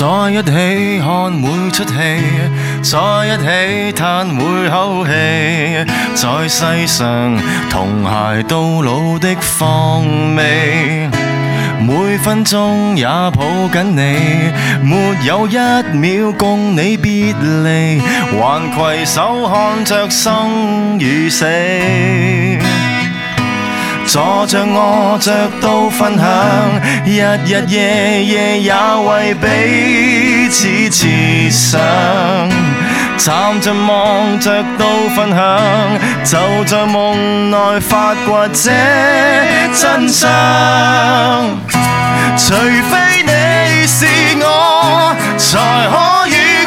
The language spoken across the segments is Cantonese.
在一起看每出戲，在一起嘆每口氣，在世上同偕到老的況味，每分鐘也抱緊你，沒有一秒共你別離，還携手看着生與死。坐着臥着都分享，日日夜夜也為彼此設想。站着望着都分享，就在夢內發掘這真相。除非你是我，才可以。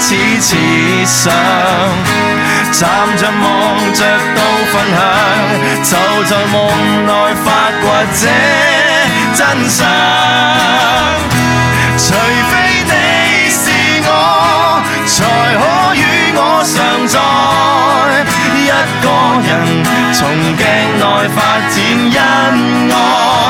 似慈祥，站着望着都分享，就在夢內發掘這真相。除非你是我，才可與我常在。一個人從鏡內發展恩愛。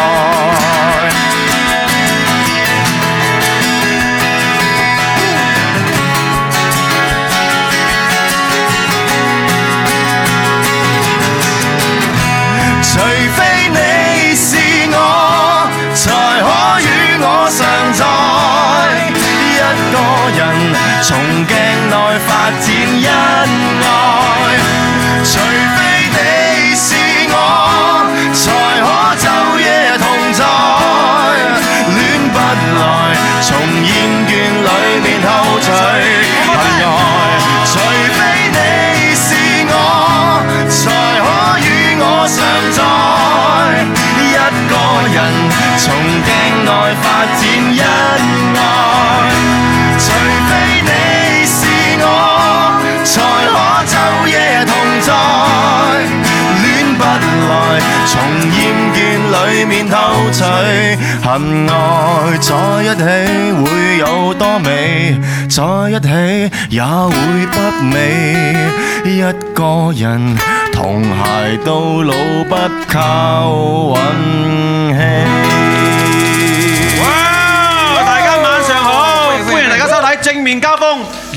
面偷取恨愛在一起會有多美，再一起也會不美，一個人同鞋到老不靠運氣。哇，大家晚上好，歡迎大家收睇正面交鋒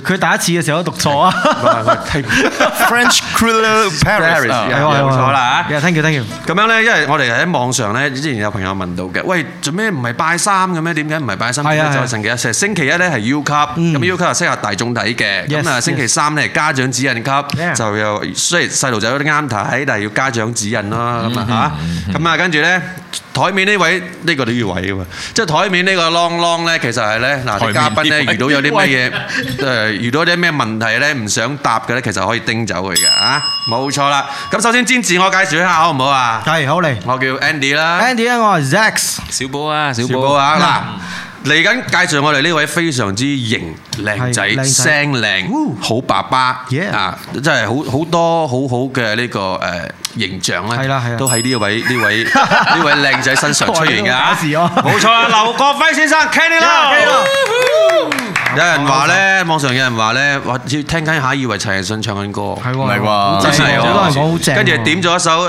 佢第一次嘅時候都讀錯啊！French colonial Paris，係喎，讀錯啦嚇！Thank you thank you，咁樣咧，因為我哋喺網上咧，之前有朋友問到嘅，喂，做咩唔係拜三嘅咩？點解唔係拜三？就係星期一，成星期一咧係 U 級，咁 U 級係適合大眾睇嘅。咁啊，星期三咧係家長指引級，就又雖然細路仔有啲啱睇，但係要家長指引咯。咁啊嚇，咁啊跟住咧，台面呢位呢個都要位嘅喎，即係台面呢個 long long 咧，其實係咧嗱，啲嘉賓咧遇到有啲乜嘢都係。遇到啲咩問題咧，唔想答嘅咧，其實可以叮走佢嘅啊，冇錯啦。咁首先先自我介紹一下，好唔好啊？係，好嚟。我叫 Andy 啦。Andy，我係 Zacks 小寶啊，小寶，小寶啊，嗱、嗯，嚟緊介紹我哋呢位非常之型靚仔、聲靚、好爸爸 Yeah. 啊，真係好好多好好嘅呢個誒。呃形象咧，係啦係啦，都喺呢位呢位呢位靚仔身上出現㗎嚇，冇錯啊！劉國暉先生，Kenny 啦，有人話咧，網上有人話咧，話要聽緊嚇，以為陳奕迅唱緊歌，係喎，真係喎，跟住點咗一首誒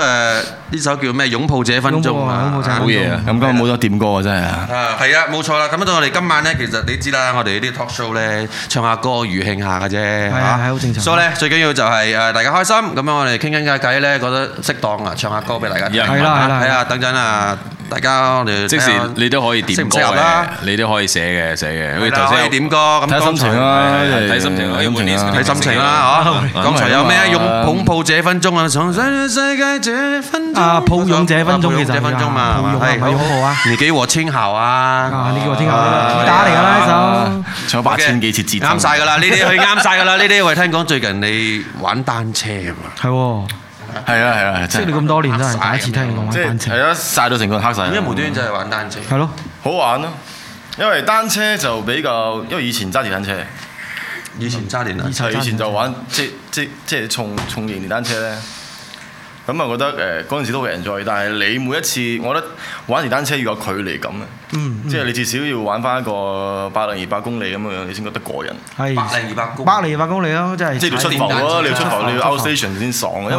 呢首叫咩？擁抱這分鐘啊，好嘢啊！咁今日冇得點歌啊，真係啊，係啊，冇錯啦。咁啊，我哋今晚咧，其實你知啦，我哋呢啲 talk show 咧，唱下歌，娛慶下嘅啫，嚇係好正常。所以咧，最緊要就係誒大家開心，咁樣我哋傾傾下偈咧，覺得。適當啊，唱下歌俾大家。有人問啊，係啊，等陣啊，大家我哋即時你都可以點歌嘅，你都可以寫嘅寫嘅。頭先你點歌咁睇心情啦，睇心情啦，睇心情啦嚇。剛才有咩啊？擁擁抱這分鐘啊！從新世界這分啊抱擁這分鐘其實啊，抱擁唔係擁抱啊。你幾和清喉啊？啊，你幾和清喉？主打嚟㗎啦，呢首唱八千幾次節啱曬㗎啦，呢啲佢啱曬㗎啦，呢啲我聽講最近你玩單車喎。係喎。係啊係啊，識你咁多年啦，第一次聽即係係啊，晒到成個黑晒。點解無端端走去玩單車？係咯，好玩咯，因為單車就比較，因為以前揸電單車，以前揸電單，係以前就玩即即即重重型電單車咧。咁啊覺得誒嗰陣時都過癮在，但係你每一次，我覺得玩電單車要有距離感嘅，即係你至少要玩翻一個百零二百公里咁樣樣，你先覺得過癮。係百零二百公百零二百公里咯，即係即係要出埠啊！你要出埠，你要 outstation 先爽，因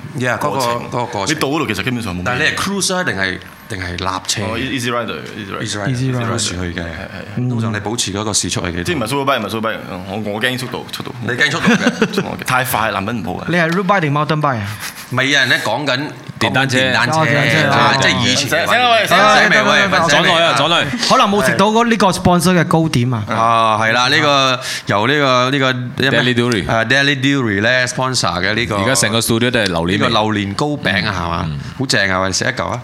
yeah 嗰個嗰個你到嗰度其實基本上冇，但係你係 cruiser 定係定係立車？哦，easy rider，easy rider，easy rider，slow 去嘅，通常你保持嗰個時速係幾？即係唔係 super bike，唔係 super bike，我我驚速度，速度。你驚速度嘅，太快，男人唔好嘅。你係 road bike 定 mountain bike 啊？咪有人咧講緊電單車，電單車啊，即係以前。請位，請位，左內啊，左內。可能冇食到嗰呢個 sponsor 嘅高點啊！啊，係啦，呢個由呢個呢個，daily duty，係 daily duty 咧 sponsor 嘅呢個。而家成個 studio 都係榴蓮。榴蓮糕餅啊，係嘛，好正啊！喂，食一嚿啊！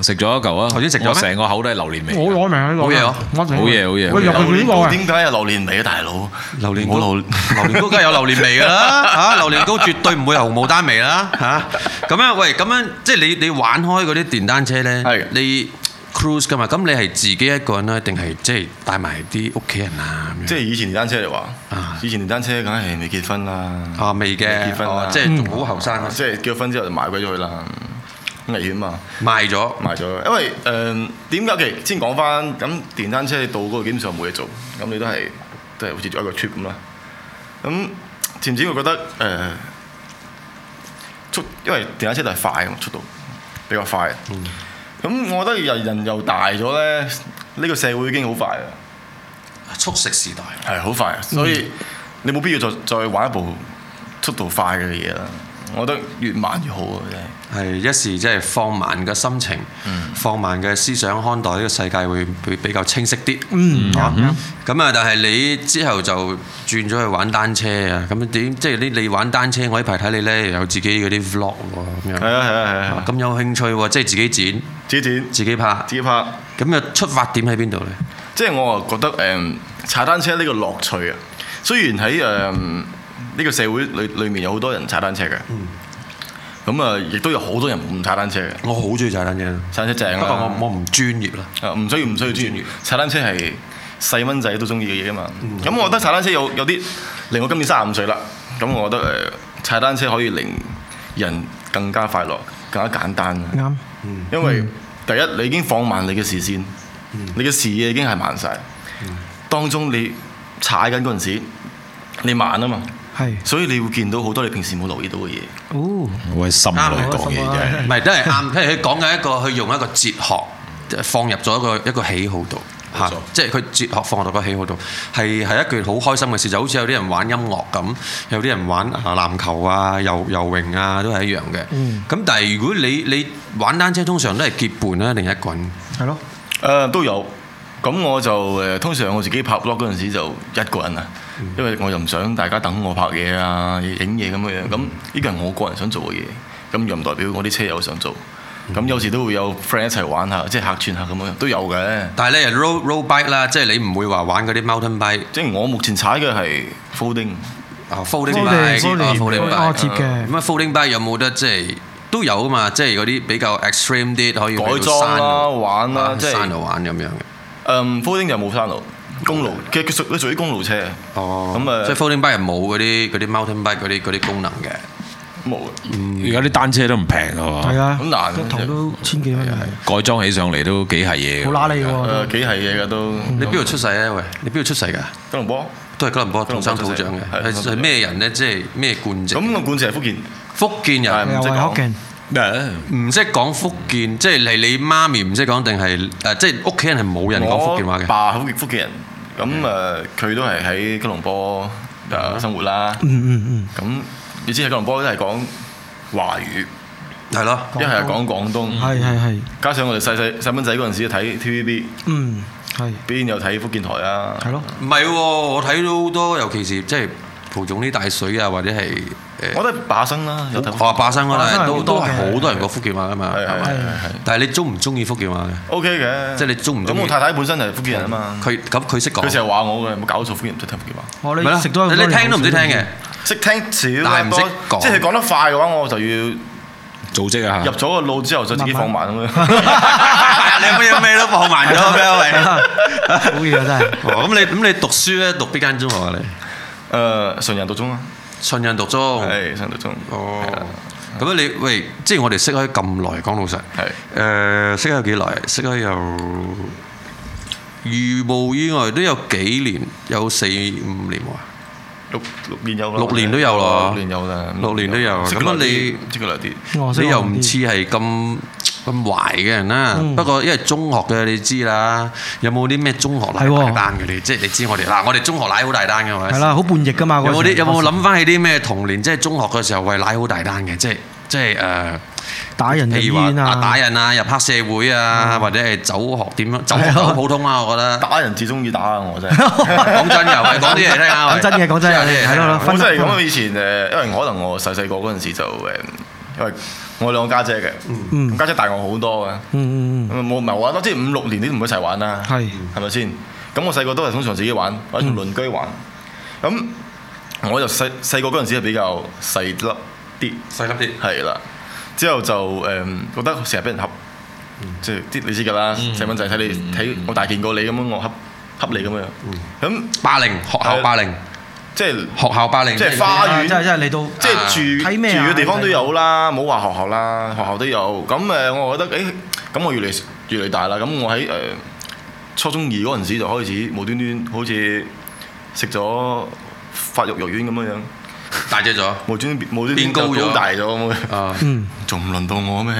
食咗一嚿啊！頭先食咗，成個口都係榴蓮味。好攞命喺度。好嘢好嘢好嘢。喂，榴蓮糕點解有榴蓮味啊，大佬？榴蓮糕榴蓮糕梗係有榴蓮味噶啦，吓！榴蓮糕絕對唔會有紅毛丹味啦，吓！咁樣喂，咁樣即係你你玩開嗰啲電單車咧，係你。Cruise 噶嘛？咁你係自己一個人咧，定係即係帶埋啲屋企人啊？即係以前電單車嚟話，啊、以前電單車梗係未結婚啦，哦、未嘅、哦，即係好後生，即係、嗯、結咗婚之後就賣鬼咗佢啦，危險啊！賣咗了，賣咗了，因為誒點解嘅？先講翻咁電單車你到嗰個基本上冇嘢做，咁你都係都係好似做一個 trip 咁啦。咁點唔知？我覺得誒、呃、速，因為電單車都係快，嘛，速度比較快。嗯咁我覺得人人又大咗咧，呢、這個社會已經好快啦，速食時代係好快，嗯、所以你冇必要再再玩一部速度快嘅嘢啦。我覺得越慢越好啊，真係係一時即係放慢嘅心情，嗯、放慢嘅思想看待呢個世界會會比較清晰啲。嗯，咁啊，嗯、但係你之後就轉咗去玩單車啊？咁點即係你你玩單車？我依排睇你呢有自己嗰啲 vlog 喎，咁樣。係啊係啊係啊！咁、啊啊啊、有興趣喎，即、就、係、是、自己剪、自己剪、自己拍、自己拍。咁嘅出發點喺邊度呢？即係我啊覺得誒踩、嗯、單車呢個樂趣啊。雖然喺誒呢個社會裏面有好多人踩單車嘅。嗯咁啊，亦都有好多人唔踩單車嘅。我好中意踩單車，踩單車正、啊、不過我我唔專業啦。啊，唔需要唔需要專業？踩單車係細蚊仔都中意嘅嘢啊嘛。咁、嗯、我覺得踩單車有有啲令我今年三十五歲啦。咁我覺得誒踩、呃、單車可以令人更加快樂、更加簡單啊。啱、嗯。因為、嗯、第一你已經放慢你嘅視線，嗯、你嘅視野已經係慢晒。嗯、當中你踩緊嗰陣時，你慢啊嘛。係，是所以你會見到好多你平時冇留意到嘅嘢。哦，我喺心裏講嘢嘅，唔係、嗯嗯、都係啱。即係佢講嘅一個，佢用一個哲學放入咗一個一個喜好度嚇，即係佢哲學放入到個喜好度，係係一件好開心嘅事。就好似有啲人玩音樂咁，有啲人玩嚇籃球啊、遊游泳啊，都係一樣嘅。嗯。咁但係如果你你玩單車，通常都係結伴啦，定一個人？係咯。誒、呃、都有。咁我就誒通常我自己拍 vlog 嗰陣時就一個人啦。因為我又唔想大家等我拍嘢啊、影嘢咁嘅樣，咁呢個係我個人想做嘅嘢，咁又唔代表我啲車友想做，咁、嗯、有時都會有 friend 一齊玩下，即係客串下咁樣，都有嘅。但係咧，road road bike 啦，即係你唔會話玩嗰啲 mountain bike。即係我目前踩嘅係 folding。f o、oh, l d i n g bike，咁啊，folding bike 有冇得即係都有啊嘛？即係嗰啲比較 extreme 啲可以改裝啦、啊、玩啦、啊，啊、即係是山路玩咁樣嘅。嗯、um,，folding 就冇山路。公路，其實佢屬咧屬於公路車，哦，咁啊，即係 folding bike 又冇嗰啲嗰啲 mountain bike 嗰啲啲功能嘅，冇啊，而家啲單車都唔平嘅喎，係啊，咁難，個頭都千幾蚊嘅，改裝起上嚟都幾係嘢，好喇脷喎，誒幾係嘢嘅都，你邊度出世啊？喂？你邊度出世㗎？吉隆坡？都係吉隆坡，土生土長嘅，係係咩人咧？即係咩貫籍？咁個貫籍係福建，福建人，福建講，唔識講福建，即係係你媽咪唔識講定係誒？即係屋企人係冇人講福建話嘅，爸係福建人。咁誒，佢都係喺吉隆坡誒生活啦、嗯。嗯嗯嗯。咁你知，喺吉隆坡都係講華語，係咯了，一係講廣東，係係係。加上我哋細細細蚊仔嗰陣時睇 TVB，嗯係，邊有睇福建台啊？係咯，唔係喎，我睇到好多，尤其是即係蒲總啲大水啊，或者係。我都係霸身啦，話霸身啦，都都係好多人講福建話噶嘛，係咪？但係你中唔中意福建話嘅？O K 嘅，即係你中唔中？我太太本身就係福建人啊嘛，佢咁佢識講，佢成日話我嘅，冇搞錯，福建人唔識聽福建話。我你聽都唔識聽嘅，識聽少，但係唔識講。即係講得快嘅話，我就要組織啊。入咗個腦之後，就自己放慢咁樣。你乜嘢咩都放慢咗，好都唔～真係。咁你咁你讀書咧，讀邊間中學啊？你？誒，循人讀中啊。信任獨中，係信任獨中哦。咁樣你喂，即係我哋識開咁耐，講老實，係誒識開幾耐？識開有，如無意外都有幾年，有四五年喎，六六年有六年都有啦，六年有啦，六年都有。咁樣你知佢嚟啲？你又唔似係咁。咁壞嘅人啦，不過因為中學嘅你知啦，有冇啲咩中學拉大單嘅你？即係你知我哋嗱，我哋中學拉好大單嘅，係啦，好叛逆噶嘛，有冇啲有冇諗翻起啲咩童年？即係中學嘅時候，喂，拉好大單嘅，即係即係誒，打人入邊啊，打人啊，入黑社會啊，或者係走學點樣？走學好普通啊，我覺得。打人至中意打啊！我真係講真又係講啲嘢聽下，真嘅講真，真係咁啊！以前誒，因為可能我細細個嗰陣時就誒，因為。我兩個家姐嘅，家、嗯、姐，姐大我好多嘅，冇唔係我，多知五六年你是都唔一齊玩啦，係，係咪先？咁我細個都係通常自己玩，或者同鄰居玩。咁我就細細個嗰陣時係比較細粒啲，細粒啲，係啦。之後就誒、嗯、覺得成日俾人恰，即係啲你知㗎啦，細蚊仔睇你睇、嗯、我大見過你咁樣我恰恰你咁樣，咁、嗯、那霸凌學校霸凌，即係學校霸凌，即係花園，即係你都，即係住住嘅地方都有啦，冇話學校啦，學校都有。咁誒，我覺得誒，咁我越嚟越嚟大啦。咁我喺誒初中二嗰陣時就開始無端端好似食咗發育肉丸咁樣樣，大隻咗，無端端無端端變高咗，大咗，啊，嗯，仲唔輪到我咩？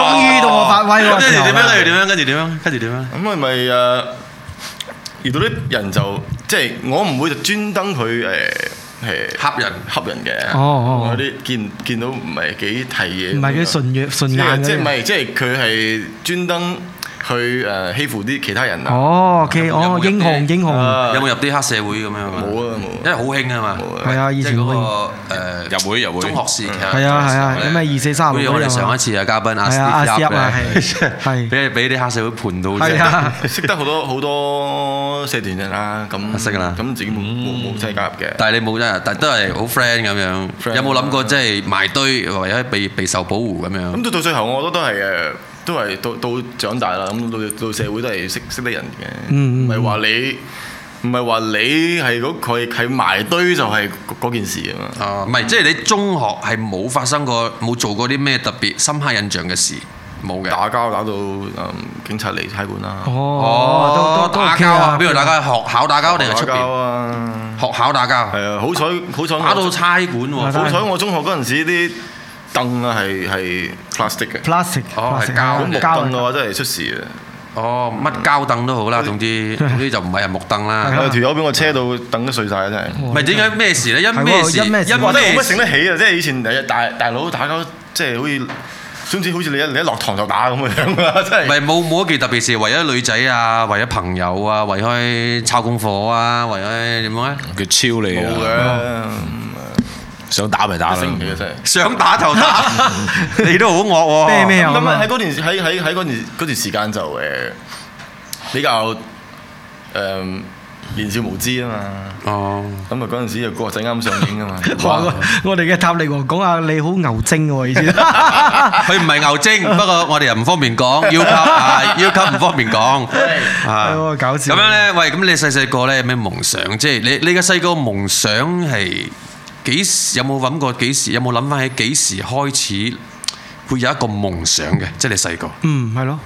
終於到我發威喎！跟住點樣？跟住點樣？跟住點樣？跟住點樣？咁咪咪誒？遇到啲人就即係、就是、我唔會就專登佢誒誒恰人恰人嘅，哦哦、我啲見見到唔係幾睇嘢，唔係幾順眼順眼即係唔係即係佢係專登。就是去誒欺負啲其他人啊！哦，OK，哦，英雄英雄，有冇入啲黑社會咁樣？冇啊，冇啊，因為好興啊嘛。係啊，以前嗰個誒入會入會。中學時期係啊係啊，咁啊二四三五。歡迎我哋上一次嘅嘉賓阿阿蝦啊，係係俾俾啲黑社會盤到，識得好多好多社團人啦。咁識㗎啦。咁自己冇冇冇加入嘅。但係你冇啫，但都係好 friend 咁樣。有冇諗過即係埋堆或者被被受保護咁樣？咁到到最後，我覺得都係誒。因為到到長大啦，咁到到社會都係識識得人嘅，唔係話你唔係話你係佢佢埋堆就係嗰件事啊嘛。唔係，即係你中學係冇發生過冇做過啲咩特別深刻印象嘅事，冇嘅。打交打到警察嚟差館啦。哦，都打交啊！比如打交，學校打交定係出邊？學校打交。係啊，好彩好彩，打到差館喎！好彩我中學嗰陣時啲。凳啊，係係 plastic 嘅，plastic 哦，係膠木凳嘅話真係出事啊！哦，乜膠凳都好啦，總之總之就唔係人木凳啦。條友俾我車到凳都碎曬啦，真係。唔係點解咩事咧？因咩事？因為都冇乜醒得起啊！即係以前誒大大佬打交，即係好似總之好似你一你一落堂就打咁嘅樣啦，真係。唔係冇冇一件特別事，為咗女仔啊，為咗朋友啊，為開抄功課啊，為開點樣咧？叫超你啊！冇嘅。想打咪打，升唔起嘅真係。想打就打，你都好惡喎。咩咩啊？咁啊喺嗰段喺喺喺嗰段嗰段時間就誒比較誒年少無知啊嘛。哦。咁啊嗰陣時又國仔啱上映㗎嘛。我我哋嘅塔利王講講下，你好牛精喎意思。佢唔係牛精，不過我哋又唔方便講，U 級啊 U 級唔方便講。係。啊搞笑。咁樣咧，喂，咁你細細個咧有咩夢想？即係你你嘅細個夢想係？幾時有冇諗過？幾時有冇諗翻起？幾時，時，時開始會有一個夢想嘅？即係你細個。嗯，係咯。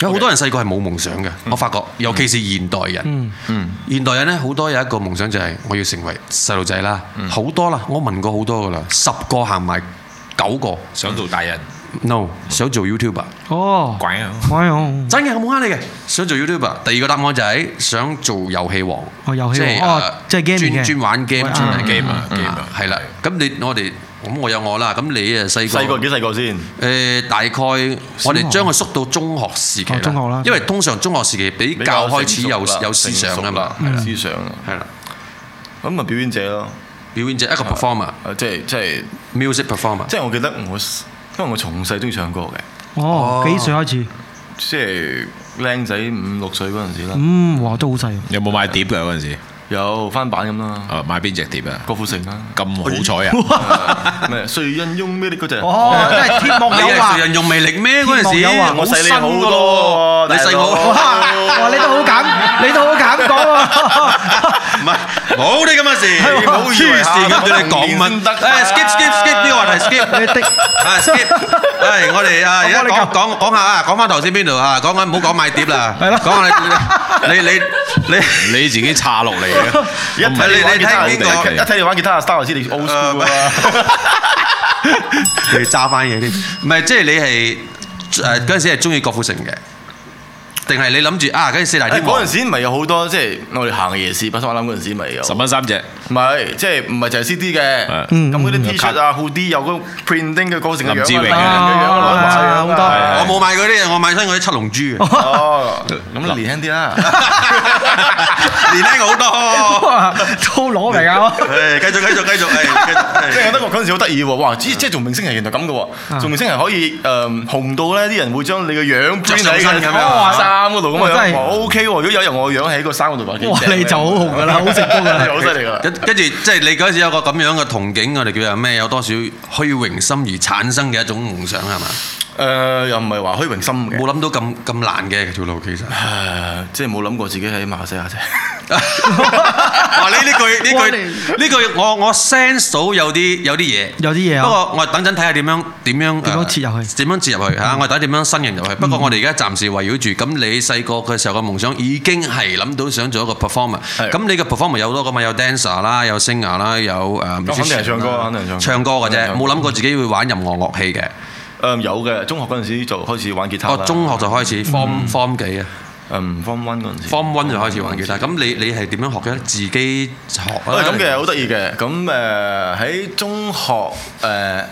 有好、嗯、多人細個係冇夢想嘅。嗯、我發覺，尤其是現代人。嗯嗯。嗯，現代人呢，好多有一個夢想就係我要成為細路仔啦。好、嗯、多啦，我問過好多噶啦，十個行埋九個想做大人。no 想做 YouTuber 哦，鬼啊！真嘅，我冇呃你嘅。想做 YouTuber，第二個答案就係想做遊戲王，即係即係 game 嘅，專專玩 game，專玩 game 啊！game 係啦。咁你我哋咁我有我啦。咁你啊細細個幾細個先？誒大概我哋將佢縮到中學時期啦，因為通常中學時期比較開始有有思想噶嘛，有思想啊，係啦。咁啊表演者咯，表演者一個 performer，即係即係 music performer。即係我記得我。因為我從細鍾意唱歌嘅，哦，幾歲開始？即係靚仔五六歲嗰陣時啦。嗯，哇都好細。有冇買碟㗎嗰陣時？有翻版咁啦，啊買邊隻碟啊？郭富城啊，咁好彩啊！咩？誰人用魅力嗰隻？哦，真係天幕有啊！誰人用魅力咩？嗰陣時，我細你好多，你細我。哇！你都好敢，你都好敢講喎。唔係，冇啲咁嘅事，唔好意思咁對你講乜？誒，skip skip skip 呢個話題，skip。係，skip。係我哋啊，一講講講下啊，講翻頭先邊度啊？講緊唔好講買碟啦，係咯。講下你你你你你自己插落嚟。 一睇你你聽呢個，一睇你玩吉他啊，Star 老師你 old school，呃、啊， 你揸翻嘢添，唔係即係你係誒嗰陣時係中意郭富城嘅。定係你諗住啊？跟住四大天王，嗰陣時唔係有好多即係我哋行嘅夜市，不過我諗嗰陣時咪有十蚊三隻，唔係即係唔係就係 C D 嘅，咁嗰啲 T 恤啊、Hoodie 有個 printing 嘅歌，程嘅樣啊，咁樣我冇買嗰啲，我買翻嗰啲七龍珠。哦，咁你年輕啲啦，年輕好多，都攞嚟㗎。誒，繼續繼續繼續，即係我覺得我嗰陣時好得意喎！哇，即係做明星係原來咁嘅喎，做明星係可以誒紅到咧啲人會將你嘅樣貼上身咁樣。三度咁啊真係 O、okay, K 如果有人我養喺個三嗰度爬哇你就好紅噶啦，好成功噶好犀利噶跟跟住即係你嗰時有個咁樣嘅憧憬，我哋叫做咩？有多少虛榮心而產生嘅一種夢想係嘛？是誒又唔係話虛榮心，冇諗到咁咁難嘅條路其實，即係冇諗過自己喺馬來西亞啫。話你呢句呢句呢句，我我 sense 到有啲有啲嘢，有啲嘢。不過我等陣睇下點樣點樣切入去，點樣切入去嚇？我係睇點樣新人入去。不過我哋而家暫時圍繞住咁，你細個嘅時候嘅夢想已經係諗到想做一個 performer。咁你嘅 performer 有好多㗎嘛？有 dancer 啦，有 singer 啦，有誒。肯定係唱歌，肯定係唱唱歌嘅啫。冇諗過自己會玩任何樂器嘅。誒有嘅，中學嗰陣時就開始玩吉他啦、哦。中學就開始 form、嗯、form 幾啊？嗯、um，form one 嗰陣時。form one 就開始玩吉他。咁你你係點樣學嘅？自己學。誒咁嘅好得意嘅。咁誒喺中學誒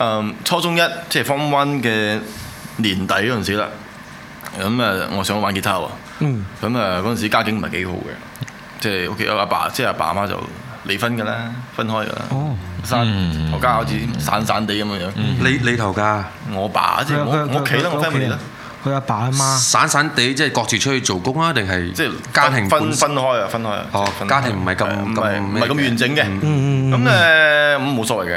嗯初中一即係、就是、form one 嘅年底嗰陣時啦。咁啊，我想玩吉他喎。咁啊嗰陣時家境唔係幾好嘅，即係屋企有阿爸即係阿爸阿、就是、媽，媽就。離婚㗎啦，分開㗎啦，生頭家好似散散地咁樣樣，你你頭家，我爸即係我屋企啦。我分母咯，佢阿爸阿媽散散地即係各自出去做工啊，定係即係家庭分分開啊，分開哦，家庭唔係咁唔係咁完整嘅，咁咧咁冇所謂嘅，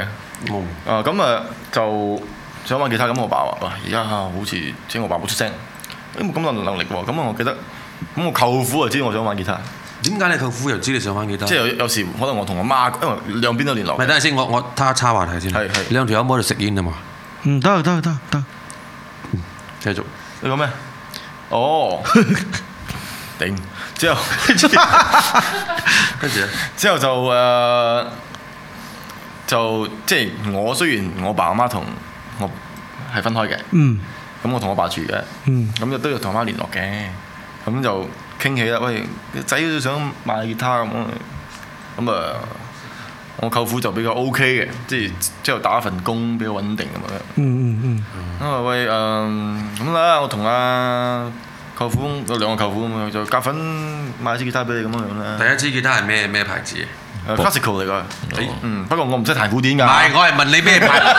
啊咁啊就想玩吉他咁，我爸話哇而家好似即係我爸冇出聲，誒冇咁多能力喎，咁啊我記得咁我舅父就知我想玩吉他。點解你舅父又知你上返幾多？即係有有時可能我同我媽，因為兩邊都聯絡。咪等下先，我我他岔話題先。係係。兩條友冇喺度食煙啊嘛？唔得得得得。繼續。你講咩？哦。頂。 之後。跟住 之後就誒，就，就即係我雖然我爸我媽同我係分開嘅。嗯。咁我同我爸住嘅。嗯。咁都要同我媽聯絡嘅。咁就。傾起啦，喂，仔都想買吉他咁，咁啊，我舅父就比較 O K 嘅，即係之後打一份工比較穩定咁樣。嗯嗯，樣。嗯嗯嗯。因為喂誒，咁啦，我同阿舅父有兩個舅父咁樣，就夾份買支吉他俾你咁樣啦。樣。第一支吉他係咩咩牌子啊？Classical 嚟㗎。嗯，不過我唔識彈古典㗎。唔係，我係問你咩牌？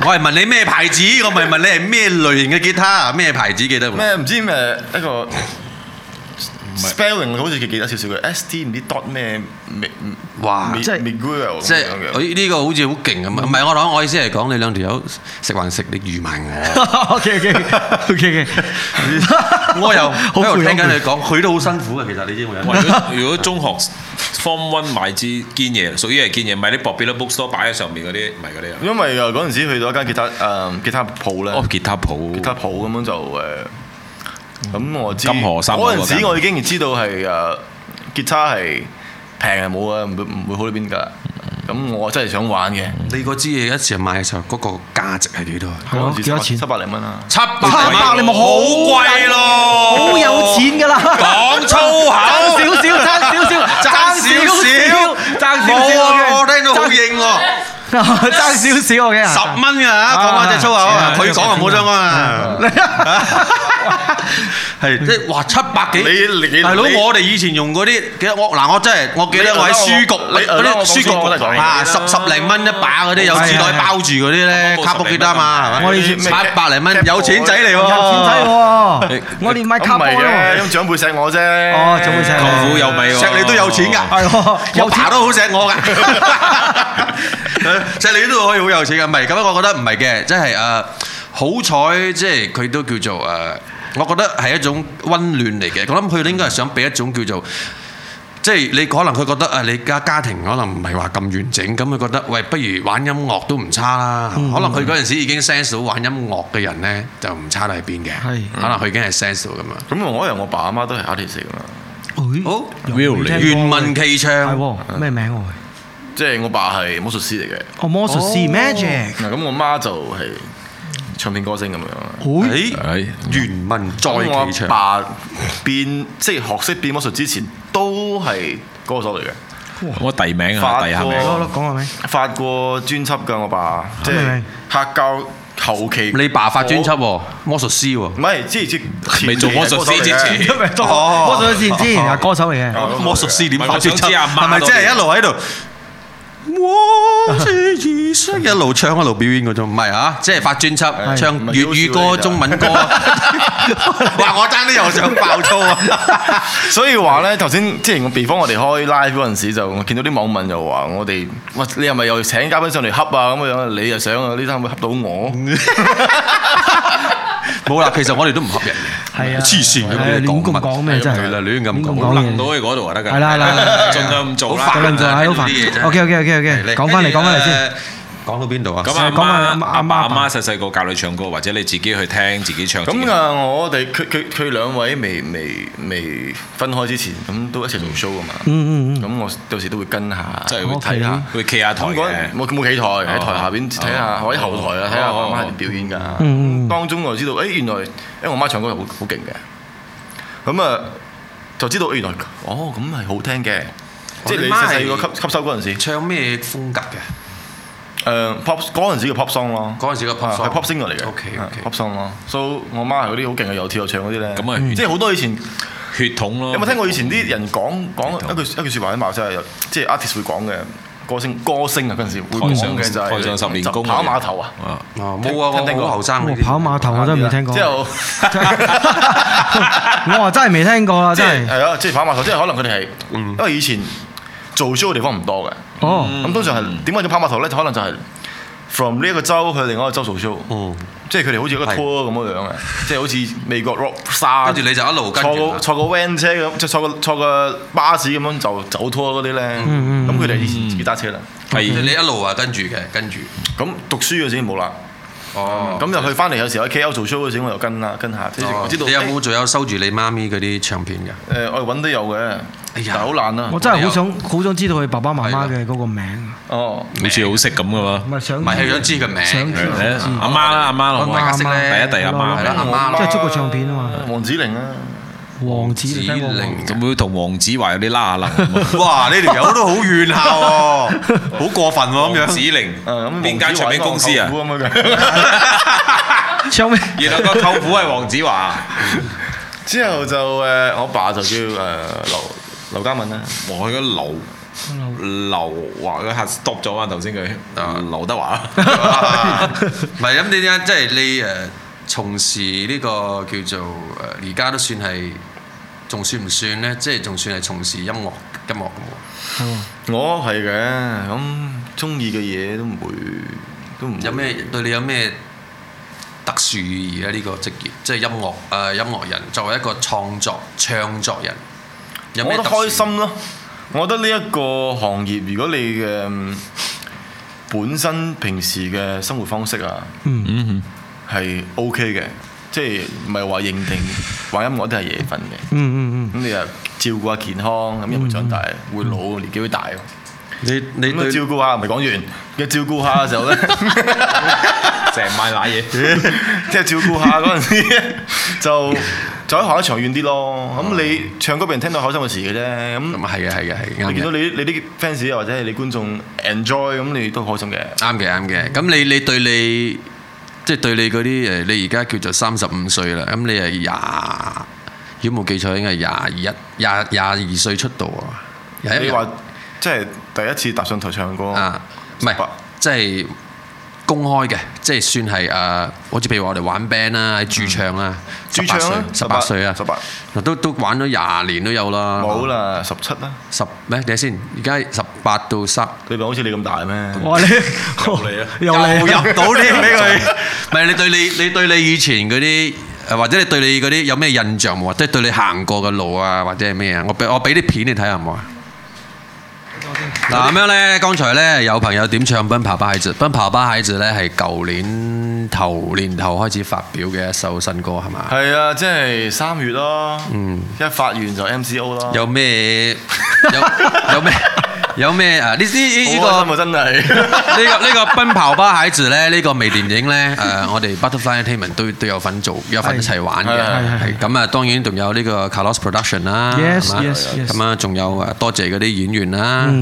我係問你咩牌子，我咪問你係咩類型嘅吉他，咩 牌子記得？咩唔知咩，一個。spelling 好似佢記得少少嘅，S T 唔知 Dot 咩哇，即係即係呢個好似好勁咁啊！唔係我諗，我意思係講你兩條友食還食，你愚民啊！OK 我又喺度聽緊你講，佢都好辛苦嘅。其實你知我有。如果中學 form one 買支堅嘢，屬於係堅嘢，買啲薄邊的 bookstore 擺喺上面嗰啲，唔係嗰啲因為啊，嗰陣時去到一間吉他誒吉他鋪咧，哦吉他鋪，吉他鋪咁樣就誒。咁我知嗰陣時，我已經知道係誒吉他係平係冇啊唔會唔會唔好呢邊㗎？咁我真係想玩嘅。你嗰支嘢一次買嘅時候，嗰個價值係幾多啊？幾多錢？七百零蚊啊！七百零蚊，好貴咯，好有錢㗎啦！講粗口，少少，爭少少，爭少少，爭少少，冇啊！我聽到好硬喎。爭少少嘅，十蚊㗎，講翻隻粗口啊！佢講就冇爭啊！係即係哇，七百幾，大佬！我哋以前用嗰啲幾多？我嗱，我真係我記得我喺書局嗰啲書局啊，十十零蚊一把嗰啲有紙袋包住嗰啲咧，卡布奇丹嘛係咪？我以前一百零蚊，有錢仔嚟喎！有錢仔喎！我哋買卡布。咁唔係嘅，因為長輩錫我啫，長輩錫，刻苦有味喎，錫你都有錢㗎，有錢都好錫我㗎。即係你都可以好有錢嘅，唔係咁樣，我覺得唔係嘅，即係誒好彩，即係佢都叫做誒，我覺得係一種温暖嚟嘅。我諗佢應該係想俾一種叫做，即係你可能佢覺得啊，你家家庭可能唔係話咁完整，咁佢覺得喂，不如玩音樂都唔差啦。可能佢嗰陣時已經 sense 到玩音樂嘅人咧就唔差喺邊嘅，可能佢已經係 sense 到咁啊。咁我阿爺我爸阿媽都係考電視㗎。誒好，William 袁文琦唱咩名喎？即係我爸係魔術師嚟嘅，哦魔術師 Magic。嗱咁，我媽就係唱片歌星咁樣。誒誒，全民在場。咁我爸變即係學識變魔術之前都係歌手嚟嘅。我弟名啊，弟下名。講下名。發過專輯㗎，我爸即係客教求其。你爸發專輯喎，魔術師喎。唔係，之前未做魔術師之前，魔術師之前係歌手嚟嘅。魔術師點發專輯？係咪即係一路喺度？我知而衰，一路唱一路表演嗰種，唔係啊，即係發專輯、哎、呀唱粵語歌、語歌中文歌。哇！ 我爭啲又想爆粗啊！ 所以話咧，頭先即係個地方，我哋開 live 嗰陣時候就，我見到啲網民又話我哋，哇！你係咪又請嘉賓上嚟恰啊咁樣？你又想啊呢單會恰到我？冇啦，其實我哋都唔恰人。係啊！黐線咁亂講乜？亂咁講咩真係？亂咁講嘢，講唔到去嗰度啊得㗎！係啦，係啦，盡量唔做啦，好煩啊！好煩。OK，OK，OK，OK，講返嚟，講返嚟先。講到邊度啊？咁啊，講下阿媽，阿媽細細個教你唱歌，或者你自己去聽自己唱。咁啊，我哋佢佢佢兩位未未未分開之前，咁都一齊做 show 㗎嘛。咁我到時都會跟下，即係會睇下，會企下台嘅。冇冇企台，喺台下邊睇下我喺後台啊，睇下我阿媽喺度表演㗎，嗯，當中我就知道，誒原來因為我媽唱歌好好勁嘅。咁啊，就知道原來哦，咁係好聽嘅。即係你細細個吸吸收嗰陣時。唱咩風格嘅？誒 pop 嗰時嘅 pop song 咯，嗰陣時嘅 pop 係 pop singer 嚟嘅，pop song 咯。所以我媽係嗰啲好勁嘅，又跳又唱嗰啲咧。咁即係好多以前血統咯。有冇聽過以前啲人講講一句一句説話喺馬仔度？即係 artist 會講嘅，歌星歌星啊，嗰陣時會講嘅就係十年跑碼頭啊。冇啊，我冇聽過後生跑碼頭，我真係未聽過。我話真係未聽過啦，即係係啊！即係跑碼頭，即係可能佢哋係因為以前做 show 嘅地方唔多嘅。哦，咁通常係點解叫跑碼頭咧？就可能就係 from 呢一個州去另外一個州做 show，即係佢哋好似一個 tour 咁樣樣嘅，即係好似美國 rock star，跟住你就一路跟住坐坐個 van 車咁，即係坐個坐個巴士咁樣就走拖嗰啲咧。咁佢哋以前自己揸車啦。係你一路話跟住嘅，跟住。咁讀書嗰時冇啦。哦，咁入去翻嚟有時喺 K.O. 做 show 嗰時，我又跟啊跟下。哦，你有冇仲有收住你媽咪嗰啲唱片嘅？誒，我哋揾都有嘅，但係好難咯。我真係好想好想知道佢爸爸媽媽嘅嗰個名。哦，好似好識咁嘅喎。唔係想，係想知個名。阿媽啦，阿媽可能第一第阿媽。阿媽即係出個唱片啊嘛。黃子玲啊。王子玲，會唔會同王子華有啲拉下拉？哇！呢條友都好怨下喎，好過分喎咁樣。子玲，邊間唱片公司啊？兩個舅父係王子華，之後就誒，我爸就叫誒劉劉嘉文啊。我個劉劉華嘅下 stop 咗啊！頭先佢，劉德華。唔係，咁你點解即係你誒從事呢個叫做誒而家都算係。仲算唔算呢？即係仲算係從事音樂、音樂喎、嗯。我係嘅，咁中意嘅嘢都唔會，都唔有咩對你有咩特殊意義呀？呢個職業即係、就是、音樂誒、呃，音樂人作為一個創作、唱作人，有咩？得開心咯！我覺得呢一個行業，如果你嘅本身平時嘅生活方式啊、OK，嗯係 OK 嘅。即係唔係話認定玩音樂都係夜瞓嘅，嗯嗯嗯，咁你就照顧下健康，咁因為長大會老，年紀會大。你你對照顧下，唔係講完，一照顧下嘅時候咧，成日賣奶嘢。即係照顧下嗰陣時，就就可以行得長遠啲咯。咁你唱歌俾人聽到開心嘅事嘅啫。咁係嘅係嘅係。你見到你你啲 fans 又或者係你觀眾 enjoy，咁你都開心嘅。啱嘅啱嘅。咁你你對你。即係對你嗰啲誒，你而家叫做三十五歲啦。咁你係廿，如果冇記錯，應該係廿二一、廿廿二歲出道啊。21，你話即係第一次踏上台唱歌啊？唔係 18?，即係。公開嘅，即係算係誒，好似譬如話我哋玩 band 啦、嗯，喺駐唱啦、十八歲，十八歲啊，十八，嗱都都玩咗廿年都有啦。冇啦，十七啦，十咩？睇下先，而家十八到十，你咪好似你咁大咩？我話你，又入到啲呢個？唔係 你對你，你對你以前嗰啲，或者你對你嗰啲有咩印象冇啊？即係對你行過嘅路啊，或者係咩啊？我俾我俾啲片你睇下好唔好啊？嗱咁樣咧，剛、嗯、才咧有朋友點唱《奔跑吧孩子》。《奔跑吧孩子》咧係舊年頭年頭開始發表嘅一首新歌，係嘛？係啊，即係三月咯。嗯，一發完就 MCO 咯。有咩？有咩？有咩？有你你知啊！呢呢呢個真係呢個呢個《奔跑吧孩子》咧、ah，呢、這個微電影咧，誒、 呃，我哋 Butterfly Team 都都有份做，有份一齊玩嘅。咁啊，當然仲有呢個 Carlos Production 啦 Yes, 吧。yes，咁啊，仲有啊，多謝嗰啲演員啦。嗯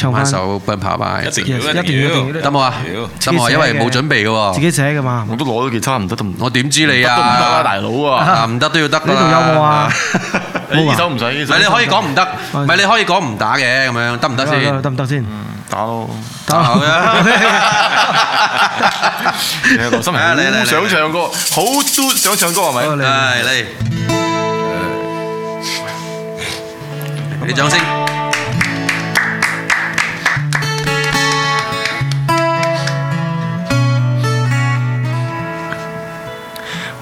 唱埋首，奔跑吧，一定要，一定要，得冇啊？得冇？因為冇準備㗎喎。自己寫㗎嘛。我都攞咗件差唔多，我點知你啊？唔得啦，大佬啊，唔得都要得㗎。你仲有冇啊？二手唔使。唔係你可以講唔得，唔係你可以講唔打嘅咁樣，得唔得先？得唔得先？打咯，打嘅。新民想唱歌，好都想唱歌係咪？嚟嚟，俾啲掌聲。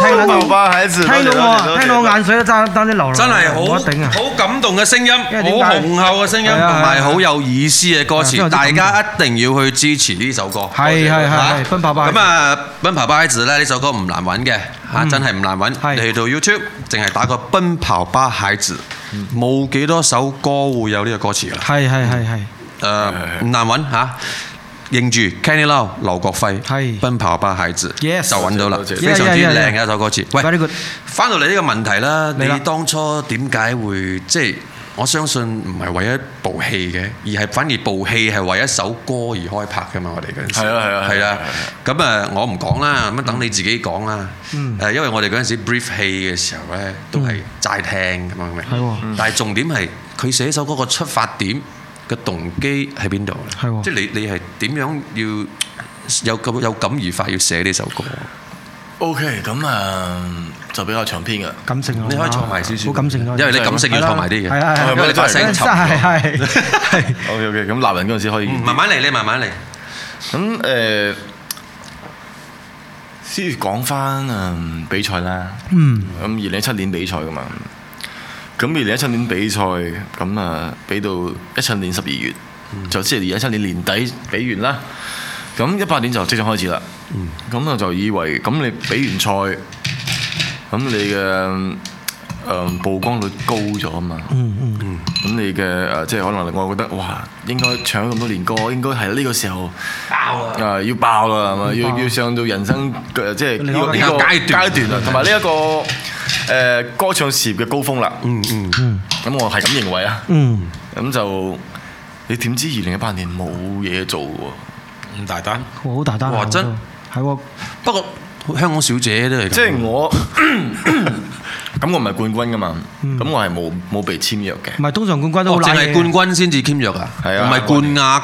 聽到嗎？聽到我，聽到我眼水都爭爭啲流啦！真係好頂啊，好感動嘅聲音，好雄厚嘅聲音，同埋好有意思嘅歌詞，大家一定要去支持呢首歌。係係係，奔跑吧！咁啊，奔跑吧！孩子咧呢首歌唔難揾嘅吓，真係唔難揾。嚟到 YouTube 淨係打個奔跑吧！孩子，冇幾多首歌會有呢個歌詞噶。係係係係，誒唔難揾吓。認住，Kenny，劉國暉，係，奔跑吧孩子，就揾到啦，非常之靚嘅一首歌詞。喂，翻到嚟呢個問題啦，你當初點解會即係我相信唔係為咗部戲嘅，而係反而部戲係為一首歌而開拍㗎嘛？我哋嗰陣時，係啊係啊係啊。咁啊，我唔講啦，咁等你自己講啦。嗯，因為我哋嗰陣時 brief 戲嘅時候咧，都係齋聽咁樣嘅，係喎。但係重點係佢寫首歌個出發點。嘅動機喺邊度咧？即係你你係點樣要有咁有感而發要寫呢首歌？OK，咁啊就比較長篇嘅，感性啊，你可以唱埋少少，好感情咯，因為啲感性要唱埋啲嘅，係咪你把聲插？係，係，OK，OK，咁鬧人嗰陣時可以慢慢嚟咧，慢慢嚟。咁誒先講翻誒比賽啦。嗯，咁二零一七年比賽噶嘛。咁二零一七年比賽，咁啊，比到一七年十二月，嗯、就即係二零一七年年底比完啦。咁一八年就即將開始啦。咁我、嗯、就以為，咁你比完賽，咁你嘅。誒曝光率高咗啊嘛？嗯嗯嗯。咁你嘅誒即係可能，我覺得哇，應該唱咗咁多年歌，應該係呢個時候爆啊，要爆啦，係嘛？要要上到人生嘅即係呢個呢個階段啊，同埋呢一個誒歌唱事業嘅高峰啦。嗯嗯，咁我係咁認為啊。嗯。咁就你點知二零一八年冇嘢做喎？咁大單？好大單啊！哇！真係喎，不過。香港小姐都嚟，即係我咁我唔係冠軍噶嘛，咁我係冇冇被簽約嘅。唔係通常冠軍都好淨係冠軍先至簽約噶，係啊，唔係冠亞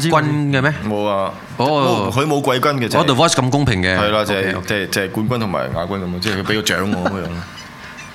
季軍嘅咩？冇啊，哦，佢冇季軍嘅，我哋 The Voice 咁公平嘅，係啦，就係就係就係冠軍同埋亞軍咁樣，即係佢俾個獎我咁樣。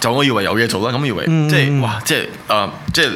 就我以為有嘢做啦，咁以為、嗯、即係哇，即係啊、呃，即係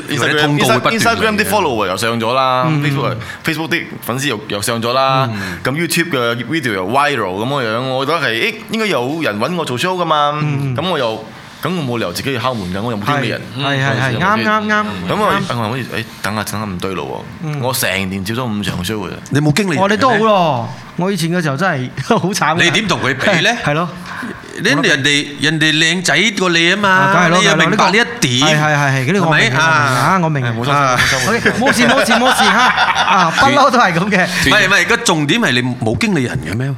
Instagram 啲 follower 又上咗啦、嗯、Facebook Facebook 啲粉絲又又上咗啦，咁、嗯、YouTube 嘅 video 又 viral 咁樣，我覺得係誒應該有人揾我做 show 㗎嘛，咁、嗯、我又。咁我冇理由自己要敲門㗎，我又冇經理人。係係係，啱啱啱。咁啊，我好似誒，等下等下真係唔對路喎。我成年接咗五場 show 嘅啫。你冇經理人，我哋都好咯。我以前嘅時候真係好慘。你點同佢比咧？係咯，呢人哋人哋靚仔過你啊嘛。梗係咯，呢一呢呢一點係係係。呢個啊啊，我明啊，冇錯冇錯，冇事冇事冇事嚇。啊，不嬲都係咁嘅。唔係唔係，個重點係你冇經理人嘅咩？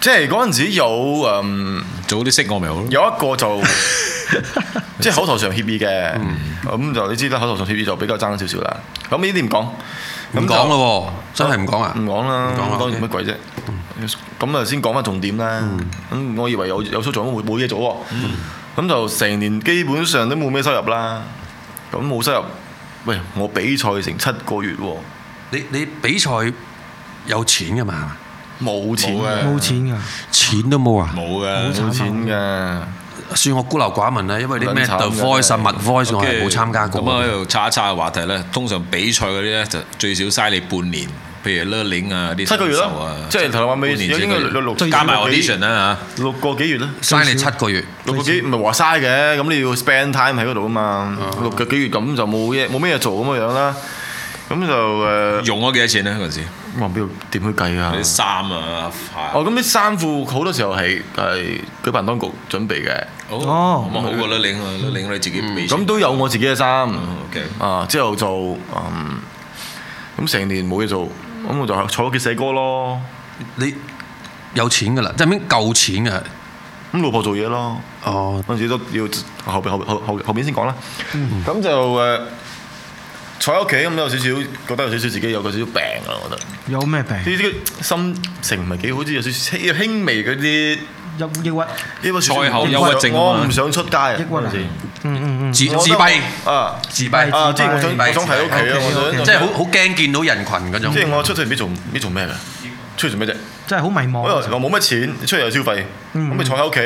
即係嗰陣時有誒，早啲識我咪好咯。有一個就。即係口頭上協議嘅，咁就你知啦。口頭上協議就比較爭少少啦。咁呢啲唔講，唔講咯，真係唔講啊？唔講啦，講當然乜鬼啫？咁啊，先講翻重點啦。咁我以為有有操作冇嘢做，咁就成年基本上都冇咩收入啦。咁冇收入，喂，我比賽成七個月，你你比賽有錢噶嘛？冇錢，冇錢噶，錢都冇啊？冇嘅，冇錢嘅。算我孤陋寡聞啦，因為啲咩 The Voice 啊、The Voice 我係冇參加過。咁喺度叉一叉嘅話題咧，通常比賽嗰啲咧就最少嘥你半年，譬如 Learning 啊啲，七個月咯，即係頭嚟話未，應該六六加埋 Audition 啦吓，六個幾月啦，嘥你七個月，六個幾唔係話嘥嘅，咁你要 spend time 喺嗰度啊嘛，六個幾月咁就冇嘢，冇咩嘢做咁嘅樣啦。咁就誒用咗幾多錢咧嗰陣時？望邊度點去計啊？啲衫啊，哦咁啲衫褲好多時候係誒舉辦當局準備嘅。哦，咁好過啦，領啊、嗯，領啊，自己咁、嗯、都有我自己嘅衫。哦、o、okay、啊，之後就嗯咁成年冇嘢做，咁我就坐屋企寫歌咯。你有錢噶啦，即係邊夠錢嘅，咁老婆做嘢咯。哦，嗰陣時都要後邊後後後邊先講啦。咁、嗯、就誒。坐喺屋企咁有少少覺得有少少自己有個少少病啊！我覺得有咩病？呢啲心情唔係幾好，好似有少少輕微嗰啲抑抑鬱。個症啊！我唔想出街啊！抑鬱啊！嗯嗯嗯，自自閉啊！自閉即係我想喺屋企啊，即係好好驚見到人群嗰種。即係我出咗嚟唔知做唔知做咩嘅，出嚟做咩啫？真係好迷茫。我冇乜錢，出嚟又消費，咁咪坐喺屋企。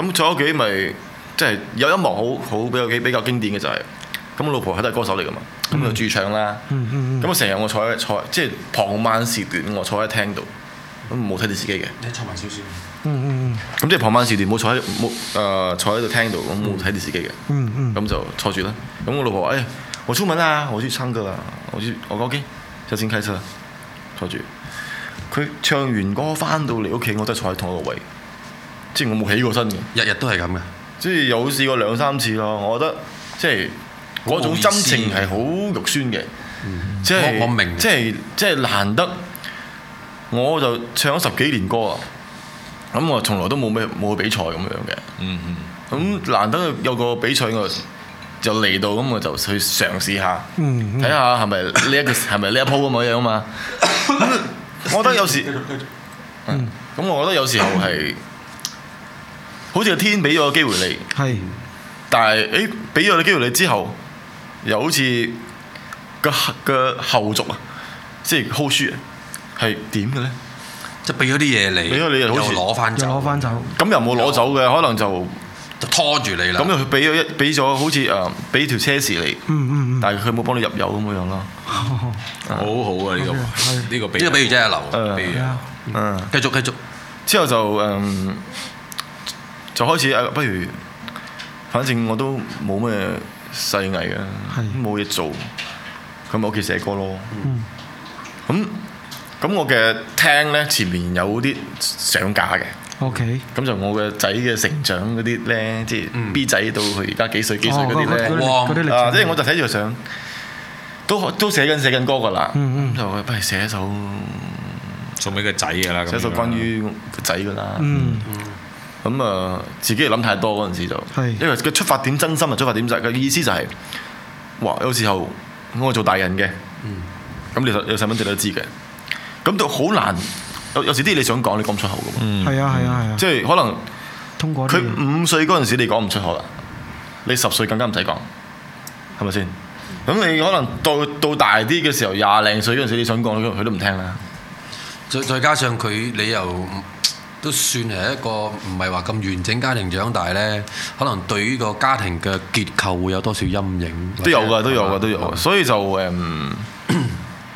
咁坐喺屋企咪即係有音樂好好比較比較經典嘅就係。咁我老婆佢都係歌手嚟噶嘛，咁就駐唱啦。咁、嗯嗯、我成日我坐喺坐，即係傍晚時段我坐喺廳度，咁冇睇電視機嘅。你坐埋少少嗯？咁即係傍晚時段冇坐喺冇誒坐喺度廳度，咁冇睇電視機嘅、嗯。嗯咁就坐住啦。咁我老婆話：誒、哎，我出門啊，我出去唱噶啦，我出我講 OK，就先開車啦，坐住。佢唱完歌翻到嚟屋企，我真係坐喺同一個位，即係我冇起過身嘅，日日都係咁嘅。即係有試過兩三次咯，我覺得即係。嗰種真情係好肉酸嘅，即係即係即係難得，我就唱咗十幾年歌啊，咁我從來都冇咩冇去比賽咁樣嘅，咁難得有個比賽我就嚟到，咁我就去嘗試下，睇下係咪呢一個係咪呢一鋪咁樣啊嘛，我覺得有時，咁我覺得有時候係好似個天俾咗個機會你，但係誒俾咗個機會你之後。又好似個個後續啊，即係 hold 住，係點嘅咧？即係俾咗啲嘢你，俾咗你又好似攞翻走，咁又冇攞走嘅，可能就拖住你啦。咁又俾咗一俾咗好似誒，俾條車匙嚟，嗯嗯，但係佢冇幫你入油咁嘅樣咯。好好啊，呢個呢個俾，呢個比如啫，阿劉，嗯，繼續繼續，之後就誒，就開始誒，不如，反正我都冇咩。細藝啊，都冇嘢做，佢咪屋企寫歌咯。咁咁、嗯、我嘅廳咧，前面有啲相架嘅。O Okay K。咁就我嘅仔嘅成長嗰啲咧，即係、嗯、B 仔到佢而家幾歲幾歲嗰啲咧。即係我就睇住相，都都寫緊寫緊歌噶啦。就不如寫一首送俾個仔㗎啦。寫首關於個仔㗎啦。咁啊，自己又諗太多嗰陣時就，是因為佢出發點真心啊，出發點就係佢意思就係、是，哇！有時候我係做大人嘅，咁其實有細蚊仔都知嘅，咁就好難。有有時啲你想講，你講唔出口嘅喎。係啊係啊係啊。啊啊即係可能通過佢五歲嗰陣時，你講唔出口啦。你十歲更加唔使講，係咪先？咁你可能到到大啲嘅時候，廿零歲嗰陣時你想講，佢都唔聽啦。再再加上佢，你又。都算係一個唔係話咁完整的家庭長大呢，但可能對於呢個家庭嘅結構會有多少陰影？都有㗎嗎，都有㗎，都有。所以就誒，um,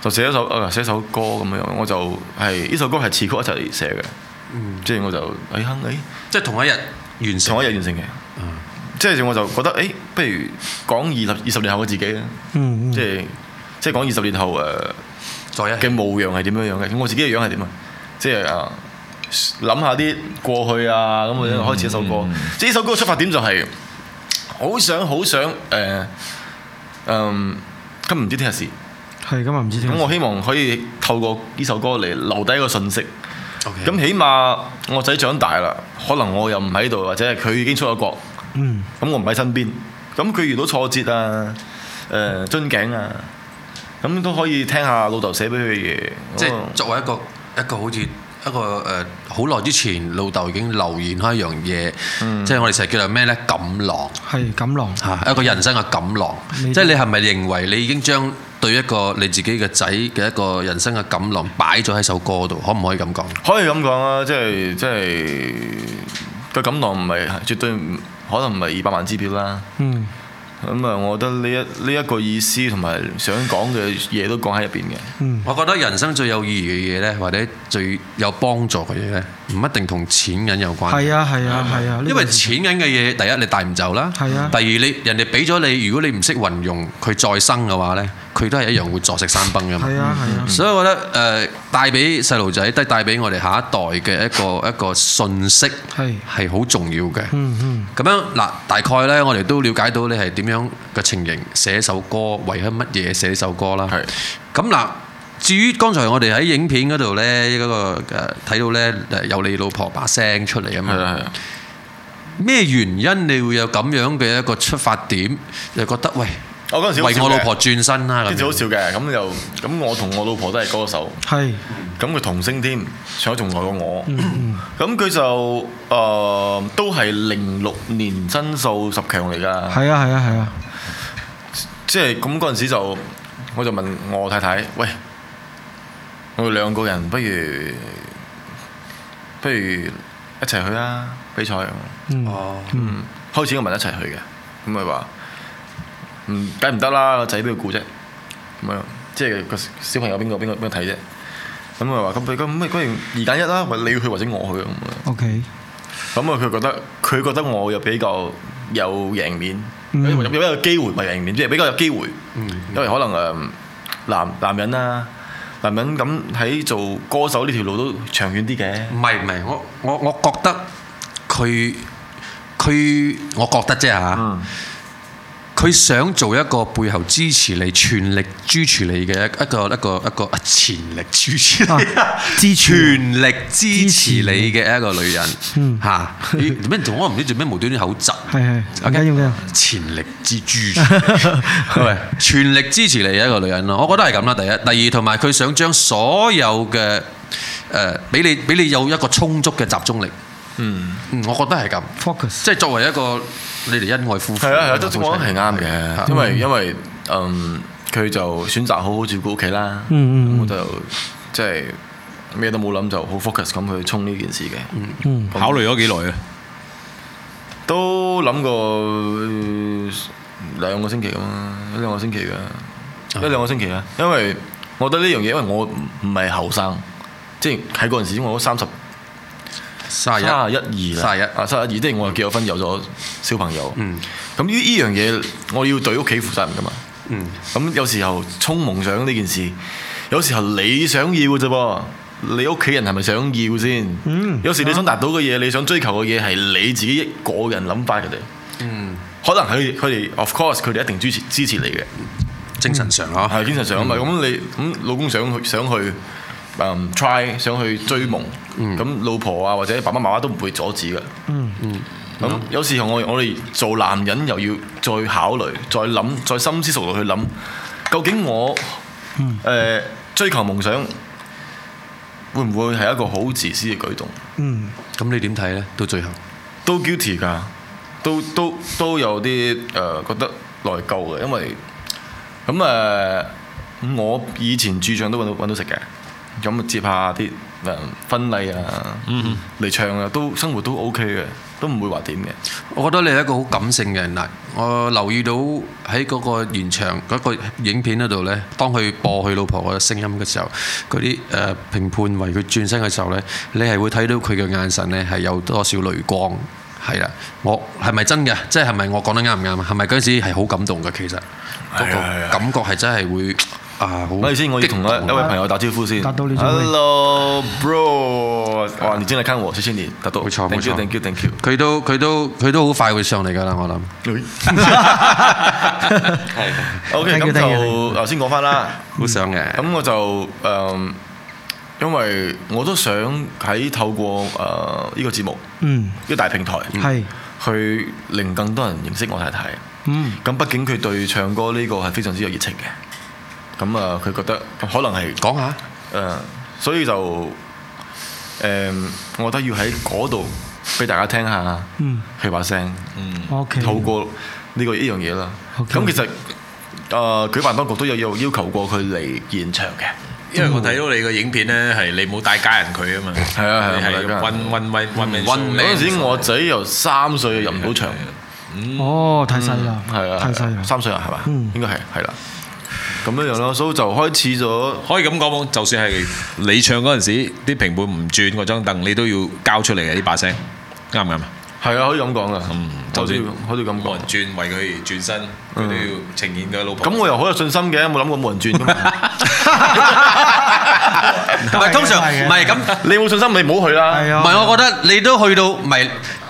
就寫一首誒寫一首歌咁樣。我就係呢首歌係詞曲一齊嚟寫嘅，即係、嗯、我就誒誒，哎哎、即係同一日完成，同一日完成嘅。嗯、即係我就覺得誒、哎，不如講二十二十年後嘅自己，嗯嗯、即係即係講二十年後誒嘅模樣係點樣樣嘅？一我自己嘅樣係點啊？即係啊！諗下啲過去啊，咁我先開始一首歌。嗯嗯、即係呢首歌嘅出發點就係、是、好想好想誒，嗯、呃，今、呃、唔知聽日事。係，今日唔知聽。咁我希望可以透過呢首歌嚟留低一個信息。咁 Okay. 起碼我仔長大啦，可能我又唔喺度，或者佢已經出咗國。咁、嗯、我唔喺身邊，咁佢遇到挫折啊，誒、呃，樽、嗯、頸啊，咁都可以聽下老豆寫俾佢嘅嘢。即係作為一個一個好似。一個誒好耐之前，老豆已經留言開一樣嘢，嗯、即係我哋成日叫做咩呢？錦囊，係錦囊嚇，一個人生嘅錦囊。即係你係咪認為你已經將對一個你自己嘅仔嘅一個人生嘅錦囊擺咗喺首歌度？可唔可以咁講？可以咁講啊！即係即係個錦囊唔係絕對唔可能唔係二百萬支票啦。嗯。咁啊，我覺得呢一呢一個意思同埋想講嘅嘢都講喺入邊嘅。嗯。我覺得人生最有意義嘅嘢咧，或者最有幫助嘅嘢咧，唔一定同錢銀有關。係啊，係啊，係啊。因為錢銀嘅嘢，第一你帶唔走啦。係啊。第二你人哋俾咗你，如果你唔識運用，佢再生嘅話咧，佢都係一樣會坐食山崩㗎嘛，係啊，係啊，所以我覺得誒帶俾細路仔都係帶俾我哋下一代嘅一個一個信息係係好重要嘅。咁樣嗱，大概咧我哋都瞭解到你係點樣嘅情形，寫首歌，為咗乜嘢寫首歌啦？咁嗱，至於剛才我哋喺影片嗰度咧嗰個誒睇到咧有你老婆把聲出嚟啊嘛？咩原因你會有咁樣嘅一個出發點？就覺得喂？我嗰陣時為我老婆轉身啦，嗰啲就好笑嘅。咁又咁，我同我老婆都係歌手，係咁佢童聲添，唱得仲耐過我。咁佢、嗯、就誒、呃、都係零六年新秀十強嚟㗎。係啊係啊係啊！係啊係啊即係咁嗰陣時就，我就問我太太，喂，我哋兩個人不如不如一齊去啊比賽？嗯、哦，嗯，開始我問一齊去嘅，咁咪話。嗯，梗係唔得啦，個仔邊度顧啫？唔係，即係個小朋友邊個邊個邊個睇啫？咁啊話咁佢咁咩？不如二揀一啦！或你要去或者我去啊？OK。咁啊，佢覺得佢覺得我又比較有贏面，有有有一個機會咪贏面，即係比較有機會。嗯。因為可能誒男男人啦，男人咁喺做歌手呢條路都長遠啲嘅。唔係唔係，我我我覺得佢佢，我覺得啫嚇。佢想做一個背後支持你、全力支持你嘅一一個一個一個啊，潛力支持你、啊、支全力支持你嘅一個女人，嚇，咩、嗯啊？我唔知做咩無端端口窒。係係。O K 要咩啊？潛 Okay? 力支持，係 全力支持你嘅一個女人咯，我覺得係咁啦。第一，第二，同埋佢想將所有嘅誒俾你俾你有一個充足嘅集中力。嗯嗯，我覺得係咁。Focus，即係作為一個。你哋恩愛夫妻，係啊係啊，都講講係啱嘅，的的因為、嗯、因為嗯佢、um, 就選擇好好照顧屋企啦，嗯嗯我就即係咩都冇諗，就好 focus 咁去衝呢件事嘅。嗯嗯那考慮咗幾耐啊？都諗過兩個星期咁嘛，一兩個星期嘅，一兩個星期啊。是的 因為我覺得呢樣嘢，因為我唔係後生，即係喺嗰陣時，我三十。卅一、卅一二啦了，卅一啊，卅一二，即、就、係、是、我又結咗婚，有咗小朋友。嗯，咁呢呢樣嘢，我要對屋企負責任噶嘛。嗯，咁有時候衝夢想呢件事，有時候你想要啫噃，你屋企人係咪想要先？嗯，有時你想達到嘅嘢，你想追求嘅嘢係你自己一個人諗法嘅。嗯，可能佢佢哋，of course，佢哋一定支持支持你嘅、啊。精神上咯，係精神上啊嘛。咁你咁老公想想去，嗯、um,，try，想去追夢。嗯。咁、嗯、老婆啊，或者爸爸媽媽都唔會阻止嘅、嗯。嗯嗯。咁有時候我我哋做男人又要再考慮、再諗、再深思熟慮去諗，究竟我誒、嗯呃、追求夢想會唔會係一個好自私嘅舉動？嗯。咁你點睇咧？到最後都 guilty 㗎，都都都有啲誒、呃、覺得內疚嘅，因為咁誒、呃、我以前駐唱都揾到揾到食嘅，咁接下啲，誒婚禮啊，嚟唱啊，都生活都 O K 嘅，都唔會話點嘅。我覺得你係一個好感性嘅人嗱。我留意到喺嗰個現場嗰個影片嗰度咧，當佢播佢老婆嘅聲音嘅時候，嗰啲誒評判為佢轉身嘅時候咧，你係會睇到佢嘅眼神咧係有多少淚光。係啊，我係咪真嘅？即係係咪我講得啱唔啱啊？係咪嗰陣時係好感動嘅？其實，係啊，嗰個感覺係真係會。啊，好！唔好意思，我要同一位朋友打招呼先。hello bro，哇，你真係坑喎，四千年，答到。冇錯冇錯。thank y 佢都佢都佢都好快會上嚟噶啦，我諗。係。ok，咁就頭先講翻啦。好上嘅，咁我就誒，因為我都想喺透過誒呢個節目，嗯，一個大平台，係去令更多人認識我太太。咁畢竟佢對唱歌呢個係非常之有熱情嘅。咁啊，佢覺得可能係講下，誒，所以就誒，我覺得要喺嗰度俾大家聽下，佢把聲，透過呢個呢樣嘢啦。咁其實誒，舉辦當局都有要求過佢嚟現場嘅，因為我睇到你個影片咧，係你冇帶家人去啊嘛。係啊係啊，冇家人。運運運運運，嗰陣時我仔由三歲入唔到場，嗯，哦，太細啦，係啊，太細啦，三歲啊，係嘛？嗯，應該係，係啦。咁樣樣囉，所以就開始咗。可以咁講喎，就算係你唱嗰陣時，啲評判唔轉嗰張凳，你都要交出嚟嘅呢把聲，啱唔啱？係啊，可以咁講噶。嗯，就算冇人轉，為佢轉身，佢都要呈現佢老婆。咁我又好有信心嘅，冇諗過冇人轉。同埋通常唔係咁，你冇信心咪唔好去啦。唔係，我覺得你都去到，唔係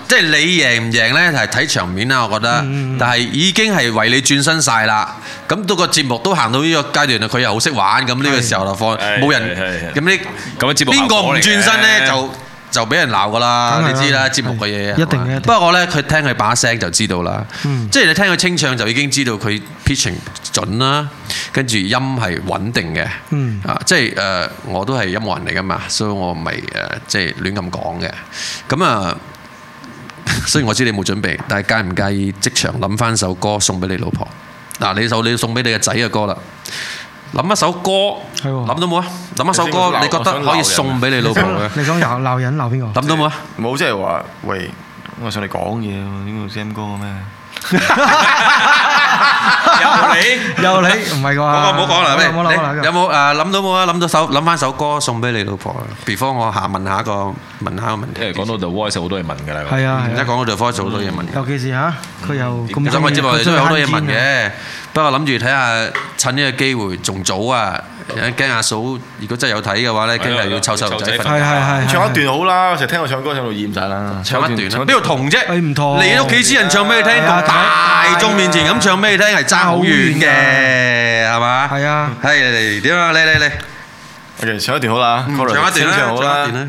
即係你贏唔贏咧，就係睇場面啦。我覺得，但係已經係為你轉身曬啦。咁到個節目都行到呢個階段啦，佢又好識玩咁，呢個時候就放冇人咁，呢個節目，邊個唔轉身咧，就就俾人鬧噶啦。你知啦，節目嘅嘢。一定一定。不過我咧，佢聽佢把聲就知道啦，即係你聽佢清唱就已經知道佢 pitching 準啦，跟住音係穩定嘅。嗯。啊，即係誒，我都係音樂人嚟噶嘛，所以我唔係誒，即係亂咁講嘅。咁啊，雖然我知你冇準備，但係介唔介意即場諗翻首歌送俾你老婆？嗱，呢首你要送俾你嘅仔嘅歌啦，諗一首歌，諗到冇啊？諗一首歌，你覺得可以送俾你老婆？想你想鬧鬧人鬧邊個？諗到冇啊？冇即係話，喂，我上嚟講嘢喎，呢個 M 歌咩？有你有你唔係啩？唔好講啦，咩？有冇誒諗到冇啊？諗到首諗翻首歌送俾你老婆？譬如方我下問下個問下個問題，誒，講到 The Voice 好多嘢問㗎啦。係啊係啊。而家講到 The Voice 好多嘢問。尤其是嚇佢又咁年輕。啱先我接落嚟都好多嘢問嘅。不過諗住睇下，趁呢個機會仲早啊！驚阿嫂，如果真係有睇嘅話咧，今日要湊細路仔瞓覺。係係係，唱一段好啦！成日聽我唱歌，唱到厭晒啦。唱一段啦，邊度同啫？唔同。你屋企私人唱俾你聽，同大眾面前咁唱俾你聽，係爭好遠嘅，係嘛？係啊，係你哋點啊？你你你，OK，唱一段好啦，唱一段啦，唱一段啦。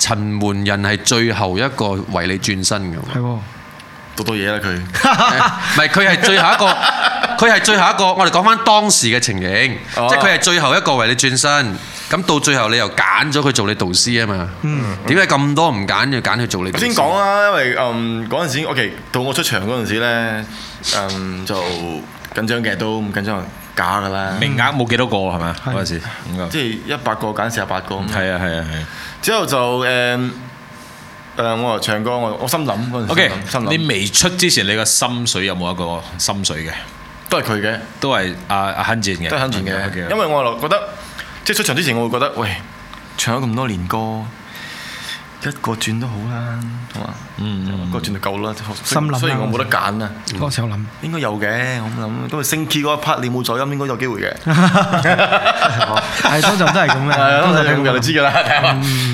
陳奐仁係最後一個為你轉身嘅，係喎，讀到嘢啦佢，唔係佢係最後一個，佢係最後一個。我哋講翻當時嘅情形，即係佢係最後一個為你轉身，咁到最後你又揀咗佢做你導師啊嘛。嗯，點解咁多唔揀要揀佢做你導師？我先講啦，因為嗯嗰陣時，OK，到我出場嗰陣時咧，嗯就緊張嘅，都唔緊張，假㗎啦。名額冇幾多個係咪？嗰陣時，即係一百個揀四十八個。係啊係啊係。之後就誒誒、嗯呃，我話唱歌，我我心諗嗰陣時心，okay，心諗想你未出之前，你個心水有冇一個心水嘅？都係佢嘅，都係阿阿肯前嘅，都 Hanjin 嘅。的因為我係覺得，okay. 即係出場之前，我會覺得，喂，唱咗咁多年歌。一個轉都好啦，嗯，一個轉就夠啦。心諗雖然我冇得揀啊。嗰個時候我諗應該有嘅，我諗。咁啊，升 key 嗰 part 你冇咗音，應該有機會嘅。係，通常都係咁嘅。通常當時咁就知㗎啦。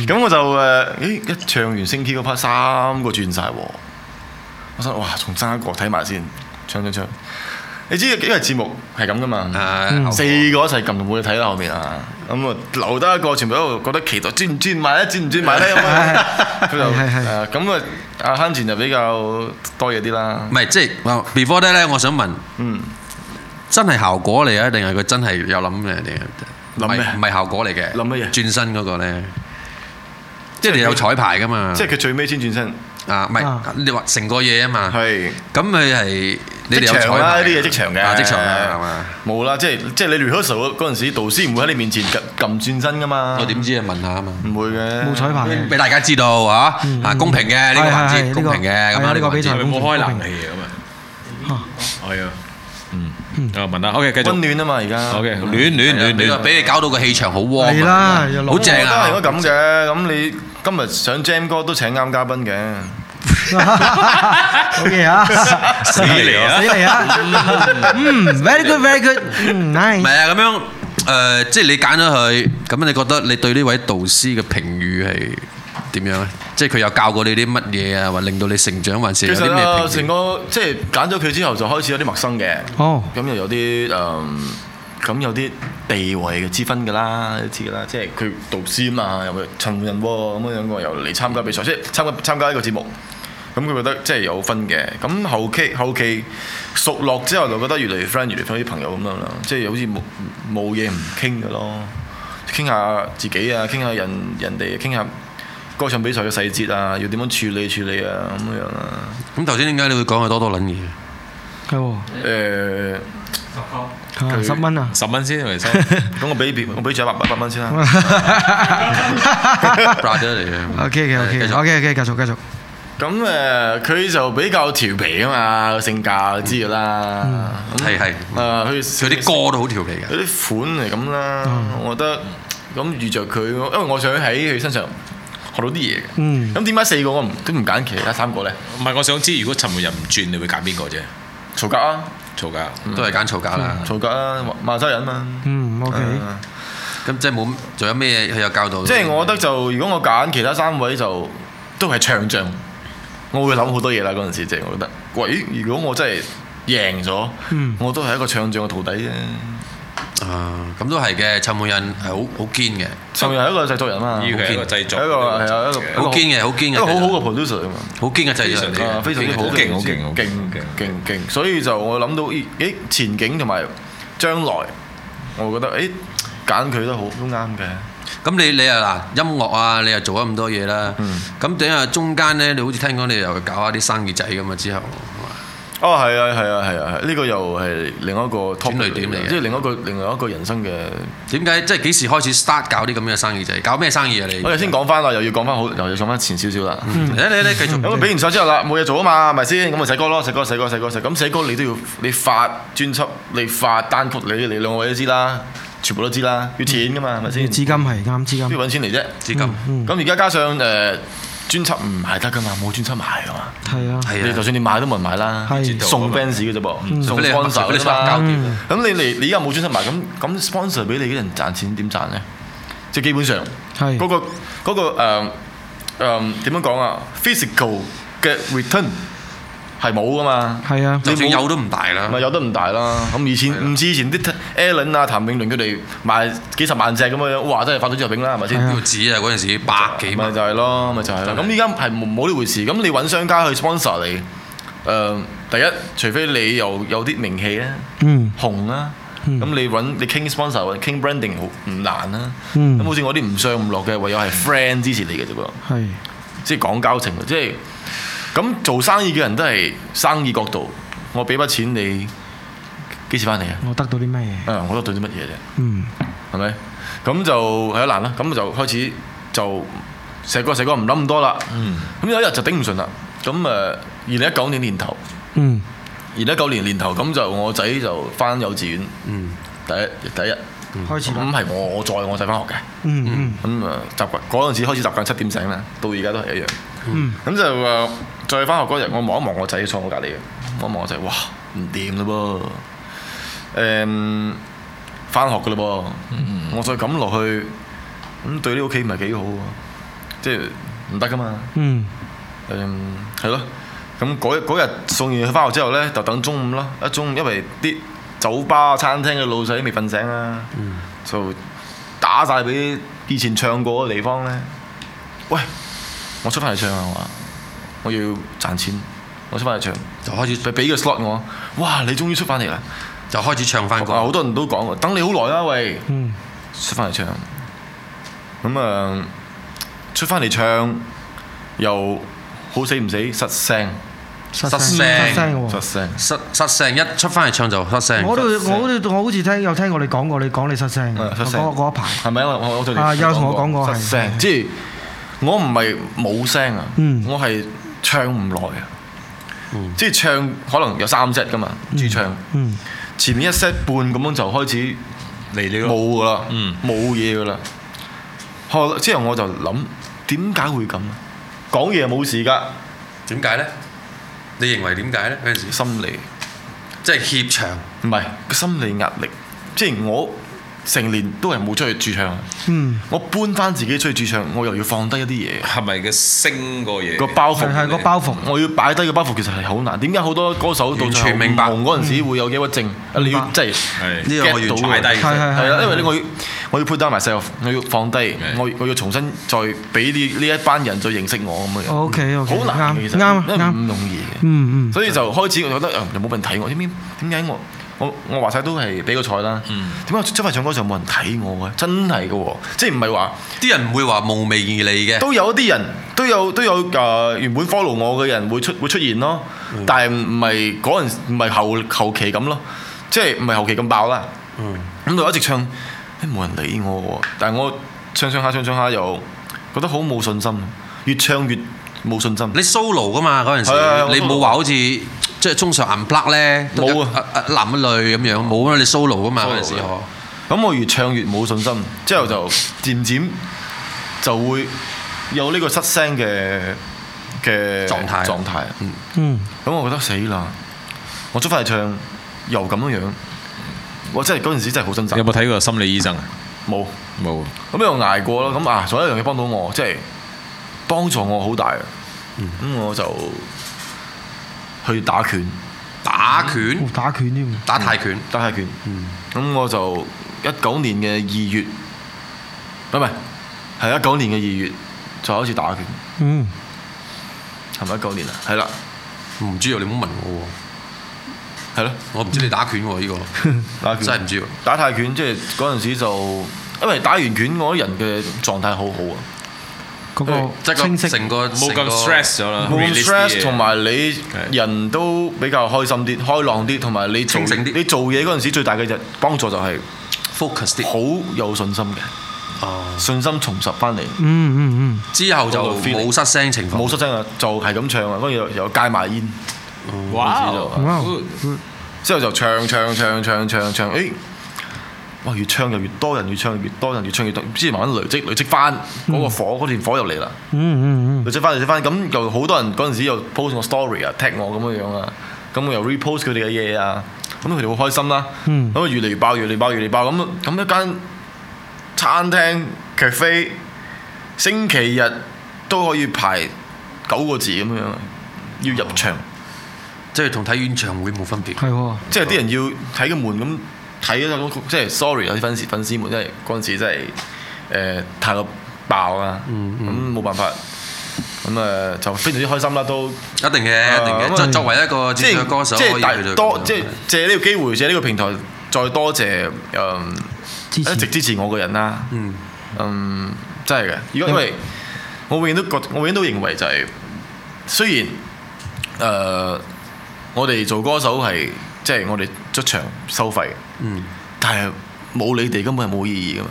咁我就誒，咦？一唱完升 key 嗰 part 三個轉曬，我心話：仲爭一個睇埋先，唱唱唱。你知因為節目係咁噶嘛，四個一齊撳，會睇到後面啊。咁啊，留得一個，全部喺度，覺得期待轉唔轉埋咧，轉唔轉埋咧。咁啊，阿坑前就比較多嘢啲啦。唔係，即係 before 咧，我想問，嗯，真係效果嚟啊，定係佢真係有諗嘅定？諗咩？唔係效果嚟嘅。諗乜嘢？轉身嗰個咧，即係你有彩排噶嘛。即係佢最尾先轉身。啊，唔係你話成個嘢啊嘛，咁佢係你哋有彩排啦，啲嘢職場嘅，冇啦，即係即係你 rehearsal 嗰嗰陣時導師唔會喺你面前撳撳轉身噶嘛，我點知啊？問下啊嘛，唔會嘅，冇彩排，俾大家知道嚇，啊公平嘅呢個環節，公平嘅。咁啊呢個，佢冇開冷氣嘅。咁啊，係啊，嗯啊問下，OK，繼續，温暖啊嘛而家，OK，暖暖暖暖，俾你搞到個氣場好旺，係啦，又落，好正啊，如果咁嘅，咁你。今日想 Jam 哥都請啱嘉賓嘅，好嘢啊！死嚟啊！死嚟啊！嗯，very good，very good，nice。唔係啊，咁樣誒，即係你揀咗佢，咁你覺得你對呢位導師嘅評語係點樣啊？即係佢有教過你啲乜嘢啊，或令到你成長，還是有啲咩評語？其實成個即係揀咗佢之後，就開始有啲陌生嘅。哦，咁又有啲誒，咁有啲，地位嘅之分噶啦，都知噶啦，即係佢導師啊嘛，又咪尋人喎，咁樣樣又嚟參加比賽，即係參加參加呢個節目，咁佢覺得即係有分嘅。咁後期後期熟落之後，就覺得越嚟越 friend，越嚟 friend 啲朋友咁樣樣，即係好似冇冇嘢唔傾嘅咯，傾下自己啊，傾下人人哋，傾下歌唱比賽嘅細節啊，要點樣處理處理啊，咁樣啊。咁頭先點解你會講係多多撚嘢？係喎、哦。呃十蚊啊！十蚊先，咁我俾別，我俾咗一百八百蚊先啦。Brother 嚟嘅。OK OK OK OK 繼續繼續。咁誒，佢就比較調皮啊嘛，個性格知㗎啦。係係。誒，佢佢啲歌都好調皮嘅，佢啲款嚟咁啦。我覺得咁遇着佢，因為我想喺佢身上學到啲嘢。嘅。咁點解四個我唔都唔揀其他三個咧？唔係，我想知如果陳奐仁唔轉，你會揀邊個啫？曹格啊！吵架，都係揀吵架啦。嗯、吵架啊，馬州人嘛。嗯，O K。咁、okay 嗯、即係冇，仲有咩嘢佢有教導有？即係我覺得就，如果我揀其他三位就都係唱將，我會諗好多嘢啦。嗰陣時係覺得，喂，如果我真係贏咗，嗯、我都係一個唱將嘅徒弟。啊，咁都係嘅，陳奐仁係好好堅嘅。陳奐仁係一個製作人嘛，依個係一個製作，一個係啊一個好堅嘅，好堅嘅，一個好好嘅 producer 啊嘛，好堅嘅製作啊，非常之好，勁好勁，勁勁勁，所以就我諗到咦，前景同埋將來，我覺得誒揀佢都好都啱嘅。咁你你又嗱音樂啊，你又做咗咁多嘢啦，咁點啊中間咧，你好似聽講你又搞下啲生意仔咁啊之後。哦，係啊，係啊，係啊，係！呢個又係另一個轉捩點嚟嘅，即係另一個另外一個人生嘅點解？即係幾時開始 start 搞啲咁嘅生意仔？搞咩生意啊？你我哋先講翻啦，又要講翻好，又要講翻前少少啦。你你繼續咁啊！俾完手之後啦，冇嘢做啊嘛，係咪先？咁咪寫歌咯，寫歌，寫歌，寫歌，寫咁寫歌，你都要你發專輯，你發單曲，你你兩位都知啦，全部都知啦，要錢噶嘛，係咪先？資金係啱，資金都要揾錢嚟啫，資金。咁而家加上誒。專輯唔賣得噶嘛，冇專輯賣㗎嘛。係啊的，你就算你買都冇人買啦，的送 fans 嘅啫噃，的送 sponsor 啦。咁、嗯、你嚟，交給 嗯、你依家冇專輯賣，咁咁 sponsor 俾你啲人賺錢點賺咧？即係基本上，嗰是的、嗰個嗰、嗰個誒誒點樣講啊？Physical 嘅 return。係冇噶嘛，你有都唔大啦，咪有都唔大啦。咁以前唔似以前啲 Allen 啊、譚詠麟佢哋賣幾十萬隻咁嘅樣，哇！真係發咗豬肉啦，係咪先？啲紙啊嗰陣時百幾蚊就係咯，咪就係。咁依家係冇呢回事。咁你揾商家去 sponsor 你，誒，第一，除非你又有啲名氣咧，紅啦，咁你揾你傾 sponsor、或者傾 branding 好唔難啦。咁好似我啲唔上唔落嘅，唯有係 friend 支持你嘅啫噃，係即係講交情，即係。咁做生意嘅人都係生意角度，我俾筆錢你，幾時翻嚟啊？我得到啲咩嘢？啊，我得到啲乜嘢啫？嗯，係咪？咁就係一難啦。咁就開始就成個成個唔諗咁多啦。嗯。咁有一日就頂唔順啦。咁誒，二零一九年年頭。嗯。二零一九年年頭，咁就我仔就翻幼稚園。嗯。第一第一日。咁係我載我仔翻學嘅，咁啊習慣嗰陣時開始習慣七點醒啦，到而家都係一樣。咁、嗯、就話再翻學嗰日，我望一望我仔坐我隔離嘅，望望我仔，哇，唔掂嘞噃，誒翻、嗯、學嘅嘞噃，嗯、我再咁落去，咁對呢屋企唔係幾好喎，即係唔得噶嘛。誒係咯，咁嗰日送完佢翻學之後咧，就等中午咯，一中午因為啲。酒吧、餐廳嘅老細都未瞓醒啊，嗯、就打晒俾以前唱過嘅地方咧。喂，我出翻嚟唱啊？我話我要賺錢，我出翻嚟唱就開始俾俾個 slot 我。哇！你終於出翻嚟啦，就開始唱翻歌。好多人都講，等你好耐啦，喂。嗯、出翻嚟唱，咁啊出翻嚟唱又好死唔死失聲。失聲，失聲，失失聲，一出翻嚟唱就失聲。我好似，我聽有聽過你講過，你講你失聲嘅，嗰一排。係咪啊？我我就有同我講過，失聲。即係我唔係冇聲啊，我係唱唔耐啊。即係唱可能有三 set 噶嘛，主唱。前面一 set 半咁樣就開始嚟咗，冇㗎啦，冇嘢㗎啦。之後我就諗點解會咁啊？講嘢冇事㗎，點解咧？你認為點解呢？嗰陣時心理即係協是，即係怯場，唔係個心理壓力，即係我。成年都係冇出去駐唱，我搬翻自己出去駐唱，我又要放低一啲嘢。係咪嘅聲個嘢？個包袱係個包袱。我要擺低個包袱，其實係好難。點解好多歌手到全紅嗰陣時會有抑鬱症？你要即係呢個要踩低。係因為呢個我要我要鋪低埋細路，我要放低，我我要重新再俾呢呢一班人再認識我咁啊樣。O K O K，啱，唔容易，所以就開始我覺得，又冇問題。我點點解我？我我話晒都係比個賽啦。點解真係唱歌時冇人睇我嘅？真係嘅、喔，即係唔係話啲人唔會話慕名而嚟嘅，都有一啲人，都有都有誒、呃、原本 follow 我嘅人會出會出現咯。嗯、但係唔係嗰陣唔係後後期咁咯，即係唔係後期咁爆啦。咁、嗯、就一直唱，誒、欸、冇人理我。但係我唱唱下唱唱下又覺得好冇信心，越唱越冇信心。你 solo 噶嘛嗰陣時，的你冇話好似。即係中上合 block 咧，冇有啊，啊！一男一女咁樣，冇啊！你 solo 噶嘛嗰陣時呵。咁我越唱越冇信心，之後就漸漸就會有呢個失聲嘅嘅狀態狀態。嗯，咁我覺得死啦！我出翻嚟唱又咁樣樣，我真係嗰陣時真係好掙扎。有冇睇過心理醫生無 無 啊？冇冇。咁又捱過咯。咁啊，仲有一樣嘢幫到我，即係幫助我好大。嗯。咁我就。去打拳，打拳，哦、打拳添、啊嗯，打泰拳，打泰拳。嗯，咁我就一九年嘅二月，唔係，係一九年嘅二月，就開始打拳。嗯，係咪一九年啊？係啦，唔知喎，你唔好問我喎。係咯，我唔知你打拳喎呢個，打拳，真係唔知喎。打泰拳即係嗰陣時就，因為打完拳我啲人嘅狀態好好啊。嗰個即係個成個冇咁 stress 咗啦，冇咁 stress，同埋你人都比較開心啲、開朗啲，同埋你清醒啲。你做嘢嗰陣時最大嘅日幫助就係 focus 啲，好有信心嘅，信心重拾翻嚟。嗯嗯嗯，之後就冇失聲情況，冇失聲啊，就係咁唱啊，跟住又戒埋煙。哇！之後就唱唱唱唱唱唱，誒越唱又越，越，越多人，越唱越多人，越唱越多，之前慢慢累積累積翻嗰個火，嗰段、mm. 火又嚟啦、mm hmm.。累積翻，累積翻，咁又好多人嗰陣時 post story, 又 post 我 story 啊，tag 我咁樣樣啊，咁我又 repost 佢哋嘅嘢啊，咁佢哋好開心啦。嗯。咁越嚟越爆，越嚟爆，越嚟爆，咁咁一間餐廳劇飛，Cafe, 星期日都可以排九個字咁樣，要入場，mm hmm. 即係同睇演唱會冇分別。係、mm hmm. 即係啲人要睇個門咁。睇咗！即係、就是、sorry，有啲粉絲粉絲們，即係嗰陣時真係誒、呃、太過爆啦！咁冇、嗯嗯、辦法，咁、嗯、啊就非常之開心啦！都一定嘅，一定嘅。呃、作為一個即係歌手，就是就是、多即係、就是、借呢個機會，是借呢個平台，再多謝誒一直支持我嘅人啦。嗯，呃、真係嘅。如果因為我永遠都覺，我永遠都認為就係、是、雖然誒、呃，我哋做歌手係即係我哋出場收費。嗯，但係冇你哋根本係冇意義噶嘛，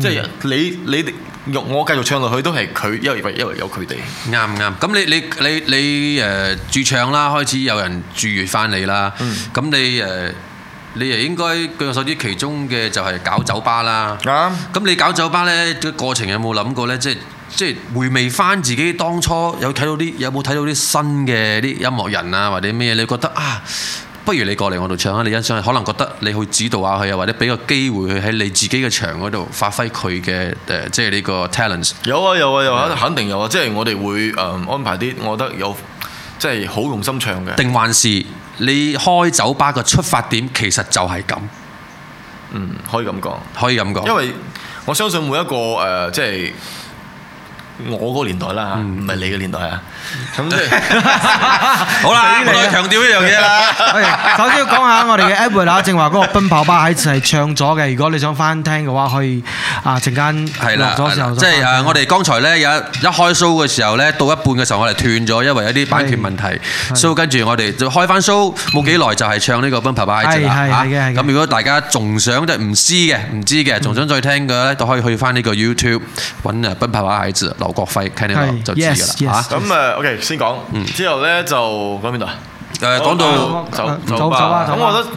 即係你你哋用我繼續唱落去都係佢，因為因為有佢哋啱唔啱？咁你你你你誒駐唱啦，開始有人注意翻你啦，咁你誒你誒應該據我所知，其中嘅就係搞酒吧啦。啱。咁你搞酒吧咧，個過程有冇諗過咧？即係即係回味翻自己當初有睇到啲，有冇睇到啲新嘅啲音樂人啊，或者咩？你覺得啊？不如你過嚟我度唱啊！你欣賞，可能覺得你去指導下佢啊，或者俾個機會佢喺你自己嘅場嗰度發揮佢嘅誒，即係呢個 talents。有啊有啊有啊，啊肯定有啊！即係我哋會誒安排啲，我覺得有即係好用心唱嘅。定還是你開酒吧嘅出發點其實就係咁？嗯，可以咁講，可以咁講。因為我相信每一個誒，即係。我嗰個年代啦嚇，唔係你嘅年代啊！咁好啦，我再強調一樣嘢啊！首先講下我哋嘅 Albert 啊，正話嗰個《奔跑吧孩子》係唱咗嘅。如果你想翻聽嘅話，可以啊，陣間落咗時候。係啦，即係啊！我哋剛才咧一一開 show 嘅時候咧，到一半嘅時候我哋斷咗，因為有啲版權問題，所以跟住我哋就開翻 show，冇幾耐就係唱呢個《奔跑吧孩子》啦嚇。咁如果大家仲想就唔知嘅，唔知嘅，仲想再聽嘅咧，都可以去翻呢個 YouTube 揾啊《奔跑吧孩子》。劉國暉，睇你話就知㗎喇嚇。咁誒、yes, yes , yes.，OK，先講，之後咧就講邊度啊？誒，講到走，走啊。咁吧吧我覺得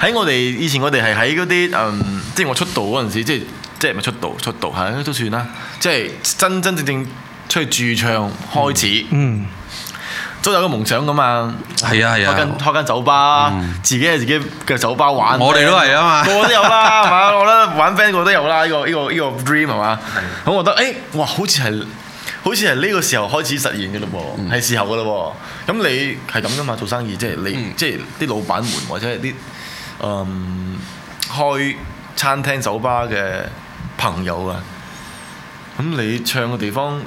喺我哋以前我，我哋係喺嗰啲嗯，即係我出道嗰陣時，即係即係咪出道？出道嚇、啊、都算啦。即、就、係、係、真真正正出去駐唱開始。嗯。嗯。都有一個夢想噶嘛，啊，啊啊開間開間酒吧，嗯、自己係自己嘅酒吧玩。我哋都係啊嘛，個個都有啦，係嘛？我覺得玩 band 我都有啦，呢個呢個呢個 dream 係嘛？咁我覺得，誒、欸，哇，好似係好似係呢個時候開始實現嘅嘞噃，係、嗯、時候嘅嘞噃。咁你係咁噶嘛？做生意即係、就是、你，即係啲老闆們或者係啲嗯開餐廳酒吧嘅朋友啊。咁你唱嘅地方？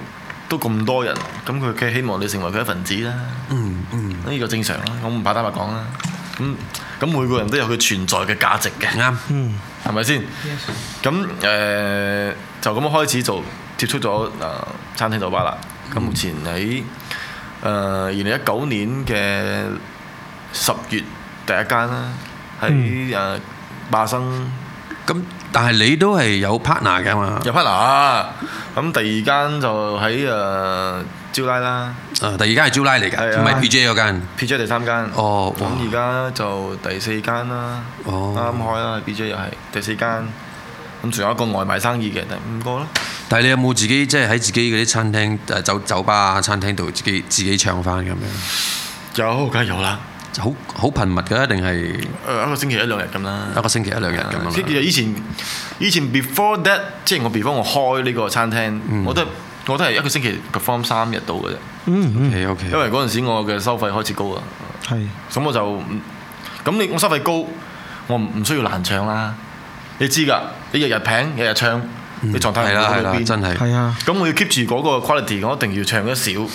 都咁多人，咁佢嘅希望你成為佢一份子啦、嗯。嗯嗯，呢個正常啦，我唔怕坦白講啦。咁咁每個人都有佢存在嘅價值嘅。啱，嗯，係咪先？咁誒、嗯呃、就咁開始就接觸咗啊餐廳酒吧啦。咁、嗯、目前喺誒二零一九年嘅十月第一間啦，喺誒、嗯呃、霸生咁。但係你都係有 partner 嘅嘛？有 partner 啊！咁第二間就喺誒招拉啦。啊、第二間係招拉嚟㗎，唔係 PJ 嗰間。PJ 第三間。哦。咁而家就第四間啦。哦。啱開啦，B J 又係第四間。咁仲、哦、有一個外賣生意嘅，第五個囉。但係你有冇自己即係喺自己嗰啲餐廳誒、呃、酒酒吧餐廳度自己自己唱翻咁樣？有梗係有啦。好好頻密嘅，定係誒一個星期一兩日咁啦。一個星期一兩日咁樣。其實以前以前 before that，即係我 before 我開呢個餐廳，我都我都係一個星期 perform 三日到嘅啫。嗯嗯。O K O K。因為嗰陣時我嘅收費開始高啊。係。咁我就咁你我收費高，我唔唔需要難唱啦。你知㗎，你日日平日日唱，你狀態唔好到邊？係啦係啦，真係。係啊。咁我要 keep 住嗰個 quality，我一定要唱得少。啱唔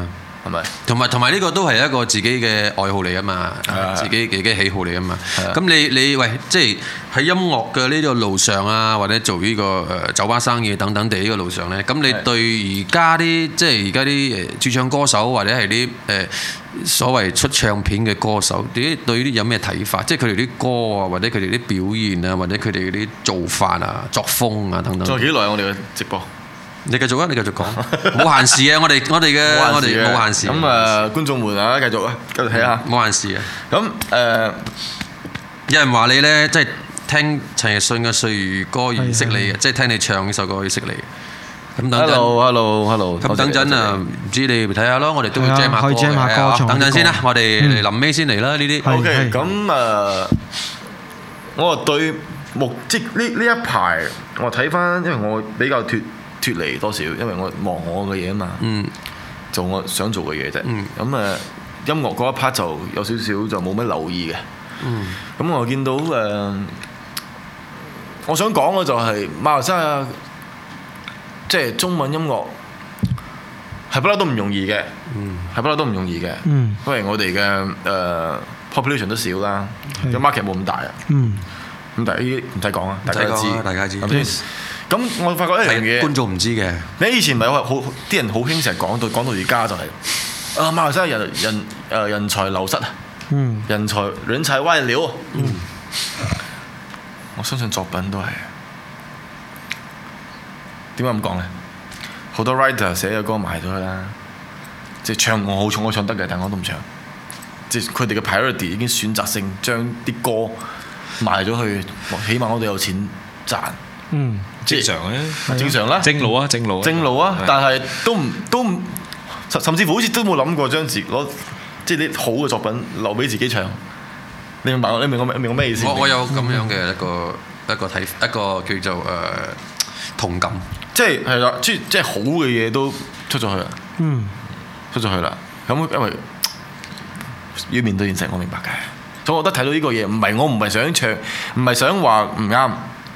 啱？係咪？同埋同埋呢個都係一個自己嘅愛好嚟啊嘛，的自己自己喜好嚟啊嘛。咁的你你喂，即係喺音樂嘅呢個路上啊，或者做呢、呢個誒、呃、酒吧生意等等地呢個路上呢，咁你對而家啲即係而家啲誒駐唱歌手或者係啲誒所謂出唱片嘅歌手，你對呢啲有咩睇法？即係佢哋啲歌啊，或者佢哋啲表現啊，或者佢哋啲做法啊、作風啊等等。仲有幾耐我哋嘅直播。你繼續啊！你繼續講，冇限時嘅。我哋我哋嘅我哋冇限時嘅。咁啊，觀眾們啊，繼續啊，繼續睇下。冇限時嘅。咁誒，有人話你咧，即係聽陳奕迅嘅《歲月歌》而識你嘅，即係聽你唱呢首歌而識你嘅。咁等，hello hello hello，我等陣啊，唔知你睇下咯，我哋都要 jam 下歌嘅啊。等陣先啦，我哋嚟臨尾先嚟啦。呢啲 OK，咁啊，我對木積呢呢一排，我睇翻，因為我比較脱脱離多少，因為我忙我嘅嘢啊嘛，做、mm. 我想做嘅嘢啫。咁誒、mm. 嗯、音樂嗰一 part 就有少少就冇乜留意嘅。咁、mm. 嗯、我見到誒，uh, 我想講嘅就係、是、馬來西亞，即、就、係、是、中文音樂係不嬲都唔容易嘅，係、mm. 不嬲都唔容易嘅，mm. 因為我哋嘅誒 population 都少啦，個 market 冇咁大啊。咁但係呢啲唔使講啊，大家知。唔使講。咁我發覺一樣嘢，觀眾唔知嘅。你以前唔係話好啲人好興成日講到講到而家就係、是，啊，馬來西亞人人誒、啊、人才流失，嗯，人才人才外流，嗯，嗯我相信作品都係點解咁講咧？好多 writer 寫嘅歌賣咗啦，即、就、係、是、唱我好重我唱得嘅，但係我都唔唱。即、就、係、是、佢哋嘅 priority 已經選擇性將啲歌賣咗去，起碼我哋有錢賺。嗯，正常嘅、啊，正常啦、啊，正，正路啊，正路啊，正路啊，係嘅但係都唔都唔甚至乎好似都冇諗過將自攞即係啲好嘅作品留俾自己唱。你明白？你明，白我，你明白我，我明白我咩意思？我，我有咁樣嘅一個、嗯、一個睇一,一個叫做誒、呃、同感，即係係啦，即即係好嘅嘢都出咗去啦，嗯，出咗去啦。咁因為要面對現實，我明白嘅。所以我覺得睇到呢個嘢，唔係我唔係想唱，唔係想話唔啱。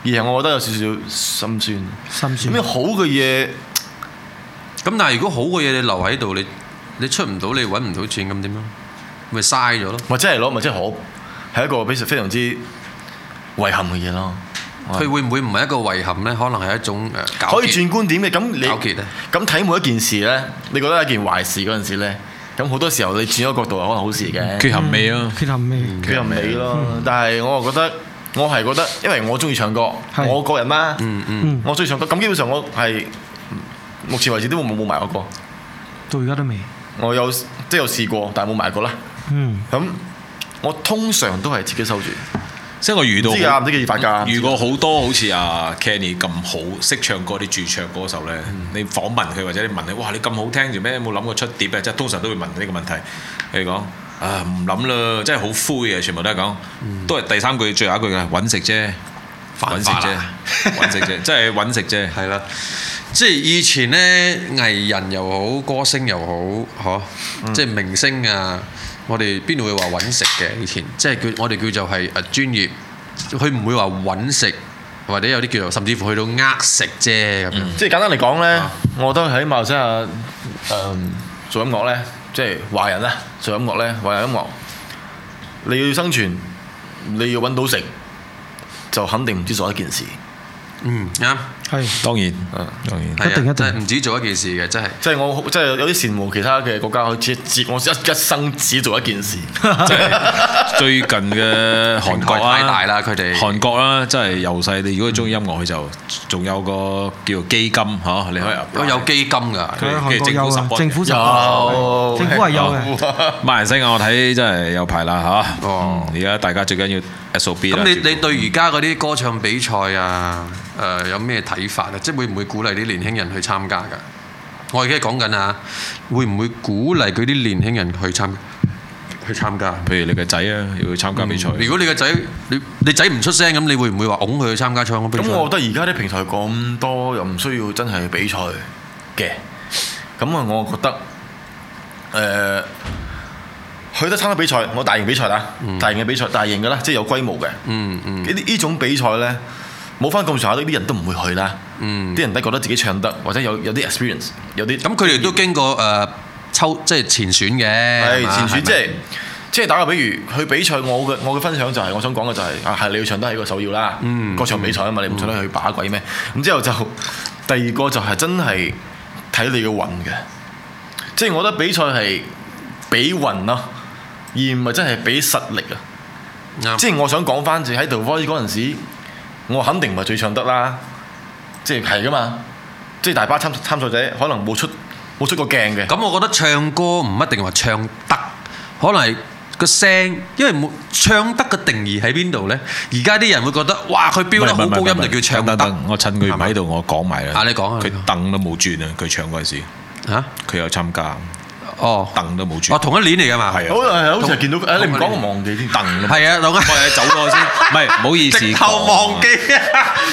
而係我覺得有少少心酸，心酸。咩好嘅嘢？咁但係如果好嘅嘢你留喺度，你你出唔到，你揾唔到錢，咁點樣？咪嘥咗咯。咪即係攞，咪即係好，係一個非常非常之遺憾嘅嘢咯。佢會唔會唔係一個遺憾咧？可能係一種誒，可以轉觀點嘅。咁你，咁睇每一件事咧，你覺得係一件壞事嗰陣時咧，咁好多時候你轉咗角度可能係一件好事嘅。缺陷味咯、啊，缺陷味，缺陷味咯。味味但係我又覺得。嗯我係覺得，因為我中意唱歌，係我個人啦，嗯嗯、我中意唱歌，咁基本上我係，目前為止都冇冇埋我歌，過到而家都未。我有即係、就是、有試過，但係冇埋過啦。咁、嗯、我通常都係自己收住。即係、嗯、我遇到，知唔知幾時發噶？如果好多、啊、好似阿 Kenny 咁好識唱歌啲駐唱歌手咧，嗯、你訪問佢或者你問你，哇你咁好聽做咩？有冇諗過出碟啊？即係通常都會問呢個問題。譬如講。啊唔諗啦，真係好灰啊！全部都係講，都係第三句最後一句嘅揾食啫，揾食啫，揾食啫，即係揾食啫，係啦。即係以前咧，藝人又好，歌星又好，嚇，即係明星啊！我哋邊度會話揾食嘅？以前即係叫我哋叫做係誒專業，佢唔會話揾食，或者有啲叫做甚至乎去到呃食啫咁樣。即係簡單嚟講咧，我覺得喺馬來西亞做音樂咧。即係華人啦，做音樂咧，華人音樂，你要生存，你要揾到食，就肯定唔止做一件事。嗯，啱。係，當然，嗯，當然，一定一定唔止做一件事嘅，真係。即係我即係有啲羨慕其他嘅國家，好似我一一生只做一件事。最近嘅韓國啊，佢哋韓國啦，真係由細你如果你中意音樂，佢就仲有個叫做基金嚇，你可以有基金噶，政府，政府有，政府係有嘅。馬來西亞我睇真係有排啦嚇。而家大家最緊要 S O B。咁你你對而家嗰啲歌唱比賽啊？誒有咩睇法咧？即係會唔會鼓勵啲年輕人去參加㗎？我而家講緊啊，會唔會鼓勵佢啲年輕人去參去參加？譬如你個仔啊，要去參加比賽。如果你個仔，你你仔唔出聲，咁你會唔會話擁佢去參加賽？咁我覺得而家啲平台咁多，又唔需要真係去比賽嘅。咁啊，我覺得誒去得參加比賽，我大型比賽啦，大型嘅比賽，大型嘅啦，即係有規模嘅。嗯嗯，呢啲呢種比賽咧。冇翻咁上下，呢啲人都唔會去啦。啲、嗯、人都覺得自己唱得，或者有有啲 experience，有啲咁，佢哋都經過誒、呃、抽，即係前選嘅。係吧前選即，吧即係即係打個比喻，去比賽我。我嘅我嘅分享就係、是，我想講嘅就係、是，係、啊、你要唱得係一個首要啦。嗯，歌唱比賽啊嘛，嗯、你唔唱得、嗯、去把鬼咩？咁之後就第二個就係真係睇你嘅運嘅。即係我覺得比賽係比運咯，而唔係真係比實力啊。嗯、即係我想講翻住喺 The Voice 嗰時。我肯定唔係最唱得啦，即係係噶嘛，即係大把參參賽者可能冇出冇出過鏡嘅。咁我覺得唱歌唔一定話唱得，可能係個聲，因為冇唱得嘅定義喺邊度呢？而家啲人會覺得哇，佢飆得好高音就叫唱得。等等，我趁佢唔喺度，是是我講埋啦。你講啊！佢凳都冇轉啊！佢唱嗰陣時，吓佢有參加。哦，凳都冇轉，哦，同一年嚟㗎嘛，係啊，好啊，好似係見到佢，誒，你唔講我忘記先。凳都係啊，老吉，走過去先，唔係，唔好意思，直頭忘記，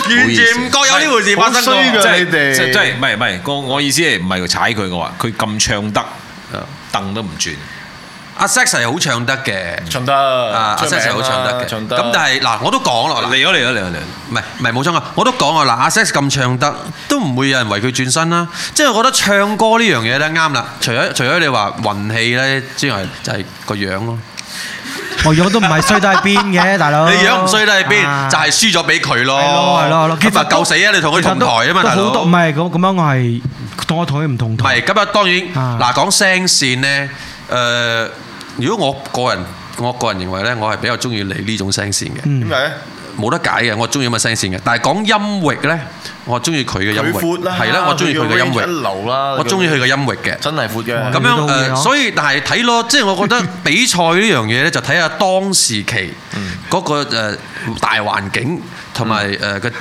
完全唔覺有呢回事發生過，即係即係，唔係唔係，個我意思係唔係佢踩佢我話，佢咁唱得，凳都唔轉。阿 sex 係好唱得嘅，唱得，阿 sex 係好唱得嘅。咁但係嗱，我都講啦，嚟咗嚟咗嚟咗嚟。唔係唔係冇錯啊！我都講啦嗱，阿 sex 咁唱得都唔會有人為佢轉身啦。即係我覺得唱歌呢樣嘢咧啱啦，除咗除咗你話運氣咧之外，就係個樣咯。我樣都唔係衰得喺邊嘅，大佬。你樣唔衰得喺邊？就係輸咗俾佢咯。係咯係咯。你話夠死啊！你同佢同台啊嘛，大佬。唔係咁咁樣，我係當我同佢唔同台。唔係咁啊，當然嗱，講聲線咧。誒，如果我個人，我個人認為呢，我係比較中意嚟呢種聲線嘅。點解呢？冇得解嘅，我中意咁嘅聲線嘅。但係講音域呢，我中意佢嘅音域，係啦，我中意佢嘅音域，一流啦，我中意佢嘅音域嘅，真係闊嘅。咁樣誒，所以但係睇咯，即係我覺得比賽呢樣嘢呢，就睇下當時期嗰個大環境同埋誒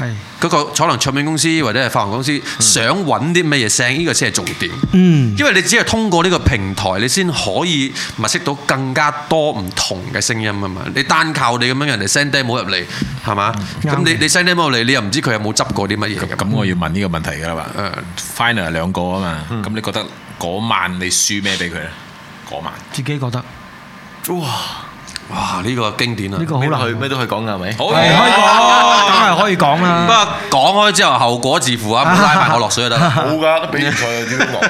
嗰個可能唱片公司或者係發行公司想揾啲乜嘢聲，呢、嗯、個先係重點。嗯，因為你只係通過呢個平台，你先可以物識到更加多唔同嘅聲音啊嘛。你單靠你咁樣人哋 send 啲嘢冇入嚟，係嘛？咁、嗯、你你 send 啲嘢冇入嚟，你又唔知佢有冇執過啲乜嘢。咁、嗯、我要問呢個問題㗎啦、嗯、嘛。誒，final 係兩個啊嘛。咁你覺得嗰晚你輸咩俾佢咧？嗰晚自己覺得哇！哇！呢、呢個經典啊，呢個好難，咩都可以講㗎，係咪？好，可以講，梗係可以講啦。不過講開之後後果自負啊，唔拉埋我落水就得。好㗎，都比賽啊，點講啊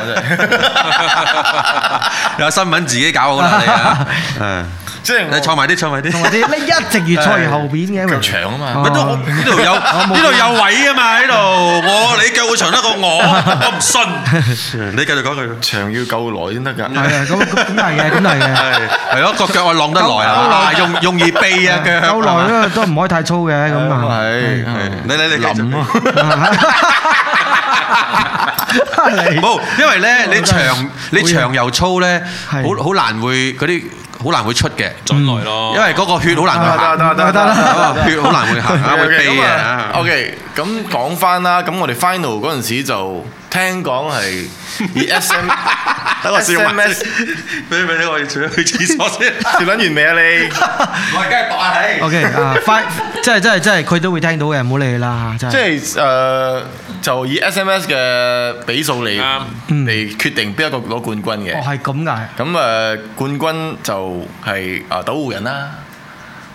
真係。有新聞自己搞好啦，你啊。嗯。即係你坐埋啲，坐埋啲，你一直越坐越後邊嘅。長啊嘛，咁都呢度有呢度有位啊嘛，喺度我你腳會長得過我，我唔信。你繼續講句，長要夠耐先得㗎。係啊，咁咁係嘅，咁係嘅。係係咯，個腳我浪得耐啊嘛，容容易痹啊腳。夠耐啦，都唔可以太粗嘅咁啊。係係，你你你咁啊。冇，因為咧你長你長又粗咧，好好難會嗰啲好難會出嘅，進來咯。因為嗰個血好難得得得得得，血好難會行啊，會痹啊。O K，咁講翻啦，咁、okay, okay, 我哋 final 嗰陣時就。聽講係以 SMS，俾俾俾我除咗去廁所先，笑完未啊你？唔係梗係博啊，係 OK 啊，five，即係即係即係佢都會聽到嘅，唔好理啦，真係。即係誒，就以 SMS 嘅比數嚟嚟決定邊一個攞冠軍嘅。哦，係咁㗎。咁誒，冠軍就係誒斗湖人啦，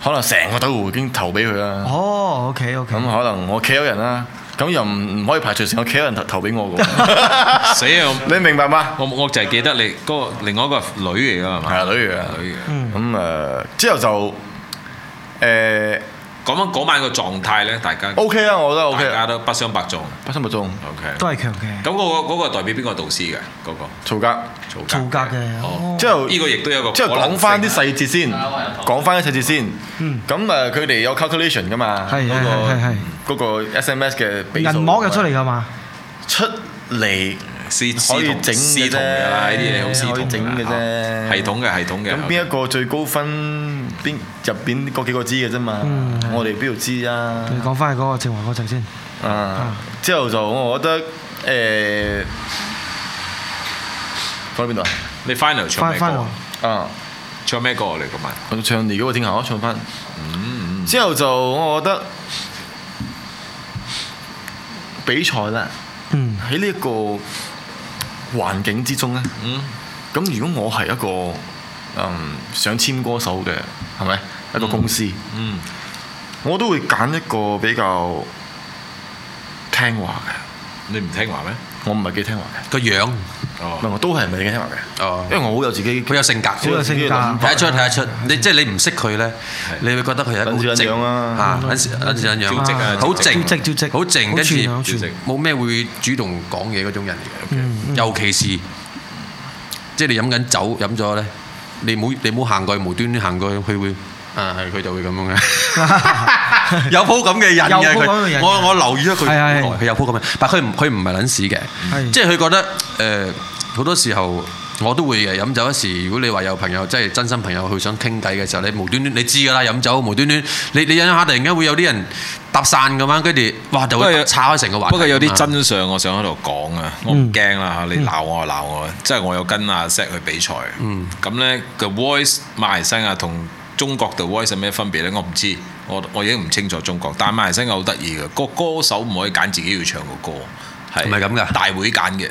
可能成個斗湖已經投俾佢啦。哦，OK OK。咁可能我企咗人啦。咁又唔唔可以排除成屋企人投俾我嘅，死啊！你明白嗎？我我就係記得你嗰、那個另外一個女嚟嘅係嘛？係啊，女嚟嘅，女嚟嘅。咁誒、嗯呃、之後就誒。呃講緊嗰晚個狀態咧，大家 O K 啦，我覺得大家都不相伯仲，不相伯仲，O K，都係強嘅。咁嗰個嗰個代表邊個導師嘅嗰個？曹格，曹格嘅。之後呢個亦都有一個。之後講翻啲細節先，講翻啲細節先。咁誒，佢哋有 calculation 噶嘛？係係係嗰個 SMS 嘅比重嘅出嚟㗎嘛？出嚟係可以整嘅啫，呢啲嘢好整嘅啫。系統嘅系統嘅。咁邊一個最高分？邊入邊嗰幾個知嘅啫嘛，嗯、的我哋邊度知啊？你講翻係嗰個正話嗰陣先。啊、嗯，嗯、之後就我覺得誒講、欸、到邊度你唱 final、嗯、唱咩歌啊？唱咩歌啊？你嗰晚我唱你嗰個天后啊，唱翻。嗯嗯、之後就我覺得比賽咧，喺呢一個環境之中咧，咁、嗯、如果我係一個。嗯，想簽歌手嘅係咪一個公司？嗯，我都會揀一個比較聽話嘅。你唔聽話咩？我唔係幾聽話嘅。個樣唔係，我都係唔係幾聽話嘅。因為我好有自己，好有性格，好有性格。睇得出，睇得出。你即係你唔識佢咧，你會覺得佢係一個好靜啊。啊，好靜，好靜。跟住冇咩會主動講嘢嗰種人嚟嘅。尤其是即係你飲緊酒，飲咗咧。你冇，你冇行過去，無端端行過去，佢會啊，係佢就會咁樣嘅。 有鋪咁嘅人嘅佢，我我留意咗佢好耐，佢有鋪咁嘅，但係佢唔佢唔係撚屎嘅，他是的 即係佢覺得、呃、很好多時候。我都會嘅，飲酒嗰時，如果你話有朋友即係真心朋友，去想傾偈嘅時候，你無端端你知㗎啦，飲酒無端端你你飲下，突然間會有啲人搭訕咁樣，跟住哇就會拆開成個話題不過有啲真相我想喺度講啊，嗯、我唔驚啦你鬧我就鬧我，即係、嗯、我有跟阿 Set 去比賽。咁、嗯、呢，The Voice 馬來西亞同中國 The Voice 有咩分別呢？我唔知，我我已經唔清楚中國，但馬來西亞好得意嘅個歌手唔可以揀自己要唱嘅歌，係唔係咁㗎？大會揀嘅。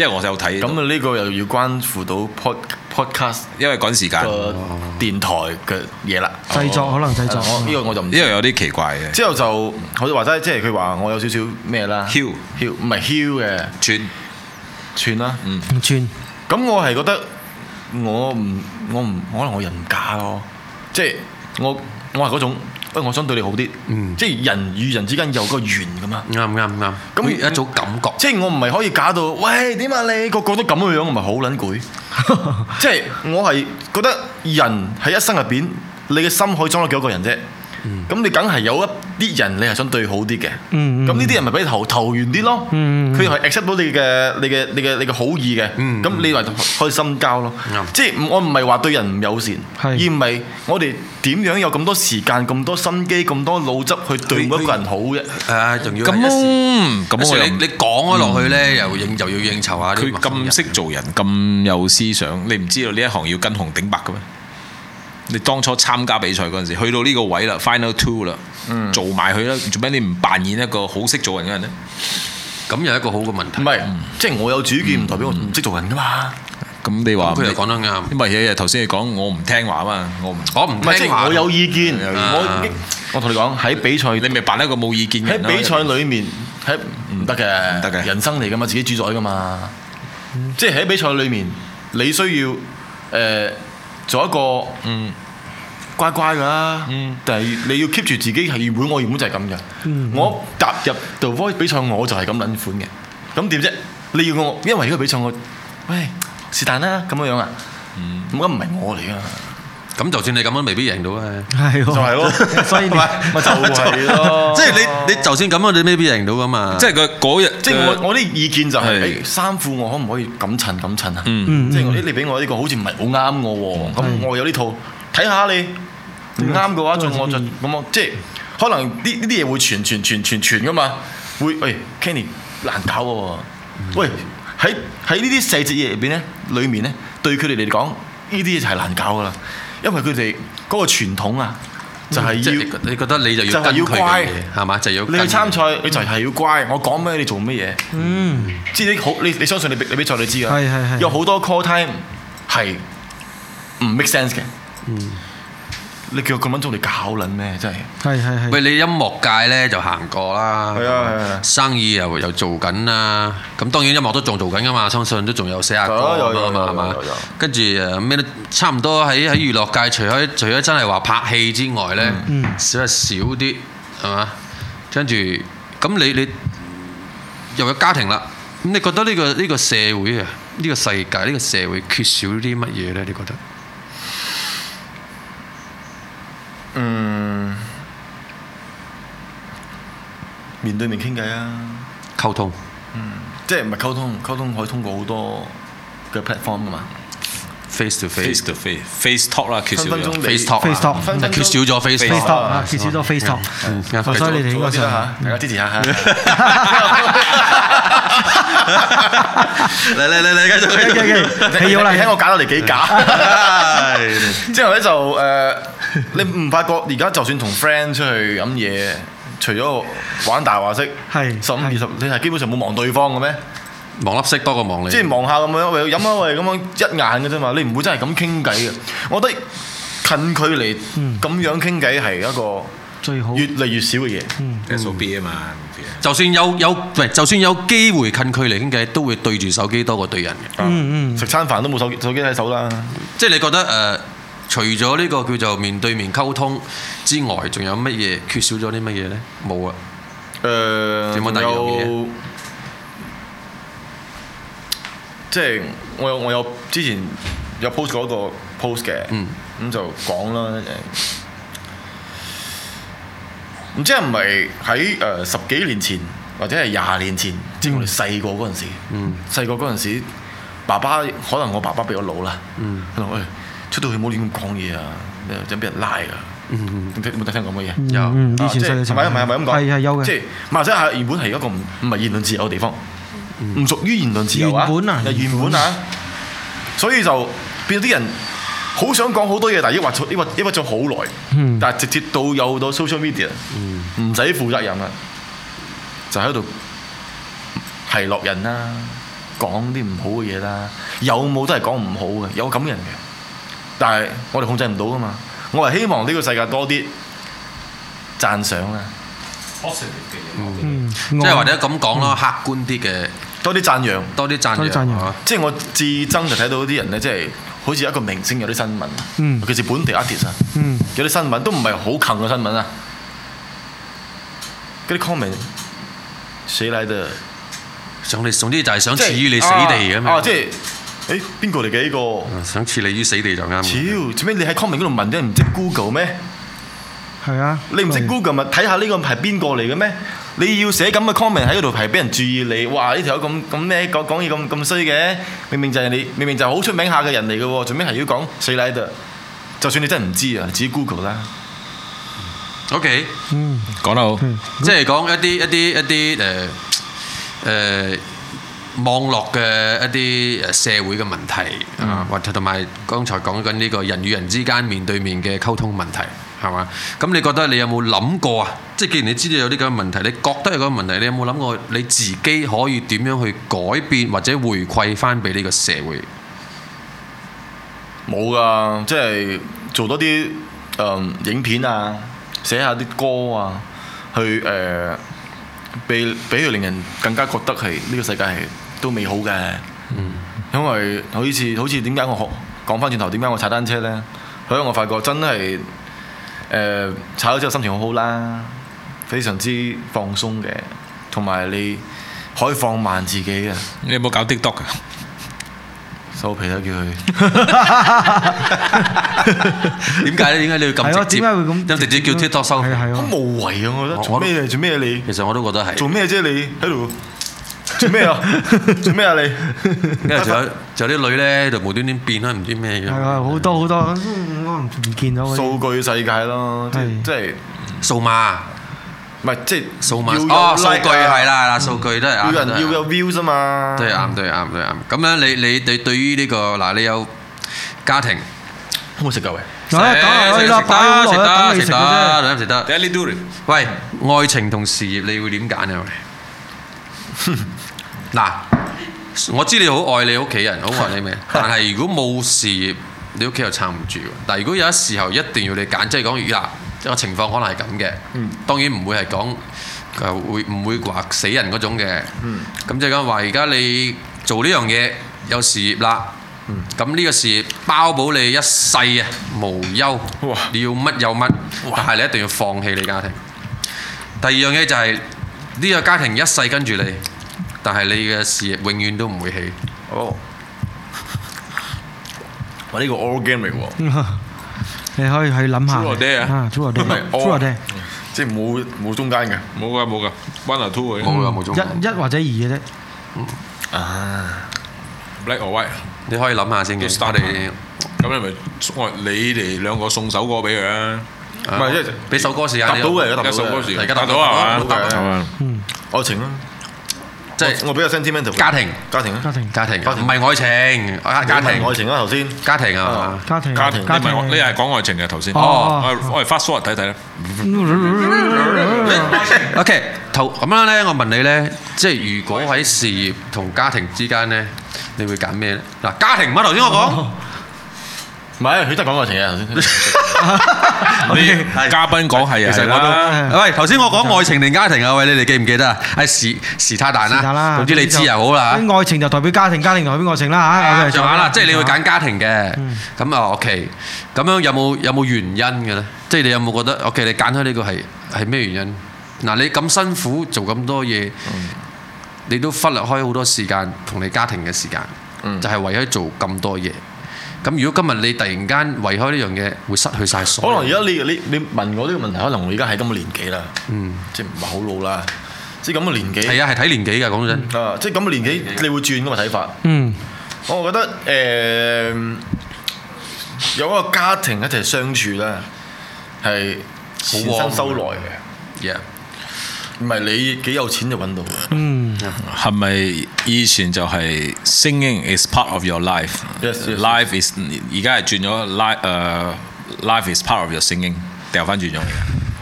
因為我就有睇，咁啊呢個又要關乎到 pod podcast，因為趕時間個電台嘅嘢啦，製作可能製作，呢個我就唔知，因為有啲奇怪嘅。之後就我就話齋，即係佢話我有少少咩啦，hill 唔係 hill 嘅，串串啦，唔串。咁我係覺得我唔我唔可能我人假咯，即係我我係嗰種。我想對你好啲，嗯、即係人與人之間有個緣咁啊！啱唔啱？唔、嗯、咁、嗯、那一種感覺、嗯，即係我唔係可以假到，喂點啊你個個都咁嘅樣，唔係好撚攰。 即係我係覺得人喺一生入面，你嘅心可以裝得幾多個人啫？咁你梗係有一啲人你係想對好啲嘅，咁呢啲人咪比你投投緣啲咯。佢係 accept 到你嘅你嘅你嘅你嘅好意嘅，咁你咪開心交咯。即係我唔係話對人唔友善，而唔係我哋點樣有咁多時間、咁多心機、咁多腦汁去對每一個人好嘅。咁我你你講咗落去呢，又應又要應酬下啲佢咁識做人，咁有思想，你唔知道呢一行要跟紅頂白嘅咩？你當初參加比賽嗰陣時，去到呢個位啦，final two 啦，做埋佢啦，做咩你唔扮演一個好識做人嘅人呢？咁又一個好嘅問題。唔係，即係我有主見唔代表我唔識做人噶嘛？咁你話佢講得啱。唔係嘢頭先你講我唔聽話啊嘛，我唔我唔聽話。唔係即係我有意見，我同你講喺比賽，你咪扮一個冇意見嘅。喺比賽裡面，喺唔得嘅，得嘅人生嚟噶嘛，自己主宰噶嘛。即係喺比賽裡面，你需要誒。做一個、嗯、乖乖噶、啊，嗯、但係你要 keep 住自己係原本，我原本就係咁樣。嗯嗯，我踏入 The Voice 比賽，我就係咁揾款嘅，咁點啫？你要我因為呢個比賽我，喂嗯、我喂是但啦，咁樣樣啊，咁梗唔係我嚟噶。咁就算你咁樣，未必贏到啊！係喎，就係咯，所以咪咪就係咯，即係你你就算咁樣，你未必贏到噶嘛。即係佢嗰日，即係我我啲意見就係：誒衫褲我可唔可以咁襯咁襯啊？嗯，即係你俾我呢個好似唔係好啱我喎。咁我有呢套睇下你啱嘅話，再我再咁啊！即係可能呢呢啲嘢會傳傳傳傳傳噶嘛。會喂，Kenny 難搞喎。喂，喺喺呢啲細節嘢入邊咧，裡面咧對佢哋嚟講，呢啲嘢就係難搞噶啦。因為佢哋嗰個傳統啊，就係，就係要你覺得你就要跟佢嘅嘢，係嘛？就要跟佢嘅嘢，你去參賽，嗯、你就係要乖。我講咩，你做咩嘢。嗯，即係你好，你你相信你比你比賽你知㗎。係係係。有好多 call time 係唔 make sense 嘅。嗯。你叫我咁樣同你搞撚咩？真係係係係喂！你音樂界咧就行過啦，係啊係啊，生意又又做緊啦。咁當然音樂都仲做緊㗎嘛，相信都仲有四啊個咁啊嘛係嘛？跟住誒咩都差唔多喺喺娛樂界，除咗除咗真係話拍戲之外咧，少係少啲係嘛？跟住咁你你又有家庭啦。咁你覺得呢個呢個社會啊，呢個世界呢個社會缺少啲乜嘢咧？你覺得？嗯，面對面傾偈啊，溝通。嗯，即係唔係溝通？溝通可以通過好多嘅 platform 噶嘛。Face to face，face to face，face talk 啦，缺少咗 face talk，缺少咗 face talk。嗯，所以你哋應該唱下，大家支持下嚇。嚟嚟嚟嚟，繼續繼續繼續，你要啦。你睇我揀到嚟幾假。之後咧就誒。 你唔發覺而家就算同 friend 出去飲嘢，除咗玩大話骰，係十五二十，你係 15, 20, 基本上冇望對方嘅咩？望粒骰多過望你。即係望下咁樣，喂，飲啊，喂咁樣一眼嘅啫嘛。你唔會真係咁傾偈嘅。我覺得近距離咁樣傾偈係一個越越最好越嚟越少嘅嘢。A to B 啊嘛，嗯、就算有有喂，就算有機會近距離傾偈，都會對住手機多過對人嘅。嗯嗯、食餐飯都冇手手機喺手啦。即係你覺得誒？呃除咗呢個叫做面對面溝通之外，仲有乜嘢缺少咗啲乜嘢呢？冇啊。誒、呃，又即係我有我有之前有 post 過一個 post 嘅，咁、嗯、就講啦。唔知係唔係喺誒十幾年前，或者係廿年前，即係我哋細個嗰陣時，細個嗰陣時，爸爸可能我爸爸比較老啦。嗯出到去冇亂咁講嘢啊！真俾人拉啊！冇聽到講乜嘢？有，即係唔係唔係咁講？即係或者係原本係一個唔唔係言論自由嘅地方，唔屬於言論自由啊！原本啊，原本啊，所以就變咗啲人好想講好多嘢，抑或抑或抑鬱咗好耐，但係直接到有咗 social media，唔使負責任啦，就喺度係落人啦，講啲唔好嘅嘢啦，有冇都係講唔好嘅，有咁嘅人嘅。但係我哋控制唔到噶嘛，我係希望呢個世界多啲讚賞啊！嗯、即係或者咁講咯，嗯、客觀啲嘅，多啲讚揚，多啲讚揚，讚揚、啊、即係我至憎就睇到啲人咧，即係好似一個明星有啲新聞，嗯、尤其是本地一帖 artist 啊，有啲新聞、嗯、都唔係好近嘅新聞啊！嗰啲 comment 寫嚟的，總之總之就係想置於你死地咁啊！啊即誒，邊個嚟嘅呢個？想置你於死地就啱。超，做咩你喺 comment 嗰度問都唔知 Google 咩？係啊，你唔識 Google 咪睇下呢個係邊個嚟嘅咩？你要寫咁嘅 comment 喺嗰條牌俾人注意你，哇！呢條友咁咁咩講講嘢咁咁衰嘅？明明就係你，明明就係好出名下嘅人嚟嘅喎，做咩係要講死賴得？就算你真係唔知啊，自己 Google 啦。OK，嗯，講得好，即係講一啲一啲一啲誒誒。呃呃網絡嘅一啲社會嘅問題，或者同埋剛才講緊呢個人與人之間面對面嘅溝通問題，係嘛？咁你覺得你有冇諗過啊？即係既然你知道有啲咁嘅問題，你覺得有個問題，你有冇諗過你自己可以點樣去改變，或者回饋翻俾呢個社會？冇㗎，即、就、係、是、做多啲誒、嗯、影片啊，寫下啲歌啊，去誒、呃、比比佢令人更加覺得係呢、個世界係。都未好嘅，嗯、因為好似好似點解我學講翻轉頭點解我踩單車咧？所以我發覺真係誒踩咗之後心情好好啦，非常之放鬆嘅，同埋你可以放慢自己嘅。你有冇搞 TikTok 嘅？收皮啦！叫佢點解咧？點解你要咁直接？點解、哦、會咁直，直接叫 TikTok 收皮？係咯、啊，無謂啊！我覺得我做咩嚟？做咩你？其實我都覺得係做咩啫？你喺度。做咩啊？做咩啊？你？因為仲有仲有啲女咧，就無端端變啦，唔知咩嘢。係啊，好多好多，我唔唔見到。數據世界咯，即係數碼，唔係即係數碼哦。數據係啦，嗱，數據都係。要人要有 view 啊嘛。對啊，對啊，對啊。咁樣你你對對於呢個嗱，你有家庭，我食夠嘅。食得食得食得食得食得。Daily doing。喂，愛情同事業，你會點揀啊？嗱，我知你好愛你屋企人，好愛你咩？是但係如果冇事業，你屋企又撐唔住。但係如果有時候，一定要你揀，即係講而家一個情況可能係咁嘅。當然唔會係講佢會唔會話死人嗰種嘅。咁即係講話而家你做呢樣嘢有事業啦。咁呢、嗯、個事業包保你一世啊，無憂，你要乜有乜。但係你一定要放棄你家庭。第二樣嘢就係、是、呢、呢個家庭一世跟住你。但係你嘅事業永遠都唔會起。哦，我呢個 all game 嚟喎。你可以去諗下。朱羅爹啊！朱羅爹，朱羅爹，即係冇冇中間嘅，冇噶冇噶，one or two 嘅。冇噶冇錯。一或者二嘅啫。啊，black or white，你可以諗下先嘅。都 starting。咁你咪，你哋兩個送首歌俾佢啦。唔係，即係俾首歌時間你。揼到嘅而家首歌時間，而家揼到係嘛？嗯，愛情啊。即係我比較想，sentimental，家庭、家庭啊，家庭、家庭，唔係愛情，家庭愛情啦，頭先家庭啊、家庭，你唔係，你係講愛情嘅頭先。哦，我嚟 fast forward 睇睇啦。OK，頭咁樣咧，我問你咧，即係如果喺事業同家庭之間咧，你會揀咩咧？嗱，家庭嘛，頭先我講。唔係，佢得講愛情嘅頭先。啲嘉賓講係啊，其實我都。喂，頭先我講愛情定家庭啊？喂，你哋記唔記得啊？係時時差蛋啦，總之你知又好啦。啲愛情就代表家庭，家庭代表愛情啦嚇。上下啦，即係你會揀家庭嘅。咁啊，OK，咁樣有冇有冇原因嘅咧？即係你有冇覺得？OK，你揀開呢個係係咩原因？嗱，你咁辛苦做咁多嘢，你都忽略開好多時間同你家庭嘅時間，就係為咗做咁多嘢。咁如果今日你突然間圍開呢樣嘢，會失去曬所有。可能而家你你你問我呢個問題，可能我而家係咁嘅年紀啦。嗯，即係唔係好老啦？即係咁嘅年紀。係啊，係睇年紀㗎，講真。啊，即係咁嘅年紀，你會轉咁嘅睇法？嗯，我覺得誒有個家庭一齊相處咧，係善生收來嘅。Yeah. 唔係你幾有錢就揾到。嗯，係咪以前就係 singing is part of your life，life Yes, yes，life is 而家係轉咗 life 誒，life is part of your singing，掉翻轉咗。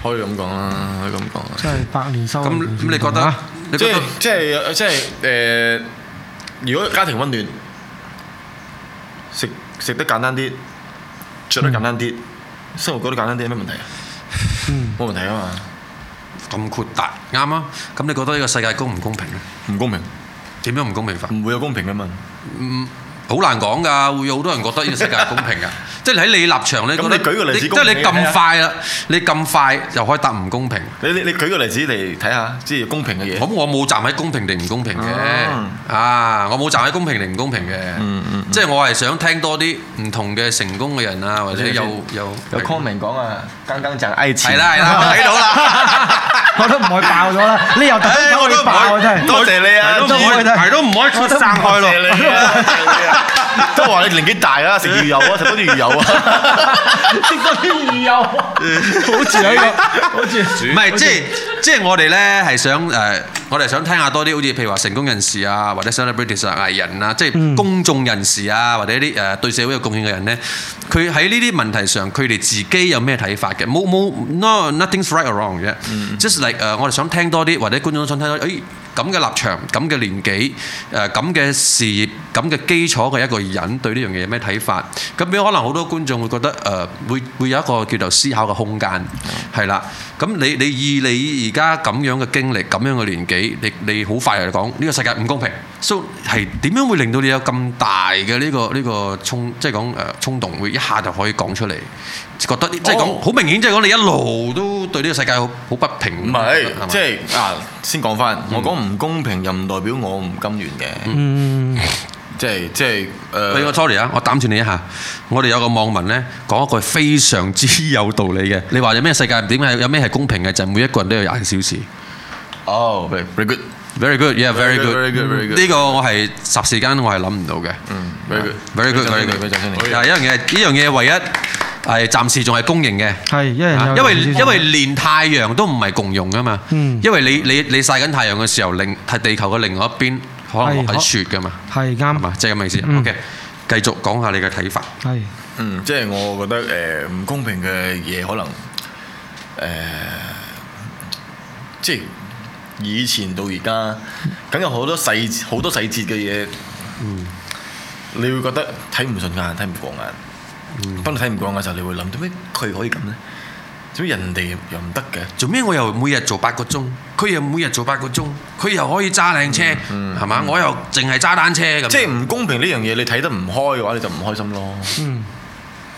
可以咁講啦，可以咁講。即係百年修。咁咁，你覺得啊，你覺得即係即係即係誒？如果家庭溫暖，食食得簡單啲，著得簡單啲，嗯、生活過得簡單啲，有咩問題啊？冇、嗯、問題啊嘛。咁豁達啱啊！咁你覺得呢個世界公唔公平咧？唔公平，點樣唔公平法？唔會有公平嘅嘛。嗯。好難講㗎，會有好多人覺得呢個世界係公平㗎。即係喺你立場咧，覺得即係你咁快啦，你咁快又可以答唔公平？你你你舉個例子嚟睇下，即係公平嘅嘢。咁我冇站喺公平定唔公平嘅，啊，我冇站喺公平定唔公平嘅。嗯嗯，即係我係想聽多啲唔同嘅成功嘅人啊，或者有有。有康明講啊，斤斤賺 I 錢。係啦係啦，睇到啦，我都唔可以爆咗啦。你又點解可以爆？真係，多謝你啊，都唔可以，都唔可以出聲，多謝你啊。都話你年紀大啦，食魚油啊，食多啲魚油啊，食多啲魚油，好似喺個好似鼠，唔係即係即係我哋咧係想誒，我哋想聽下多啲好似譬如話成功人士啊，或者 celebrity 藝人啊，即係公眾人士啊，或者一啲誒對社會有貢獻嘅人咧，佢喺呢啲問題上佢哋自己有咩睇法嘅？冇冇，no nothing's right or wrong 嘅，即係誒我哋想聽多啲，或者觀眾想聽到誒。咁嘅立場，咁嘅年紀，誒、呃，咁嘅事業，咁嘅基礎嘅一個人，對呢樣嘢有咩睇法？咁俾可能好多觀眾會覺得誒、呃，會有一個叫做思考嘅空間，係啦。咁你你以你而家咁樣嘅經歷，咁樣嘅年紀，你你好快就講呢個世界唔公平，所以係點樣會令到你有咁大嘅呢、呢個呢、呢個衝，即係講、呃、衝動會，會一下就可以講出嚟。覺得啲即係講好明顯，即係講你一路都對呢個世界好好不平。唔係，即係啊！先講翻，我講唔公平又唔代表我唔甘願嘅。嗯，即係即係誒。唔好意思，sorry 啊，我打斷你一下。我哋有個網民咧講一句非常之有道理嘅。你話有咩世界點解有咩係公平嘅？就係每一個人都有廿四小時。哦，very very good。Very good, yeah, very good。呢個我係霎時間我係諗唔到嘅。嗯，very good, very good, very good。啊，一樣嘢，呢樣嘢唯一係暫時仲係公認嘅。係一樣嘢。因為因為連太陽都唔係共用㗎嘛。嗯。因為你你你曬緊太陽嘅時候，另係地球嘅另外一邊可能落緊雪㗎嘛。係啱嘛？即係咁意思。OK，繼續講下你嘅睇法。係。嗯，即係我覺得誒唔公平嘅嘢可能誒即係。以前到而家，梗有好多細好多細節嘅嘢，嗯、你會覺得睇唔順眼，睇唔過眼。嗯、當你睇唔過眼嘅時候，你會諗做咩佢可以咁呢？做咩人哋又唔得嘅？做咩我又每日做八個鐘，佢又每日做八個鐘，佢又可以揸靚車，係嘛？我又淨係揸單車咁。即係唔公平呢樣嘢，你睇得唔開嘅話，你就唔開心咯。嗯、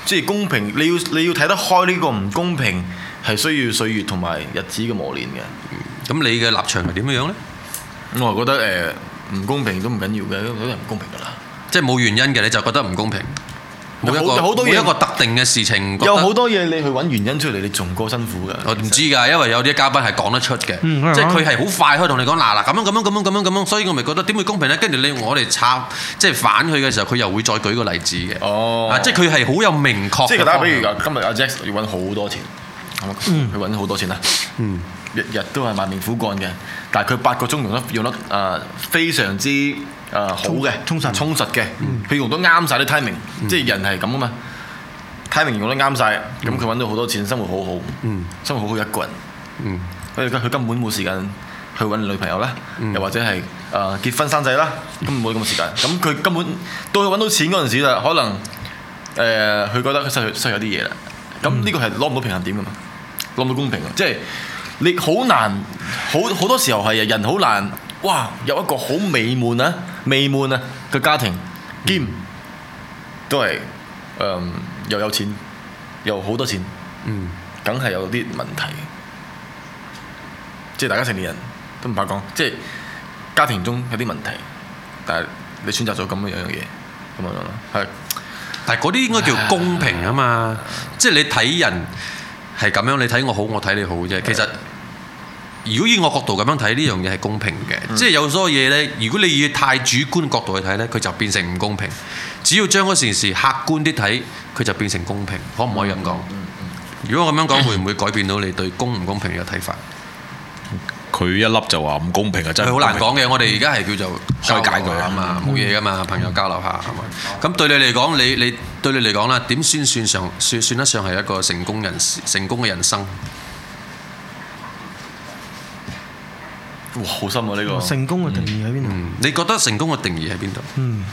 即係公平，你要你要睇得開呢個唔公平，係需要歲月同埋日子嘅磨練嘅。咁你嘅立場係點樣咧？我話覺得誒唔、呃、公平都唔緊要嘅，因為嗰啲係唔公平噶啦。即係冇原因嘅，你就覺得唔公平。好多嘢，每一個特定嘅事情。有好多嘢你去揾原因出嚟，你仲過辛苦㗎。其實我唔知㗎，因為有啲嘉賓係講得出嘅，嗯、即係佢係好快可以同你講嗱嗱咁樣、咁樣、咁樣、咁樣、咁樣，所以我咪覺得點會公平咧？跟住你我哋抄，即係反佢嘅時候，佢又會再舉個例子嘅。哦，即係佢係好有明確。即係打例如，今日阿 Jack 要揾好多錢，嗯，佢揾好多錢啦，嗯。日日都係埋面苦幹嘅，但係佢八個鐘用得用得誒、呃、非常之誒、呃、好嘅，充實的充實嘅，佢、嗯、用得啱晒啲 timing，即係人係咁啊嘛，timing 用得啱晒，咁佢揾到好多錢，生活好好，嗯、生活好好一個人，佢、嗯、根本冇時間去揾女朋友啦，嗯、又或者係誒、呃、結婚生仔啦，咁冇咁嘅時間，咁佢、嗯、根本到佢揾到錢嗰陣時啦，可能誒佢、呃、覺得佢失去失去啲嘢啦，咁呢、嗯、個係攞唔到平衡點噶嘛，攞唔到公平嘅，即係。你好難，好好多時候係啊，人好難。哇，有一個好美滿啊、美滿啊嘅家庭，兼、嗯、都係誒、呃、又有錢，又好多錢，嗯，梗係有啲問題。即係大家成年人都唔怕講，即係家庭中有啲問題，但係你選擇咗咁樣樣嘢咁樣樣咯。係，但係嗰啲應該叫公平啊嘛。呀即係你睇人。係咁樣，你睇我好，我睇你好啫。是的 其實，如果以我角度咁樣睇呢樣嘢係公平嘅。即係是的 有所多嘢呢，如果你以太主觀嘅角度去睇呢，佢就變成唔公平。只要將嗰件事客觀啲睇，佢就變成公平。可唔可以咁講？嗯嗯嗯嗯，如果我咁樣講，會唔會改變到你對公唔公平嘅睇法？ 佢一粒就話唔公平啊！真係好難講嘅，我哋而家係叫做開解佢啊嘛，冇嘢噶嘛，朋友交流下係嘛？咁對你嚟講，你你對你嚟講啦，點先算上算算得上係一個成功人士、成功嘅人生？哇！好深啊，呢個成功嘅定義喺邊度？你覺得成功嘅定義喺邊度？嗯，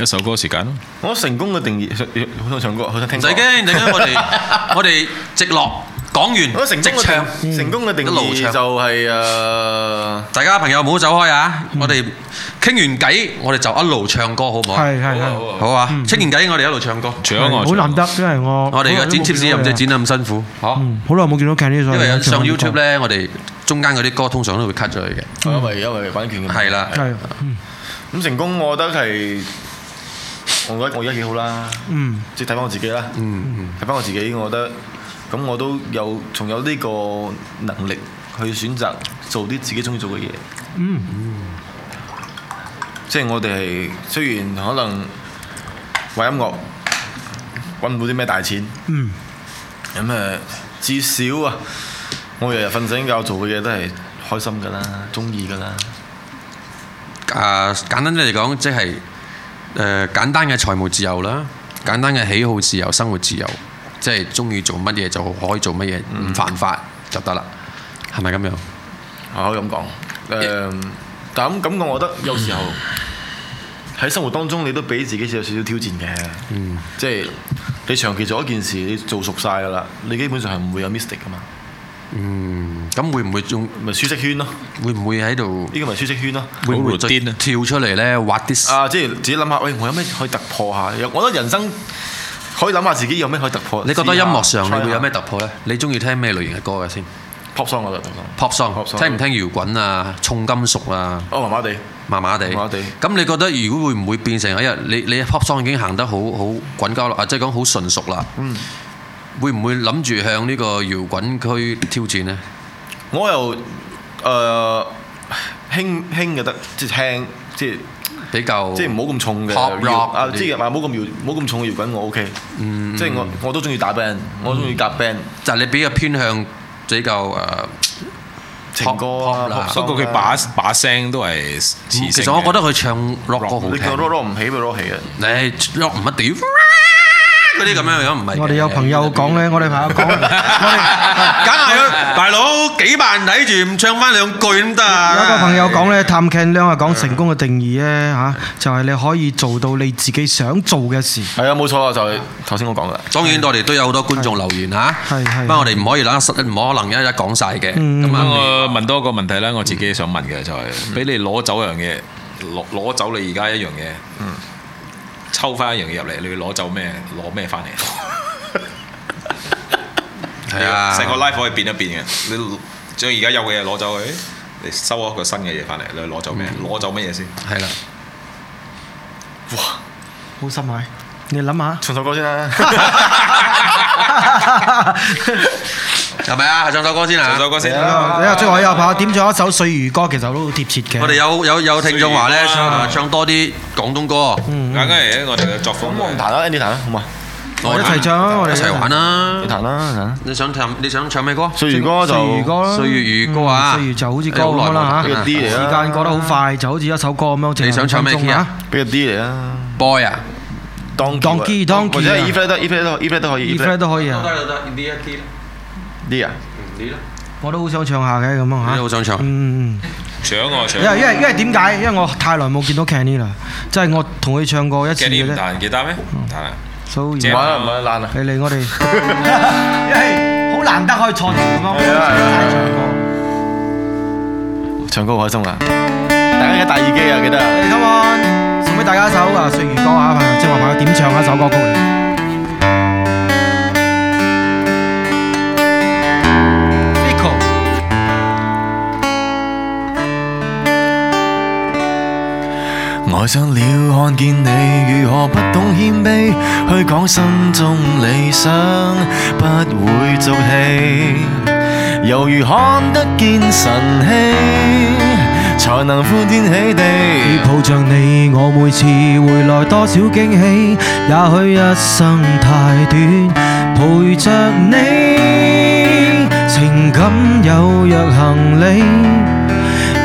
一首歌時間咯。我覺得成功嘅定義，好想唱歌，好想聽。唔使驚，唔使驚，我哋我哋直落。講完，即唱，成功嘅定義就係誒，大家朋友唔好走開啊！我哋傾完偈，我哋就一路唱歌，好唔好啊？係係係，好啊！傾完偈，我哋一路唱歌，唱我。好難得，真係我我哋而家剪接師又唔知剪得咁辛苦。好，好耐冇見到 cut 呢啲。因為上 YouTube 咧，我哋中間嗰啲歌通常都會 cut 咗去嘅。係因為因為版權嘅。係啦。係。嗯。咁成功，我覺得係，我覺得我而家幾好啦。嗯。即睇返我自己啦。嗯嗯。睇返我自己，我覺得。咁我都有，仲有呢個能力去選擇做啲自己中意做嘅嘢。嗯、mm.。即係我哋係雖然可能玩音樂搵唔到啲咩大錢。嗯、mm.。咁誒至少啊，我日日瞓醒覺做嘅嘢都係開心㗎啦，中意㗎啦。誒簡單啲嚟講，即係誒簡單嘅財務自由啦，簡單嘅喜好自由、生活自由。即係中意做乜嘢就可以做乜嘢，唔犯法就得啦，係咪咁樣？好咁講、呃，但咁咁，我覺得有時候喺、嗯、生活當中，你都俾自己有少少挑戰嘅。嗯，即係你長期做一件事，你做熟晒噶啦，你基本上係唔會有 mistake 噶嘛。嗯，咁會唔會用？咪舒適圈咯、啊？會唔會喺度？呢個咪舒適圈咯、啊。會唔會跳出嚟咧，挖啲。啊，即係自己諗下，喂、哎，我有咩可以突破下？我覺得人生。可以諗下自己有咩可以突破？你覺得音樂上你會有咩突破咧？你中意聽咩類型嘅歌嘅先？Pop song 啦，Pop song，Pop song 聽唔聽搖滾啊、重金屬啊？哦，麻麻地，麻麻地，麻麻地。咁你覺得如果會唔會變成一日，你你 Pop song 已經行得好好滾交啦，啊，即係講好純熟啦。嗯。會唔會諗住向呢個搖滾區挑戰呢？我又誒輕輕嘅得，即、呃、係輕，即係。就是比較即係唔好咁重嘅 pop rock 啊，即係話唔好咁搖，唔好咁重搖滾，我 OK。嗯，即係我我都中意打 band，我中意夾 band。就係你比較偏向比較誒情歌啦。不過佢把把聲都係其實我覺得佢唱 rock 歌好聽。你唱 rock 唔起咩 rock 啊？你 rock 唔乜屌？嗰啲咁樣樣唔係。我哋有朋友講咧，我哋下下講，揀下佢大佬幾萬睇住，唔唱翻兩句咁得啊！有一個朋友講咧，探鏡娘啊講成功嘅定義咧嚇，就係你可以做到你自己想做嘅事。係啊，冇錯啊，就係頭先我講嘅。當然，我哋都有好多觀眾留言嚇，不過我哋唔可以啦，實唔可能一一講晒嘅。咁啊，我問多個問題咧，我自己想問嘅就係：俾你攞走一樣嘢，攞攞走你而家一樣嘢。嗯。偷翻一樣嘢入嚟，你要攞走咩？攞咩翻嚟？係啊，成個 life 可以變一變嘅。你將而家有嘅嘢攞走佢，你收一個新嘅嘢翻嚟。你要攞走咩？攞走乜嘢先？係啦。哇，好深閪，你諗下？唱首歌先啦！係咪啊？係唱首歌先啊！唱首歌先啊！啊！追海右跑，點咗一首《歲如歌》，其實都好貼切嘅。我哋有有有聽眾話咧，唱唱多啲廣東歌啊！梗係嘅，我哋嘅作風。你彈啦，你彈啦，好嘛？我哋一齊唱啊！我哋一齊玩啦！你彈啦，你彈啦！你想唱你想唱咩歌？《歲如歌》就《歲如歌》《歲月如歌》啊！《歲月》就好似歌咁啦嚇，時間過得好快，就好似一首歌咁樣。你想唱咩 key 啊？畀個啲嚟啊？Boy 啊！Donkey Donkey 啊！或者一飛都一飛都一飛都可以，一飛都可以啊！得得得得，依啲啊～啲啊，啲咯呢，我都好想唱下嘅咁啊嚇，好想唱，嗯嗯，想我唱我，因為因為因為點解因為我太耐冇見到 Kenny 啦，即係我同佢唱過一次嘅啫。記得咩？彈，蘇兒，唔唔得爛你嚟我哋，因為好難得可以坐住咁樣唱歌。唱歌好開心啊！大家而家戴耳機啊，記得。嚟今晚送俾大家一首啊《雪歌》講下啊，即係話問我點唱一首歌曲嚟。愛上了看見你，如何不懂謙卑？去講心中理想，不會俗氣。猶如看得見晨曦，才能歡天喜地。抱着你，我每次回來多少驚喜？也許一生太短，陪着你，情感有若行李。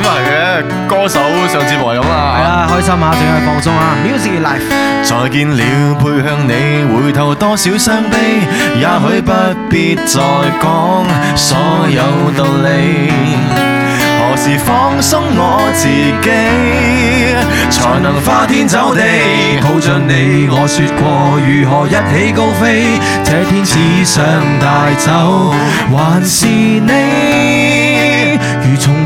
咁係嘅，歌手上節目咁啦。係啦，開心啊，仲要放鬆啊，music life。再見了，背向你，回頭多少傷悲，也許不必再講所有道理。何時放鬆我自己，才能花天酒地？抱著你我説過，如何一起高飛？這天只想帶走，還是你。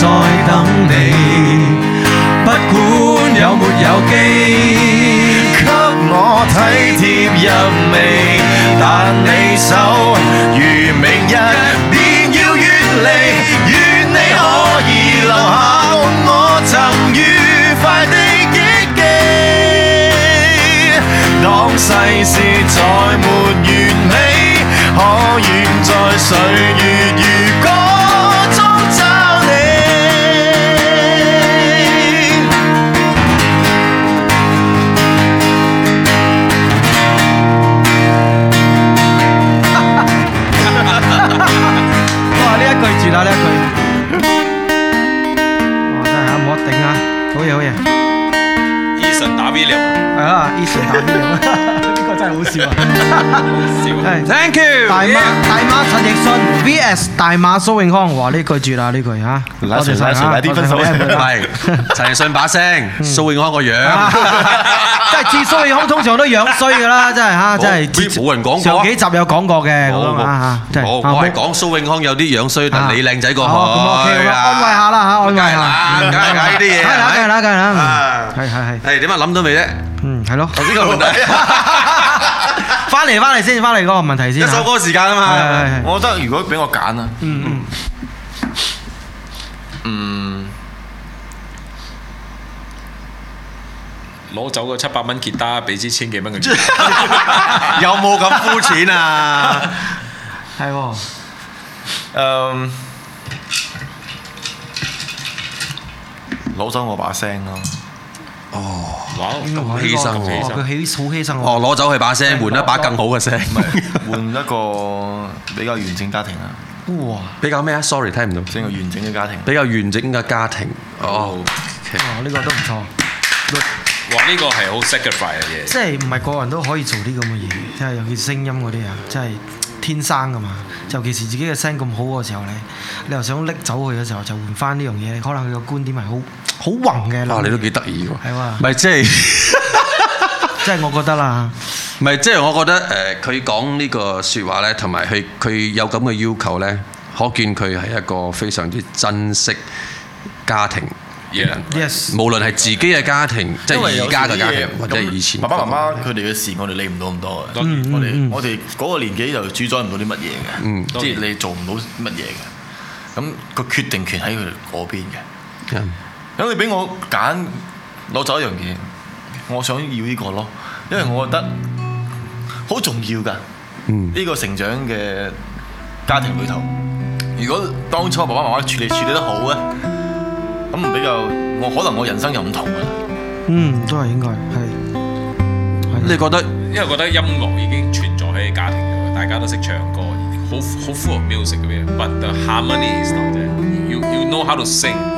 在等你，不管有沒有機，給我體貼入微。但你手，如明日便要遠離。願你可以留下共我曾愉快的憶記。當世事再沒完美，可願在歲月如？呢個真係好笑啊！Thank you，大馬大馬陳奕迅 VS 大馬蘇永康，話呢句住啦呢句吓。我哋睇睇啲分手，係陳奕迅把聲，蘇永康個樣，即係似蘇永康通常都樣衰噶啦，真係吓，真係冇人講過。上幾集有講過嘅，講下吓。我係講蘇永康有啲樣衰，但你靚仔過我。咁 OK 啊？安慰下啦吓，安慰下，唔好介意啲嘢，係啦，係啦，係啦，係係係。係點啊？諗到未啫？係咯，頭先個問題。翻嚟翻嚟先，翻嚟嗰個問題先。一首歌時間啊嘛。對對對，我覺得如果俾我揀啊，嗯，攞、嗯嗯、走個七百蚊吉他，俾支千幾蚊嘅。 有冇咁膚淺啊？係喎，誒，攞走我把聲咯。Oh, 啊、哦，犧牲、啊，佢好、哦、犧牲、啊、哦，攞走佢把聲，是換一把更好嘅聲，唔係換一個比較完整家庭啊！哇， 比較咩啊？Sorry，聽唔到。整個完整嘅家庭，比較完整嘅家庭。哦，呢、呢個都唔錯。哇，呢、呢個係好 sacrifice 嘅嘢。即係唔係個人都可以做啲咁嘅嘢？即係尤其聲音嗰啲啊，即係天生㗎嘛。尤其是自己嘅聲咁好嘅時候咧，你又想拎走佢嘅時候，就換翻呢樣嘢。可能佢個觀點係好。好宏嘅，哇！你都幾得意喎，係喎，咪即係，即係我覺得啦。咪即係我覺得誒，佢講呢個説話咧，同埋佢佢有咁嘅要求咧，可見佢係一個非常之珍惜家庭嘅人。Yes，無論係自己嘅家庭，即係而家嘅家庭，或者以前。爸爸媽媽佢哋嘅事，我哋理唔到咁多嘅。我哋我哋嗰個年紀就主宰唔到啲乜嘢嘅。即係你做唔到乜嘢嘅。咁個決定權喺佢哋嗰邊嘅。咁你俾我揀攞走一樣嘢，我想要呢個咯，因為我覺得好重要㗎。嗯，呢個成長嘅家庭裏頭，如果當初爸爸媽媽處理處理得好咧，咁比較我可能我人生又唔同啊。嗯，都係應該。係。你覺得，因為我覺得音樂已經存在喺家庭度，大家都識唱歌，好豐富 music 嘅，but the harmony is not there. You you know how to sing.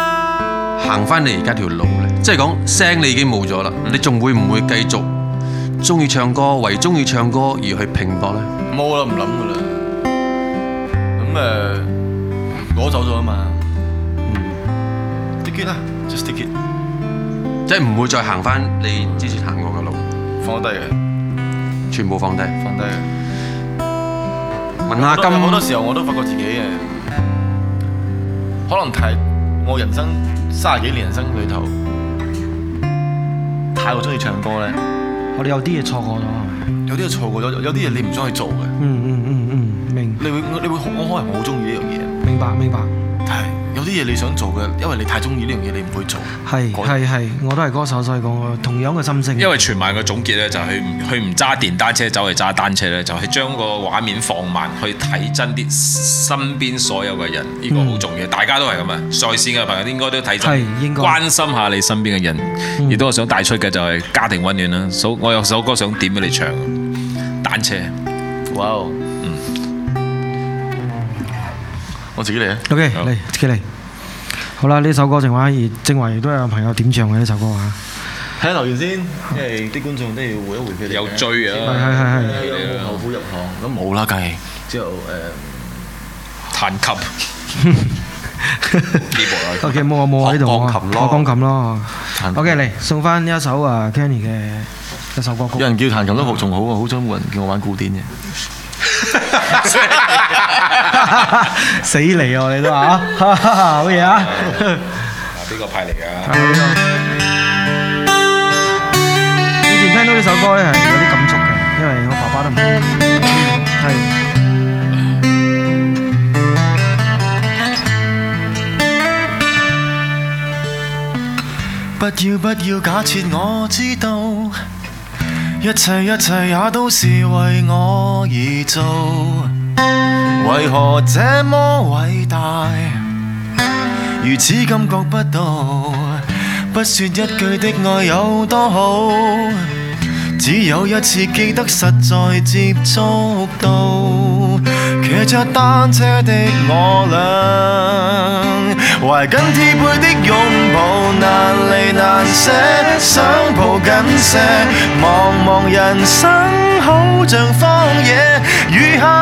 行翻你而家條路咧，即係講聲你已經冇咗啦，你仲會唔會繼續中意唱歌，為中意唱歌而去拼搏咧？冇啦，唔諗噶啦。咁誒、呃，我走咗啊嘛。嗯，Take it 啦，just take it，即係唔會再行翻你之前行過嘅路。放低嘅，全部放低。放低咁，好多時候我都發覺自己誒，嗯、可能太。我人生三十幾年人生裏頭，太過中意唱歌呢。我哋有啲嘢錯過咗，有啲嘢錯過咗，有啲嘢你唔想去做嘅。嗯。嗯嗯嗯嗯，明白，明白，明白你。你會你會，我可能好中意呢樣嘢。明白明白。有啲嘢你想做嘅，因為你太中意呢樣嘢，你唔會做。係係係，我都係歌手，所以講同樣嘅心聲。因為全晚嘅總結呢，就係佢唔揸電單車走嚟揸單車呢就係將個畫面放慢，去睇真啲身邊所有嘅人。呢個好重要，嗯、大家都係咁啊！在線嘅朋友應該都睇真，應該關心下你身邊嘅人。亦都係想帶出嘅就係家庭溫暖啦。首我有首歌想點俾你唱，單車。Wow 我自己嚟啊！OK，嚟，自己嚟，好啦，呢首歌嘅話，而正話亦都有朋友點唱嘅呢首歌嚇。睇下留言先，因為啲觀眾都要回一回畀你。有追啊！係係係。有後夫入行，咁冇啦，梗係。之後誒，彈琴。O K，冇啊冇啊呢度啊，鋼琴咯。O K，嚟送翻呢一首啊，Kenny 嘅一首歌曲。有人叫彈琴都好，仲好啊，好彩冇人叫我玩古典嘅。死嚟哦！ 你都話哈，哈，咩啊？啊，呢個派嚟噶。以前聽到呢首歌咧，係有啲感觸嘅，因為我爸爸都唔、嗯，係。對 不要不要假設我知道一切一切也都是為我而做。為何這麼偉大？如此感覺不到，不說一句的愛有多好，只有一次記得實在接觸到，騎着單車的我倆，懷緊貼背的擁抱難離難捨，想抱緊些。茫茫人生好像荒野，雨下。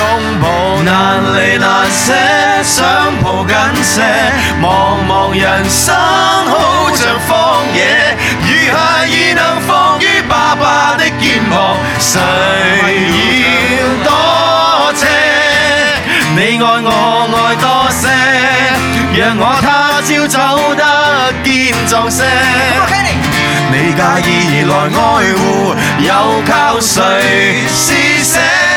擁抱難離難捨，想抱緊些。茫茫人生好像荒野，如孩兒能伏於爸爸的肩膊。誰要多謝，你愛我愛多些，讓我他朝走得堅壯些。你介意而來愛護，又靠誰施捨？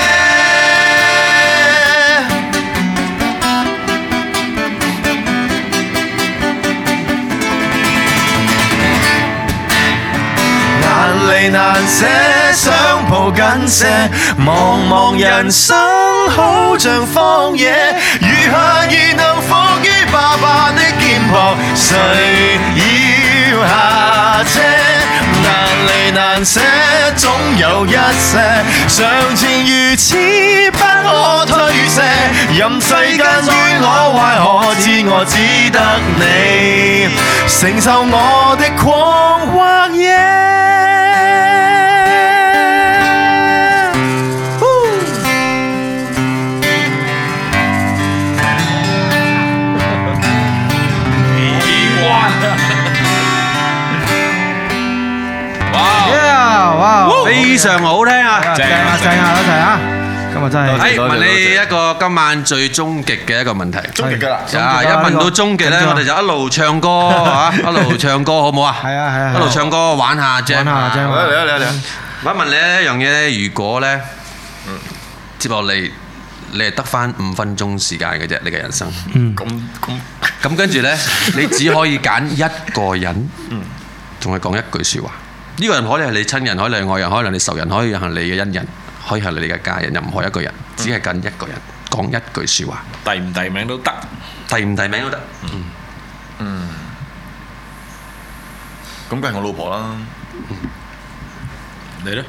難離難捨，想抱緊些。茫茫人生，好像荒野。如何能伏於爸爸的肩膊？誰要下車？難離難捨，總有一些。常情如此，不可推卸。任世間怨我壞，可知我只得你承受我的狂或野。哇，非常好聽啊！正啊，正啊，一齊啊！今日真係，係問你一個今晚最終極嘅一個問題。終極噶啦，啊一問到終極咧，我哋就一路唱歌吓，一路唱歌好唔好啊？係啊係，一路唱歌玩下正啊正。嚟啊嚟啊嚟啊！我想問你一樣嘢咧，如果咧，嗯，接落嚟你係得返五分鐘時間嘅啫，你嘅人生。嗯。咁咁，咁跟住咧，你只可以揀一個人，嗯，同佢講一句說話。呢個人可以係你親人，可以係愛人，可以係你仇人，可以係你嘅恩人，可以係你嘅家人，任何一個人，只係跟一個人講一句説話，提唔提名都得，提唔提名都得。嗯，咁梗係我老婆啦。嗯、你呢？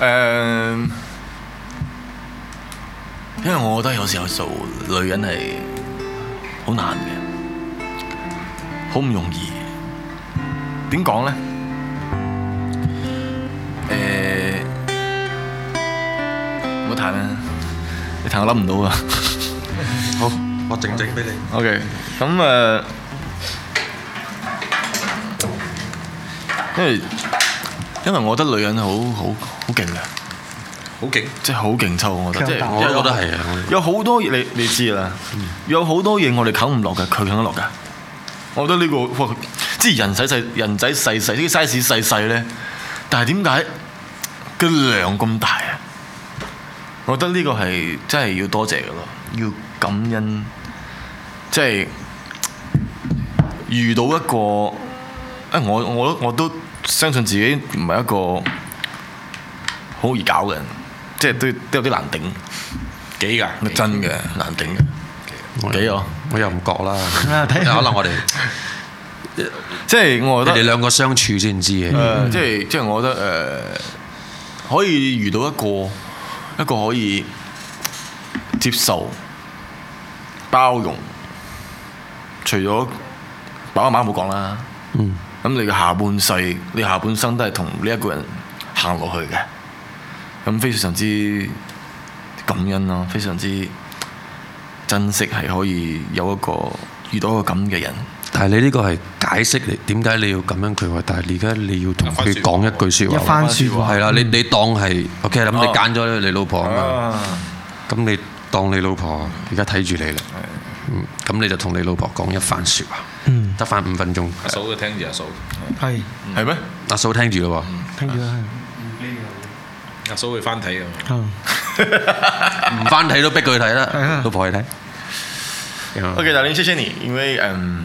誒、uh，因為我覺得有時候做女人係好難嘅，好唔容易。點講咧？誒，唔好彈啦！你彈我諗唔到啊！好，我靜靜俾你 okay, 咁。O K。咁啊，因為因為我覺得女人好好好勁啊，好勁，好勁即係好勁抽，我覺得，即係我，我，我覺得係啊！有好多嘢，你你知啊！有好多嘢我哋啃唔落嘅，佢啃得落嘅。我覺得呢個。即係人仔細，人仔細細，啲 size 細細咧。但係點解個量咁大啊？我覺得呢個係真係要多謝㗎咯，要感恩。即係遇到一個，啊，我我我都相信自己唔係一個好易搞嘅人，即係都都有啲難頂幾㗎，真嘅難頂嘅幾我又唔覺啦，可能、啊、我哋。即係我覺得你哋兩個相處先知嘅，呃嗯、即係即係我覺得誒、呃，可以遇到一個一個可以接受包容，除咗爸爸媽媽冇講啦，咁、嗯、你嘅下半世你下半生都係同呢一個人行落去嘅，咁非常之感恩咯，非常之珍惜係可以有一個遇到一個咁嘅人。但係你呢個係解釋你點解你要咁樣佢話，但係你而家你要同佢講一句説話，一番説話係啦，你你當係 OK，咁你揀咗你老婆吖嘛？咁你當你老婆而家睇住你啦，嗯，咁你就同你老婆講一番説話，得翻五分鐘，阿嫂都聽住，阿嫂，係係咩？阿嫂聽住咯喎，聽住啊，唔俾啊，阿嫂會翻睇㗎嘛，唔翻睇都逼佢睇啦，老婆去睇。OK，大佬，多謝你，因為嗯。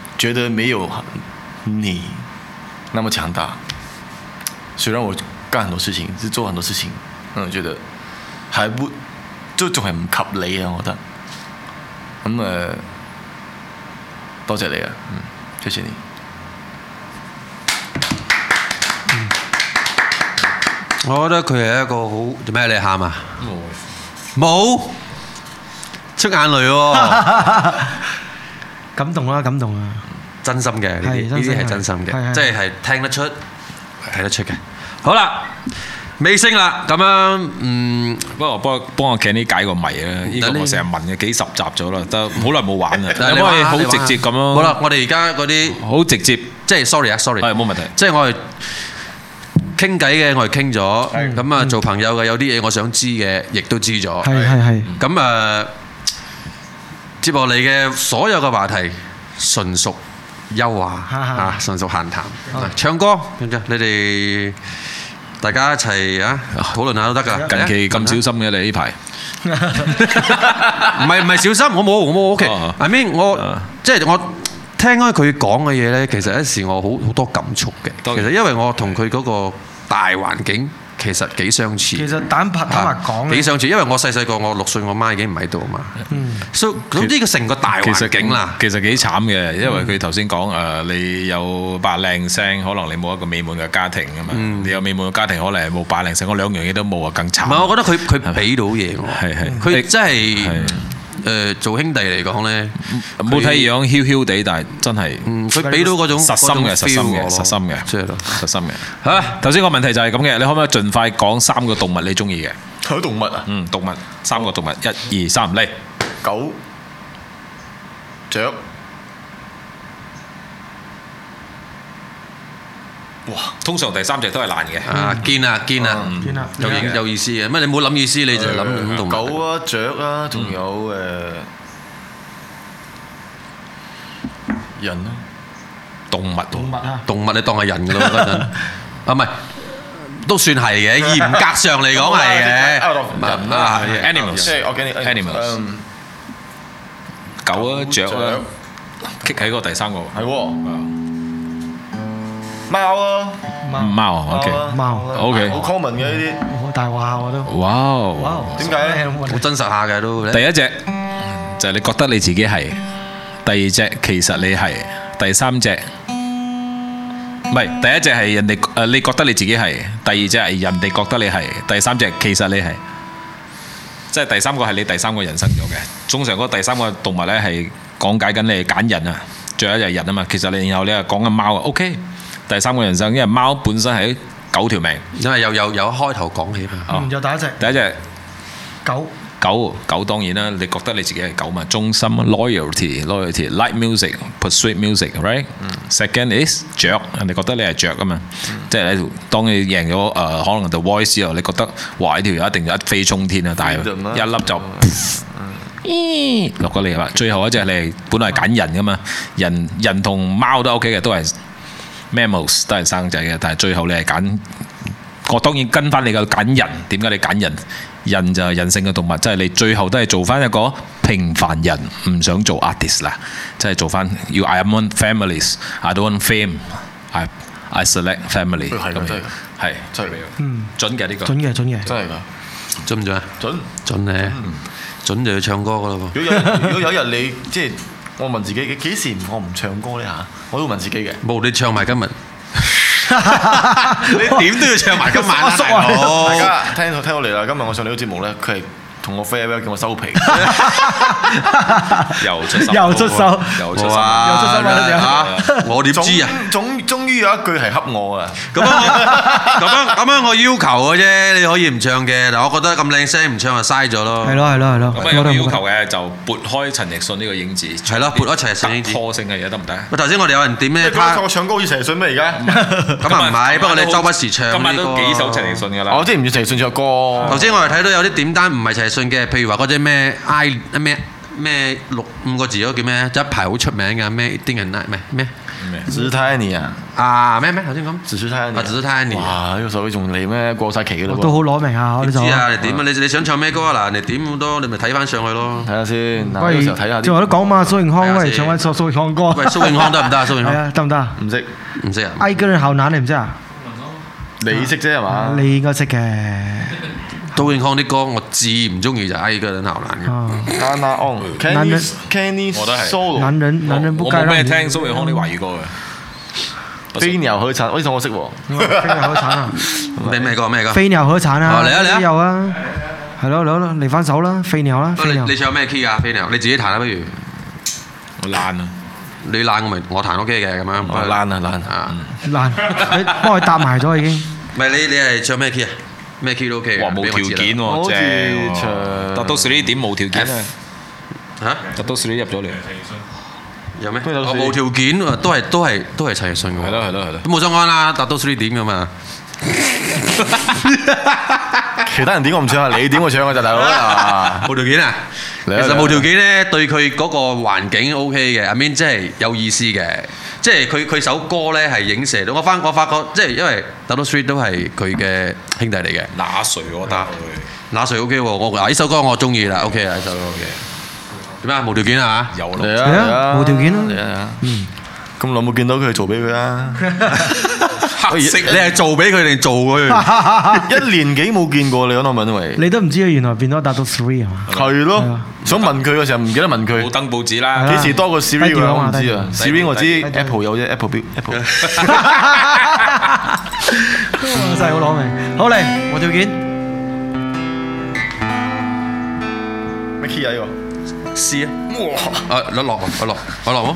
覺得沒有你那麼強大，雖然我幹很多事情，是做很多事情，嗯，覺得係都仲係唔及你啊！我覺得，咁誒、呃，多謝你啊，嗯，多謝,謝謝你。嗯、我覺得佢係一個好做咩？你喊啊？冇冇、嗯、出眼淚喎， 感動啊！感動啊！真心嘅，呢啲呢啲係真心嘅，即係係聽得出睇得出嘅。好啦，尾聲啦咁樣。嗯，不過幫我幫我 Kenny 解個謎啦。依個我成日問嘅，幾十集咗啦，得好耐冇玩啊。咁可以好直接咁咯。好啦，我哋而家嗰啲好直接，即係 sorry 啊，sorry。係冇問題。即係我哋傾偈嘅，我哋傾咗咁啊，做朋友嘅有啲嘢我想知嘅，亦都知咗。係係係。咁誒，接落嚟嘅所有嘅話題，純屬。優啊嚇，純屬閒談。唱歌咁啫，你哋大家一齊啊討論下都得㗎。近期咁小心嘅你呢排？唔係唔係小心，我冇我冇 OK。I mean 我即係我聽開佢講嘅嘢咧，其實一時我好好多感觸嘅。其實因為我同佢嗰個大環境。其實幾相似，其實坦白坦白講，幾、啊、相似。因為我細細個，我六歲，我媽已經唔喺度啊嘛。嗯，所以總之個成個大環境啦。其實幾慘嘅，嗯、因為佢頭先講誒，你有把靚聲，可能你冇一個美滿嘅家庭啊嘛。嗯、你有美滿嘅家庭，可能係冇把靚聲。我兩樣嘢都冇啊，更慘。唔係、嗯，我覺得佢佢俾到嘢喎。係係，佢亦真係。誒做兄弟嚟講咧，冇睇樣囂囂地，但係真係，嗯，佢俾到嗰種實心嘅、實心嘅、實心嘅，即係咯，實心嘅嚇。頭先個問題就係咁嘅，你可唔可以盡快講三個動物你中意嘅？睇動物啊，嗯，動物三個動物，一二三，嚟狗雀。哇！通常第三隻都係爛嘅啊，堅啊，堅啊，有有有意思嘅乜？你冇諗意思，你就諗狗啊、雀啊，仲有誒人咯，動物動物啊，動物你當係人㗎嘛？嗰陣啊，唔係都算係嘅，嚴格上嚟講係嘅。啊，動物啊，animals，即係我見 animals，狗啊、雀啊，棘喺個第三個係喎。貓啊，貓啊，OK，貓，OK，好 common 嘅呢啲，好大話啊都，哇，哇，點解咧？好真實下嘅都，第一隻就係你覺得你自己係，第二隻其實你係，第三隻唔係，第一隻係人哋誒你覺得你自己係，第二隻係人哋覺得你係，第三隻其實你係，即係第三個係你第三個人生咗嘅。通常嗰個第三個動物咧係講解緊你揀人啊，最後一隻人啊嘛。其實你然後你係講緊貓啊，OK。第三個人生，因為貓本身係九條命，因為又又又開頭講起啦。嗯，又第一隻。第一隻狗狗狗當然啦，你覺得你自己係狗嘛？忠心，loyalty，loyalty，like music，pursuit music，right？Second is 雀，人哋覺得你係雀啊嘛，即係當你贏咗誒可能 The Voice 之後，你覺得哇呢條又一定一飛沖天啊！但係一粒就咦落個嚟啦，最後一隻你，本來係揀人噶嘛，人人同貓都 OK 嘅，都係。Mammals 都係生仔嘅，但係最後你係揀，我當然跟翻你個揀人。點解你揀人？人就係人性嘅動物，即係你最後都係做翻一個平凡人，唔想做 artist 啦，即係做翻。要 I am on families，I don't want fame，I I select family。係咁真係㗎，係真係㗎，嗯，準嘅呢個。準嘅準嘅，真係㗎，準唔準啊？準準嘅，準就要唱歌㗎咯。如果如果有一日你即係。我問自己嘅，幾時我唔唱歌呢？我都問自己嘅。冇你唱埋今日， 你點都要唱埋今晚啦，大佬。聽到你啦，今日我上呢個節目呢，佢係。同我飛啊！叫我收皮，又出手，又出手，又出手，又出手啊！我點知啊？總總於有一句係恰我啊！咁樣咁樣咁樣，我要求嘅啫，你可以唔唱嘅，但我覺得咁靚聲唔唱就嘥咗咯。係咯係咯係咯，咁要求嘅就撥開陳奕迅呢個影子，係咯撥一齊突破性嘅嘢得唔得？頭先我哋有人點咩？我唱歌好似陳奕迅咩而家？咁啊，唔係，不過你周不時唱咁今都幾首陳奕迅㗎啦。我即係唔要陳奕迅唱歌。頭先我哋睇到有啲點單唔係陳。信嘅，譬如話嗰隻咩 I 咩咩六五個字嗰叫咩？一排好出名嘅咩？Dionne 啊，唔係咩 Tiffany 啊啊咩咩頭先咁 Tiffany 啊 Tiffany 呢個手機仲嚟咩過曬期㗎啦？都好攞命啊！我知啊，你點啊？你你想唱咩歌啊？嗱，你點咁多，你咪睇翻上去咯。睇下先，嗰時候睇下。都講嘛，蘇永康喂，唱翻蘇永康歌。喂，蘇永康得唔得啊？蘇永康係啊，得唔得？唔識唔識啊？I Good 人好難你唔識啊？你識啫係嘛？你應該識嘅。蘇永康啲歌我至唔中意就係人喉難嘅。Can I On，我都係。男人男人男人不該讓你。聽蘇永康啲華語歌嘅。飛鳥海產，呢首我識喎。飛鳥海產啊？咩咩歌咩歌？飛鳥海產啊！嚟有啊，係咯係咯，嚟翻首啦，飛鳥啦，你唱咩 key 啊？飛鳥，你自己彈啦不如。我爛啊！你爛我咪我彈都 ok 嘅咁樣。我爛啊爛啊！爛，你幫佢搭埋咗已經。唔係你你係唱咩 key 啊？咩 key 都 OK 嘅，無條件喎、啊，即係。達到三點冇條件啊？達到三點入咗嚟。有咩到、啊？冇無條件，都係都係都係陳奕迅嘅嘛。係咯係咯係咯。都冇咗安啦，達到三點嘅嘛。 其他人點我唔唱啊！你點會唱啊就大佬啊！無條件啊！其實無條件咧，對佢嗰個環境 OK 嘅，I mean 即係有意思嘅，即係佢佢首歌咧係影射到我翻我發覺，即係因為 Double Three 都係佢嘅兄弟嚟嘅。那誰我覺得？那誰 OK 喎？我啊呢首歌我中意啦，OK 呢首 OK 點啊？無條件啊有係啊！無條件啊！咁耐冇見到佢，做俾佢啦。你係做俾佢定做佢？一年幾冇見過你，揾我問咗未？你都唔知佢原來變咗達到 three 係嘛？係咯，想問佢嘅時候唔記得問佢。冇登報紙啦，幾時多過 three 我唔知啊。three 我知，Apple 有啫，Apple 表，Apple。真係好攞命。好咧，我條件。咩企喺個？試啊！哇！啊，落落，我落，我落冇。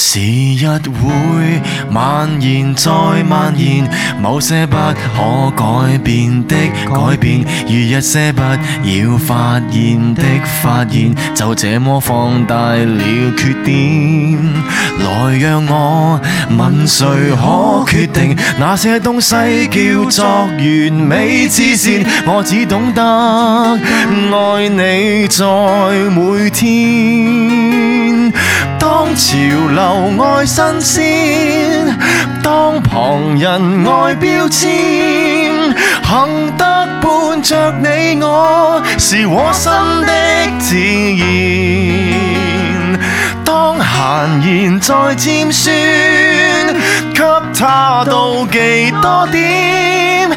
時日會蔓延，再蔓延；某些不可改變的改變，與一些不要發現的發現，就這麼放大了缺點。來讓我問誰可決定那些東西叫做完美至善？我只懂得愛你，在每天。當潮流愛新鮮，當旁人愛標籤，幸得伴着你我，是我是窩心的自然。當閒言再尖酸，給他妒忌多點。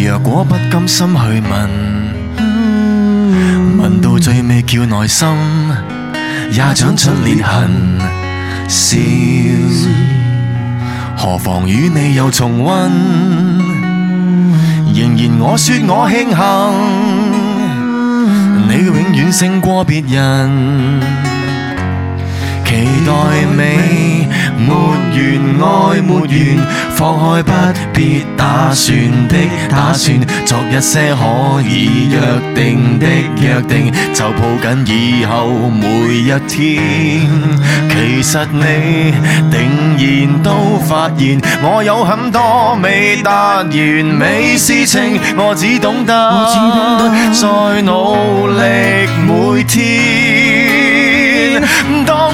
若果不甘心去問，問到最尾叫內心也長出裂痕。笑，何妨與你又重溫？仍然我說我慶幸，你永遠勝過別人。期待你沒完，愛沒完，放開不必打算的打算，做一些可以約定的約定，就抱緊以後每一天。其實你定然都發現，我有很多未達完美事情，我只懂得再努力每天。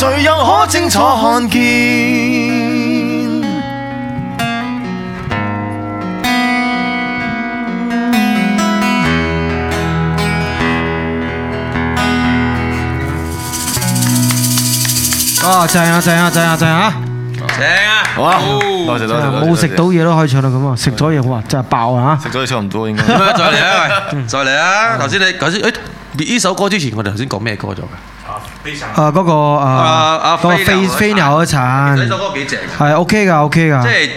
誰又可清楚看見？啊，正啊，正啊，正啊，正啊！正啊！好啊，多謝多謝，哇，冇食到嘢，都可以唱到，咁啊，食咗嘢好啊，真係爆啊！吓，食咗嘢差唔多應該。再嚟啊，喂，再嚟啊！頭先你，頭先誒，呢首歌，之前我哋頭先講咩歌咗？啊，嗰個啊，嗰個飛飛鳥的產，呢首歌幾正嘅，係 OK 噶，OK 噶。即係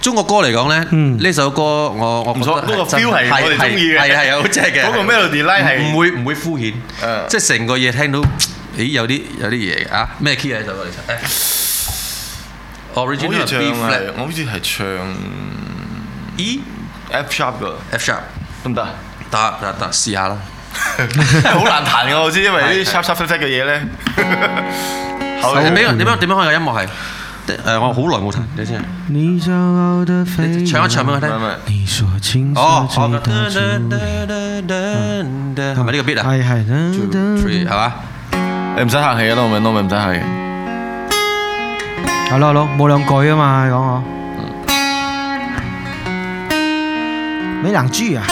中國歌嚟講咧，呢首歌我我唔錯，嗰個 feel 係我哋中意嘅，係係好正嘅。嗰個 melody line 係唔會唔會敷衍，即係成個嘢聽到，哎有啲有啲嘢啊。咩 key 啊呢首歌？誒，originally，我好似唱係，我好似係唱 E F sharp 噶，F sharp，得唔得？得得得，C 啊。真係好難彈噶，我知，因為啲七七七七嘅嘢咧。後邊點樣點樣點樣可以音樂係，我好耐冇彈，你先。你驕傲的飛遠，你說清楚。哦，好嘅。睇埋呢個 beat 啦。係 Two Three 係嘛？誒，唔使客氣啊，老味，老味，唔使客氣。係咯係咯，冇兩句啊嘛，你講我。嗯。冇兩句啊。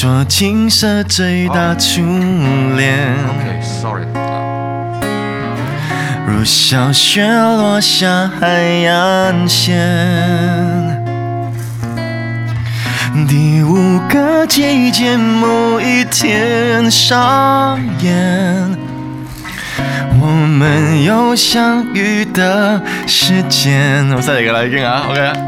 說青色最大初戀，如小雪落下海岸線，第五個季節某一天上演，我們有相遇的時間。好犀利噶啦，已經啊，OK。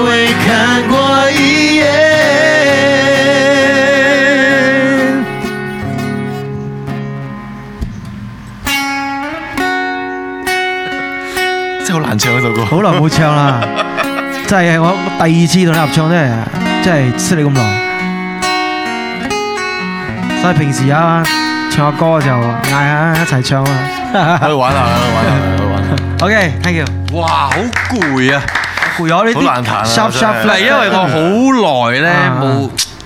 好耐冇唱啦，真係我第二次同你合唱咧，真係，真係識你咁耐。所以平時啊，唱下歌就嗌下一齊唱啊。去玩啦，去玩啦，去玩。OK，thank you。哇，好攰啊，攰咗呢啲。好難彈啊，嗱，因為我好耐咧冇。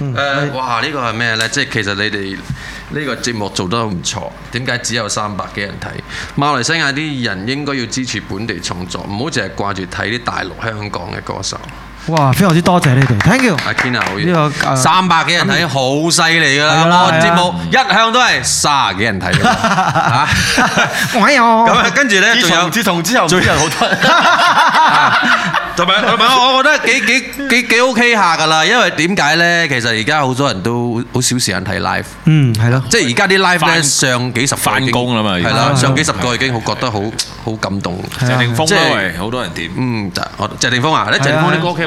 誒、嗯呃，哇！呢個係咩呢？即係其實你哋呢個節目做得唔錯，點解只有三百幾人睇？馬來西亞啲人應該要支持本地創作，唔好淨係掛住睇啲大陸、香港嘅歌手。哇，非常之多謝你哋，thank you，阿 Ken 啊，好，呢個三百幾人睇，好犀利噶啦，我節目一向都係卅幾人睇，我有，咁跟住咧，之後，之後，之後，最人好多，同埋，同埋，我覺得幾幾幾幾 OK 下噶啦，因為點解咧？其實而家好多人都好少時間睇 live，嗯，係咯，即係而家啲 live 咧上幾十，翻工啦嘛，係啦，上幾十個已經好覺得好好感動，謝霆鋒啊，好多人點，嗯，謝霆鋒啊，謝霆鋒啲歌 K。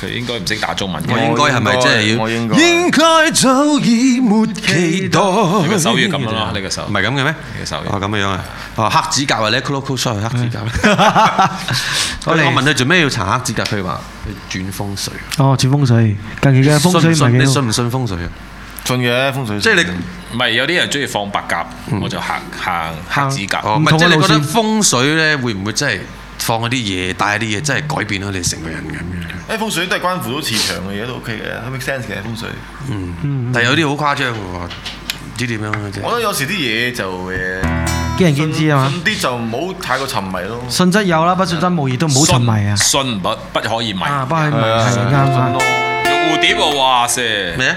佢應該唔識打中文嘅。我應該係咪真係要？我應該。應該早已沒期待。呢個手要咁咯，呢個手。唔係咁嘅咩？你個手語。啊咁嘅樣啊！黑指甲或者 cloco shoe 黑指甲。我問佢做咩要搽黑指甲，佢話去轉風水。哦，轉風水。跟住咧風水，你信唔信風水啊？信嘅風水。即係你唔係有啲人中意放白鴿，我就行行黑指甲。咁好路即係你覺得風水咧會唔會真係？放嗰啲嘢，帶嗰啲嘢，真係改變咗你成個人咁樣。誒風水都係關乎到磁場嘅嘢都 OK 嘅，make sense 嘅風水。嗯，但係有啲好誇張喎，唔知點樣我覺得有時啲嘢就誒，見仁見智啊嘛。啲就唔好太過沉迷咯。信則有啦，不信則無疑，都唔好沉迷啊。信不不可以迷啊，不可以迷，係啱啦。蝴蝶喎，哇咩啊？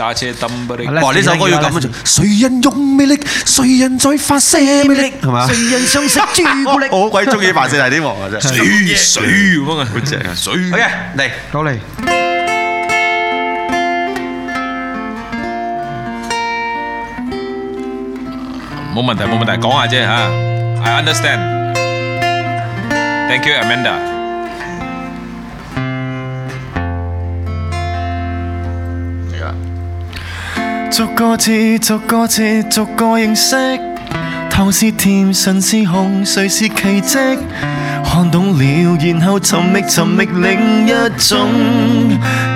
揸車 down 嗰啲，哇！呢首歌要咁樣做，誰人用魅力，誰人在發射魅力，係嘛？誰人想食朱古力？我鬼中意發泄係點喎？真係，水水湯啊！好嘅，嚟，到嚟。冇問題，冇問題，講下啫嚇。I understand。Thank you, Amanda。逐個字，逐個字，逐個認識。糖是甜，唇是紅，誰是奇蹟？看懂了，然後尋覓，尋覓另一種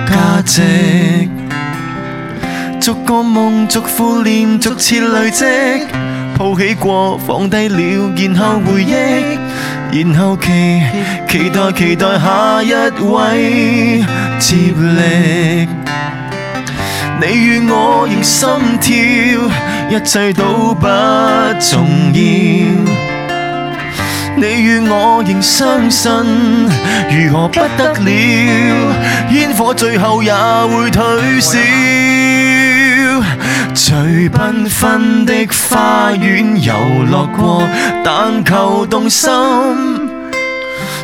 價值。裡逐個夢，逐副臉，逐次累積。抱起過，放低了，然後回憶，然後期，其期待，期待下一位接力。嗯你與我仍心跳，一切都不重要。你與我仍相信，如何不得了？煙火最後也會退燒。最繽紛的花園遊樂過，但求動心。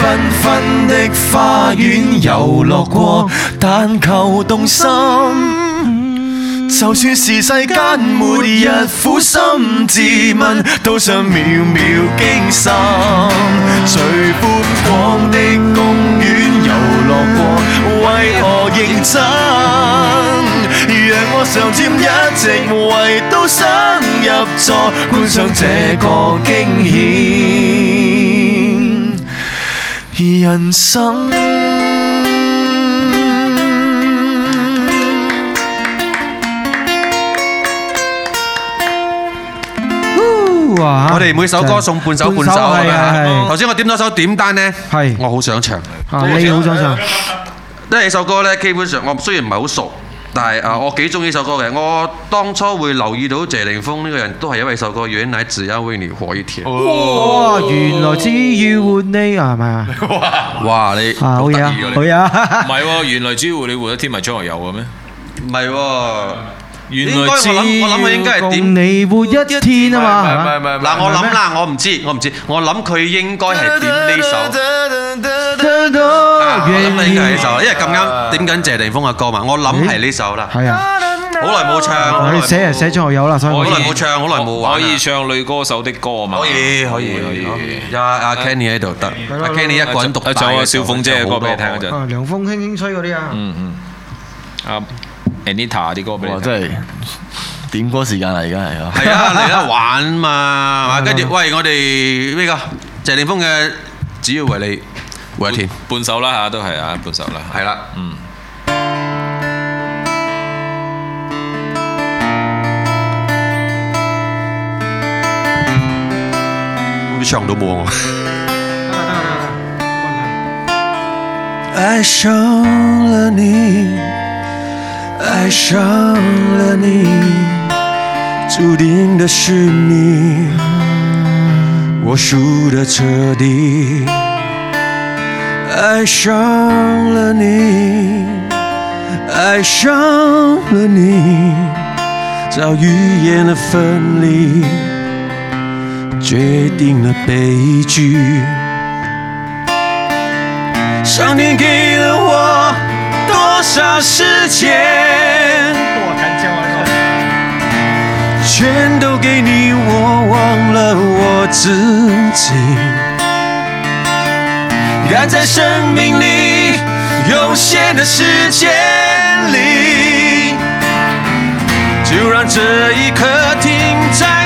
繽紛的花園遊樂過，但求動心。就算是世間末日，苦心自問，都想渺渺驚心。隨寬廣的公園遊樂過，為何認真？讓我常占一席，唯都想入座，觀賞這個驚險。人生，我哋每首歌送半首半首，係咪啊？頭先我點咗首點單咧，我好想唱，我亦好想唱。因為呢首歌咧，基本上我雖然唔係好熟。但係啊，uh, 我幾中意呢首歌嘅。我當初會留意到謝霆鋒呢個人，都係因為首歌《原來只因為你可以填》。哇、哦！原來只要換你係咪啊？哇！你、啊、好得意㗎你。啊、好呀、啊。唔係喎，原來只要你換咗天，咪張學友嘅咩？唔係喎。原來我諗我諗佢應該係點你活一天啊嘛，嗱我諗啦，我唔知我唔知，我諗佢應該係點呢首，我諗佢應該係呢首，因為咁啱點緊謝霆鋒嘅歌嘛，我諗係呢首啦，係啊，好耐冇唱，我寫啊寫咗就有啦，所以好耐冇唱，好耐冇玩，可以唱女歌手的歌嘛，可以可以，阿阿 Kenny 喺度得，Kenny 一個人讀一首小鳳姐嘅歌俾你聽嗰陣，涼風輕輕吹嗰啲啊，嗯嗯，阿。Anita 啲歌俾我，哇真係點歌時間啊！而家係啊，係啊，嚟啦玩嘛，跟住 喂我哋咩個謝霆鋒嘅只要為你，半天半首啦吓，都係啊半首啦，係啦， 嗯。我俾唱都冇愛上了你。 愛上了你，注定的是你，我輸得徹底。愛上了你，愛上了你，早預言了分離，決定了悲劇。上天給了我。多少時間，全都給你，我忘了我自己。趕在生命裏有限的時間裏，就讓這一刻停在。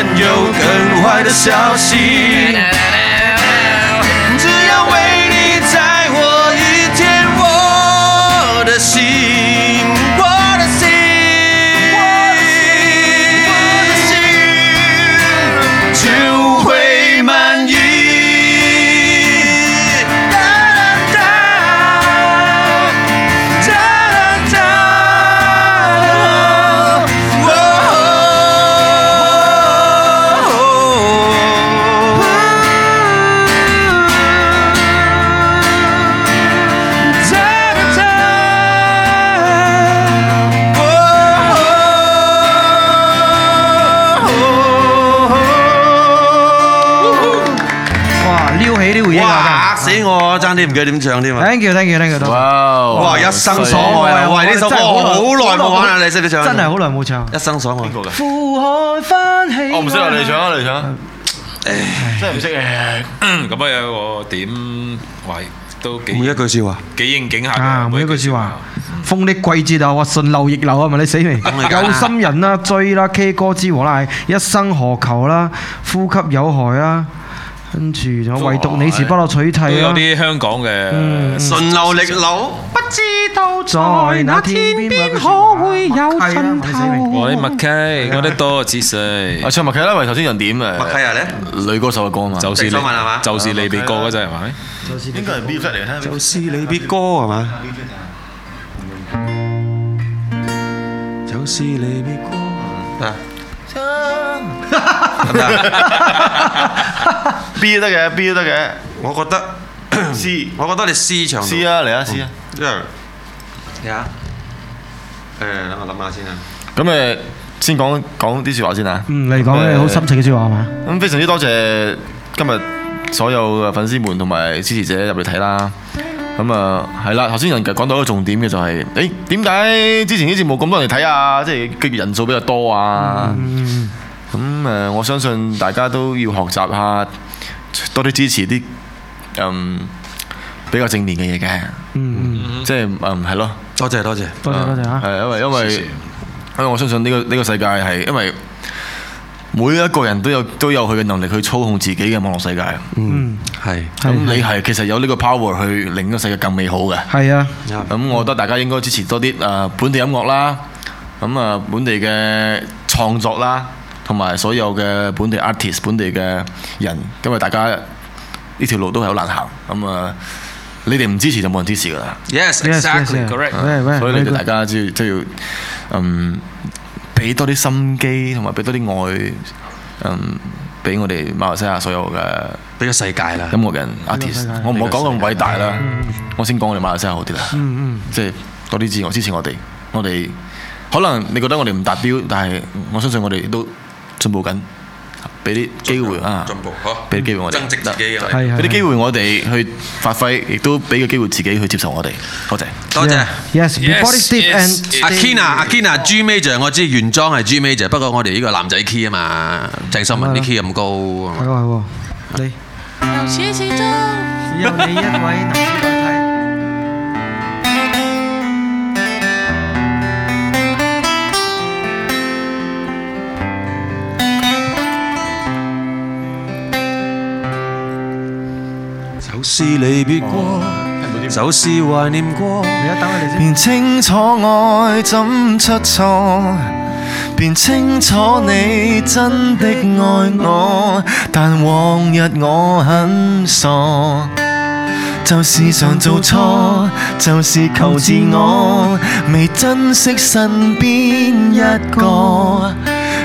有更壞的消息。啲唔記得點唱添啊！聽叫聽叫聽叫到！哇哇一生所愛，喂，呢首歌好耐冇玩啦！你識唔識唱？真係好耐冇唱！一生所愛邊個嘅？苦海翻起！我唔識啊！你唱啊！你唱！真係唔識嘅。咁啊，有我點位都幾每一句說話幾應景下嘅。每一句說話，風的季節啊，或順流逆流啊，咪你死未？有心人啦，追啦，K 歌之王啦，一生何求啦，呼吸有害啦。跟住就唯獨你是不可取替啊！有啲香港嘅，順流逆流，不知道在那天邊可會有盡頭。喂，麥 Kay，我啲多啊，黐線！啊唱麥 Kay 啦，喂頭先人點啊？麥 Kay 啊你？女歌手嘅歌嘛，就是你，就是你別歌嘅啫係咪？應該係 B 出嚟聽。就是你別歌係嘛？就是你別歌。得唔得？B 都得嘅，B 都得嘅。我覺得，C，我覺得你試場。試啊，嚟啊，試啊，一樣。呀，誒，等我諗下先啊。咁誒，先講講啲説話先啊。嗯，你講啲好深情嘅説話係嘛？咁非常之多謝今日所有嘅粉絲們同埋支持者入嚟睇啦。咁啊，係啦，嗯，頭先人講到一個重點嘅就係，係，誒點解之前啲節目咁多人睇啊？即係佢人數比較多啊。咁誒、嗯嗯嗯，我相信大家都要學習下，多啲支持啲嗯比較正面嘅嘢嘅。即係誒係咯。多，嗯就係，謝，多謝，多謝多謝嚇。係，嗯啊，因為因為因為謝我相信呢個呢個世界係因為。每一個人都有都有佢嘅能力去操控自己嘅網絡世界。嗯，係是。咁你係其實有呢個 power 去令個世界更美好嘅。係啊。咁、啊、我覺得大家應該支持多啲誒本地音樂啦，咁啊本地嘅創作啦，同埋所有嘅本地 artist 本地嘅人，因為大家呢條路都係好難行。咁啊，你哋唔支持就冇人支持㗎啦。Yes, exactly, correct. 所以你哋大家都要，嗯。俾多啲心機同埋俾多啲愛，嗯，俾我哋馬來西亞所有嘅，俾個世界啦，音樂人 artist，我唔好講咁偉大啦，我先講我哋馬來西亞好啲啦，嗯嗯、就是，即係多啲支持我支持我哋，我哋可能你覺得我哋唔達標，但係我相信我哋都進步緊。俾啲機會啊！進步呵！俾啲機會我哋增值自己，俾啲機會我哋去發揮，亦都俾個機會自己去接受我哋。多謝，多謝。Yes, b e f o e s a Akina Akina G major 我知原裝係 G major，不過我哋呢個男仔 key 啊嘛，鄭秀文啲 key 咁高啊嘛，係喎，始終只有你一位。是離別過，就是懷念過。便清楚愛怎出錯，便清楚你真的愛我。但往日我很傻，就是常做錯，就是求自我，未珍惜身邊一個。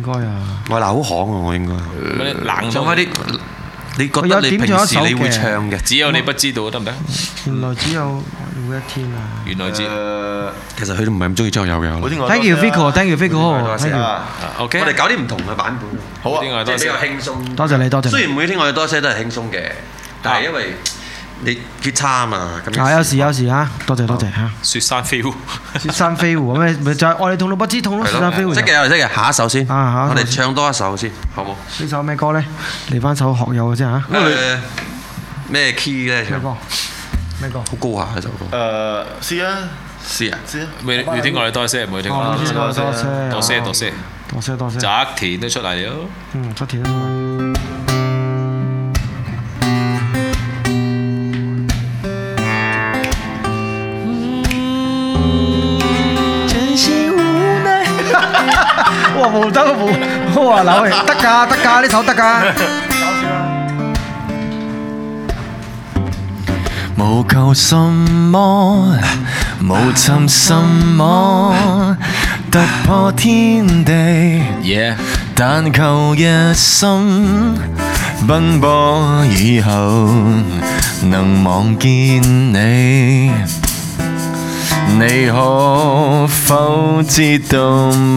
應該啊！我嗱好行啊！我應該，做開啲，你覺得你平時你會唱嘅，只有你不知道得唔得？原來只有每一天啊！原來只，其實佢都唔係咁中意張學友嘅。Thank you, Vico. Thank you, Vico. 多謝啊！OK，我哋搞啲唔同嘅版本。好啊，即係比較輕鬆。多謝你，多謝。雖然每天我哋多些都係輕鬆嘅，但係因為。你幾差啊嘛？係，有時有時嚇。多謝多謝嚇。雪山飛狐，雪山飛狐咁咪咪就愛你痛到不知痛咯。雪山飛狐。識嘅有，識嘅下一首先。啊嚇，我哋唱多一首先，好冇？呢首咩歌咧？嚟翻首學友嘅先嚇。誒咩 key 咧？唱咩歌？好高下嘅首歌。誒，試啊，試啊，試啊。未未聽過你多謝，唔會聽過。多謝多謝，多謝多謝。砸鐵都出嚟咯。嗯，砸鐵都出嚟。得冇？好啊，老味，得噶，得噶，呢首得噶。無求什麼，無尋什麼，突破天地，但求一心奔波以後能望見你，你可否知道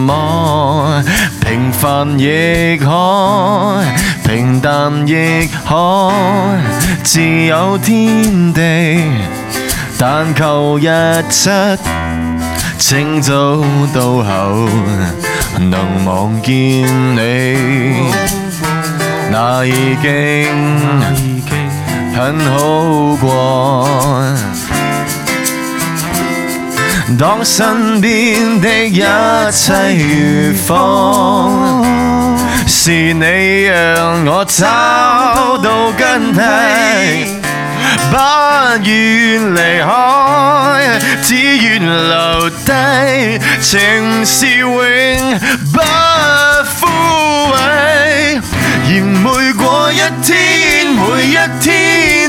我平凡亦可，平淡亦可，自有天地。但求日出，清早到後，能望見你，那已經很好過。當身邊的一切如風，是你讓我找到根蒂，不願離開，只願留低，情是永不枯萎，然而每過一天，每一天。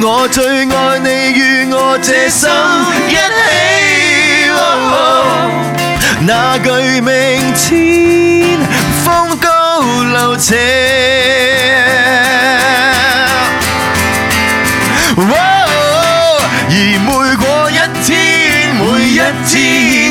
我最愛你與我這生一起，oh oh, 那句明天風高路斜。Oh oh, 而每過一天，每一天。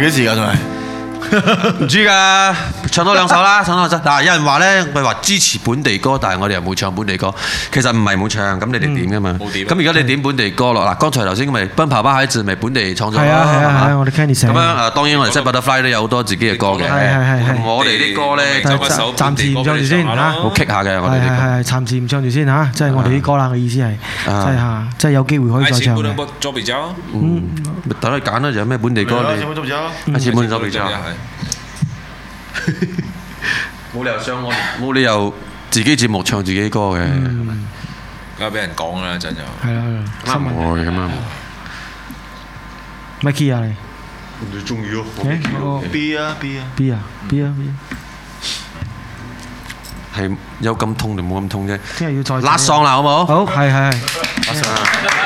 幾時㗎？仲係唔知㗎？唱多兩首啦，唱多兩首。但係有人話咧，咪話支持本地歌，但係我哋又冇唱本地歌。其實唔係冇唱，咁你哋點嘅嘛？冇點。咁而家你點本地歌咯？嗱，剛才頭先咪《奔跑吧孩子》咪本地創作咯，係嘛？我哋 Kenny 唱。咁樣誒，當然我哋 Sevenfold Fly 都有好多自己嘅歌嘅。係係係係。我哋啲歌咧就暫時唔唱住先啦，好 kick 下嘅。係係係，暫時唔唱住先嚇，即係我哋啲歌啦嘅意思係。啊！即係有機會可以再唱。嗯，等你揀啦，就咩本地歌你？一次半兩杯椒。一次半兩杯椒。冇理由上我，冇理由自己節目唱自己歌嘅，而家俾人講啦一陣又。係啊，係啦。哦，咁啊，Mikey 啊？你你鍾意哦，咩？哦，啤啊，啤啊，啤啊，啤啊，啤啊，係有咁痛定冇咁痛啫。聽日要再拉喪啦，好冇？好，係係。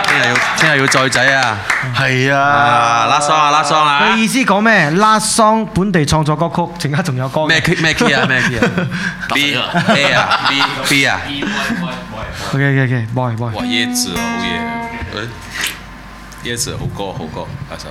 聽日要載仔啊！係啊，拉桑啊，拉桑啊！你意思講咩？拉桑本地創作歌曲，而家仲有歌咩 key？咩 key 啊？咩 key 啊？B 啊，E 啊，B 啊，OK OK，boy boy。哇椰子好嘢，椰子好歌好歌，嗰首。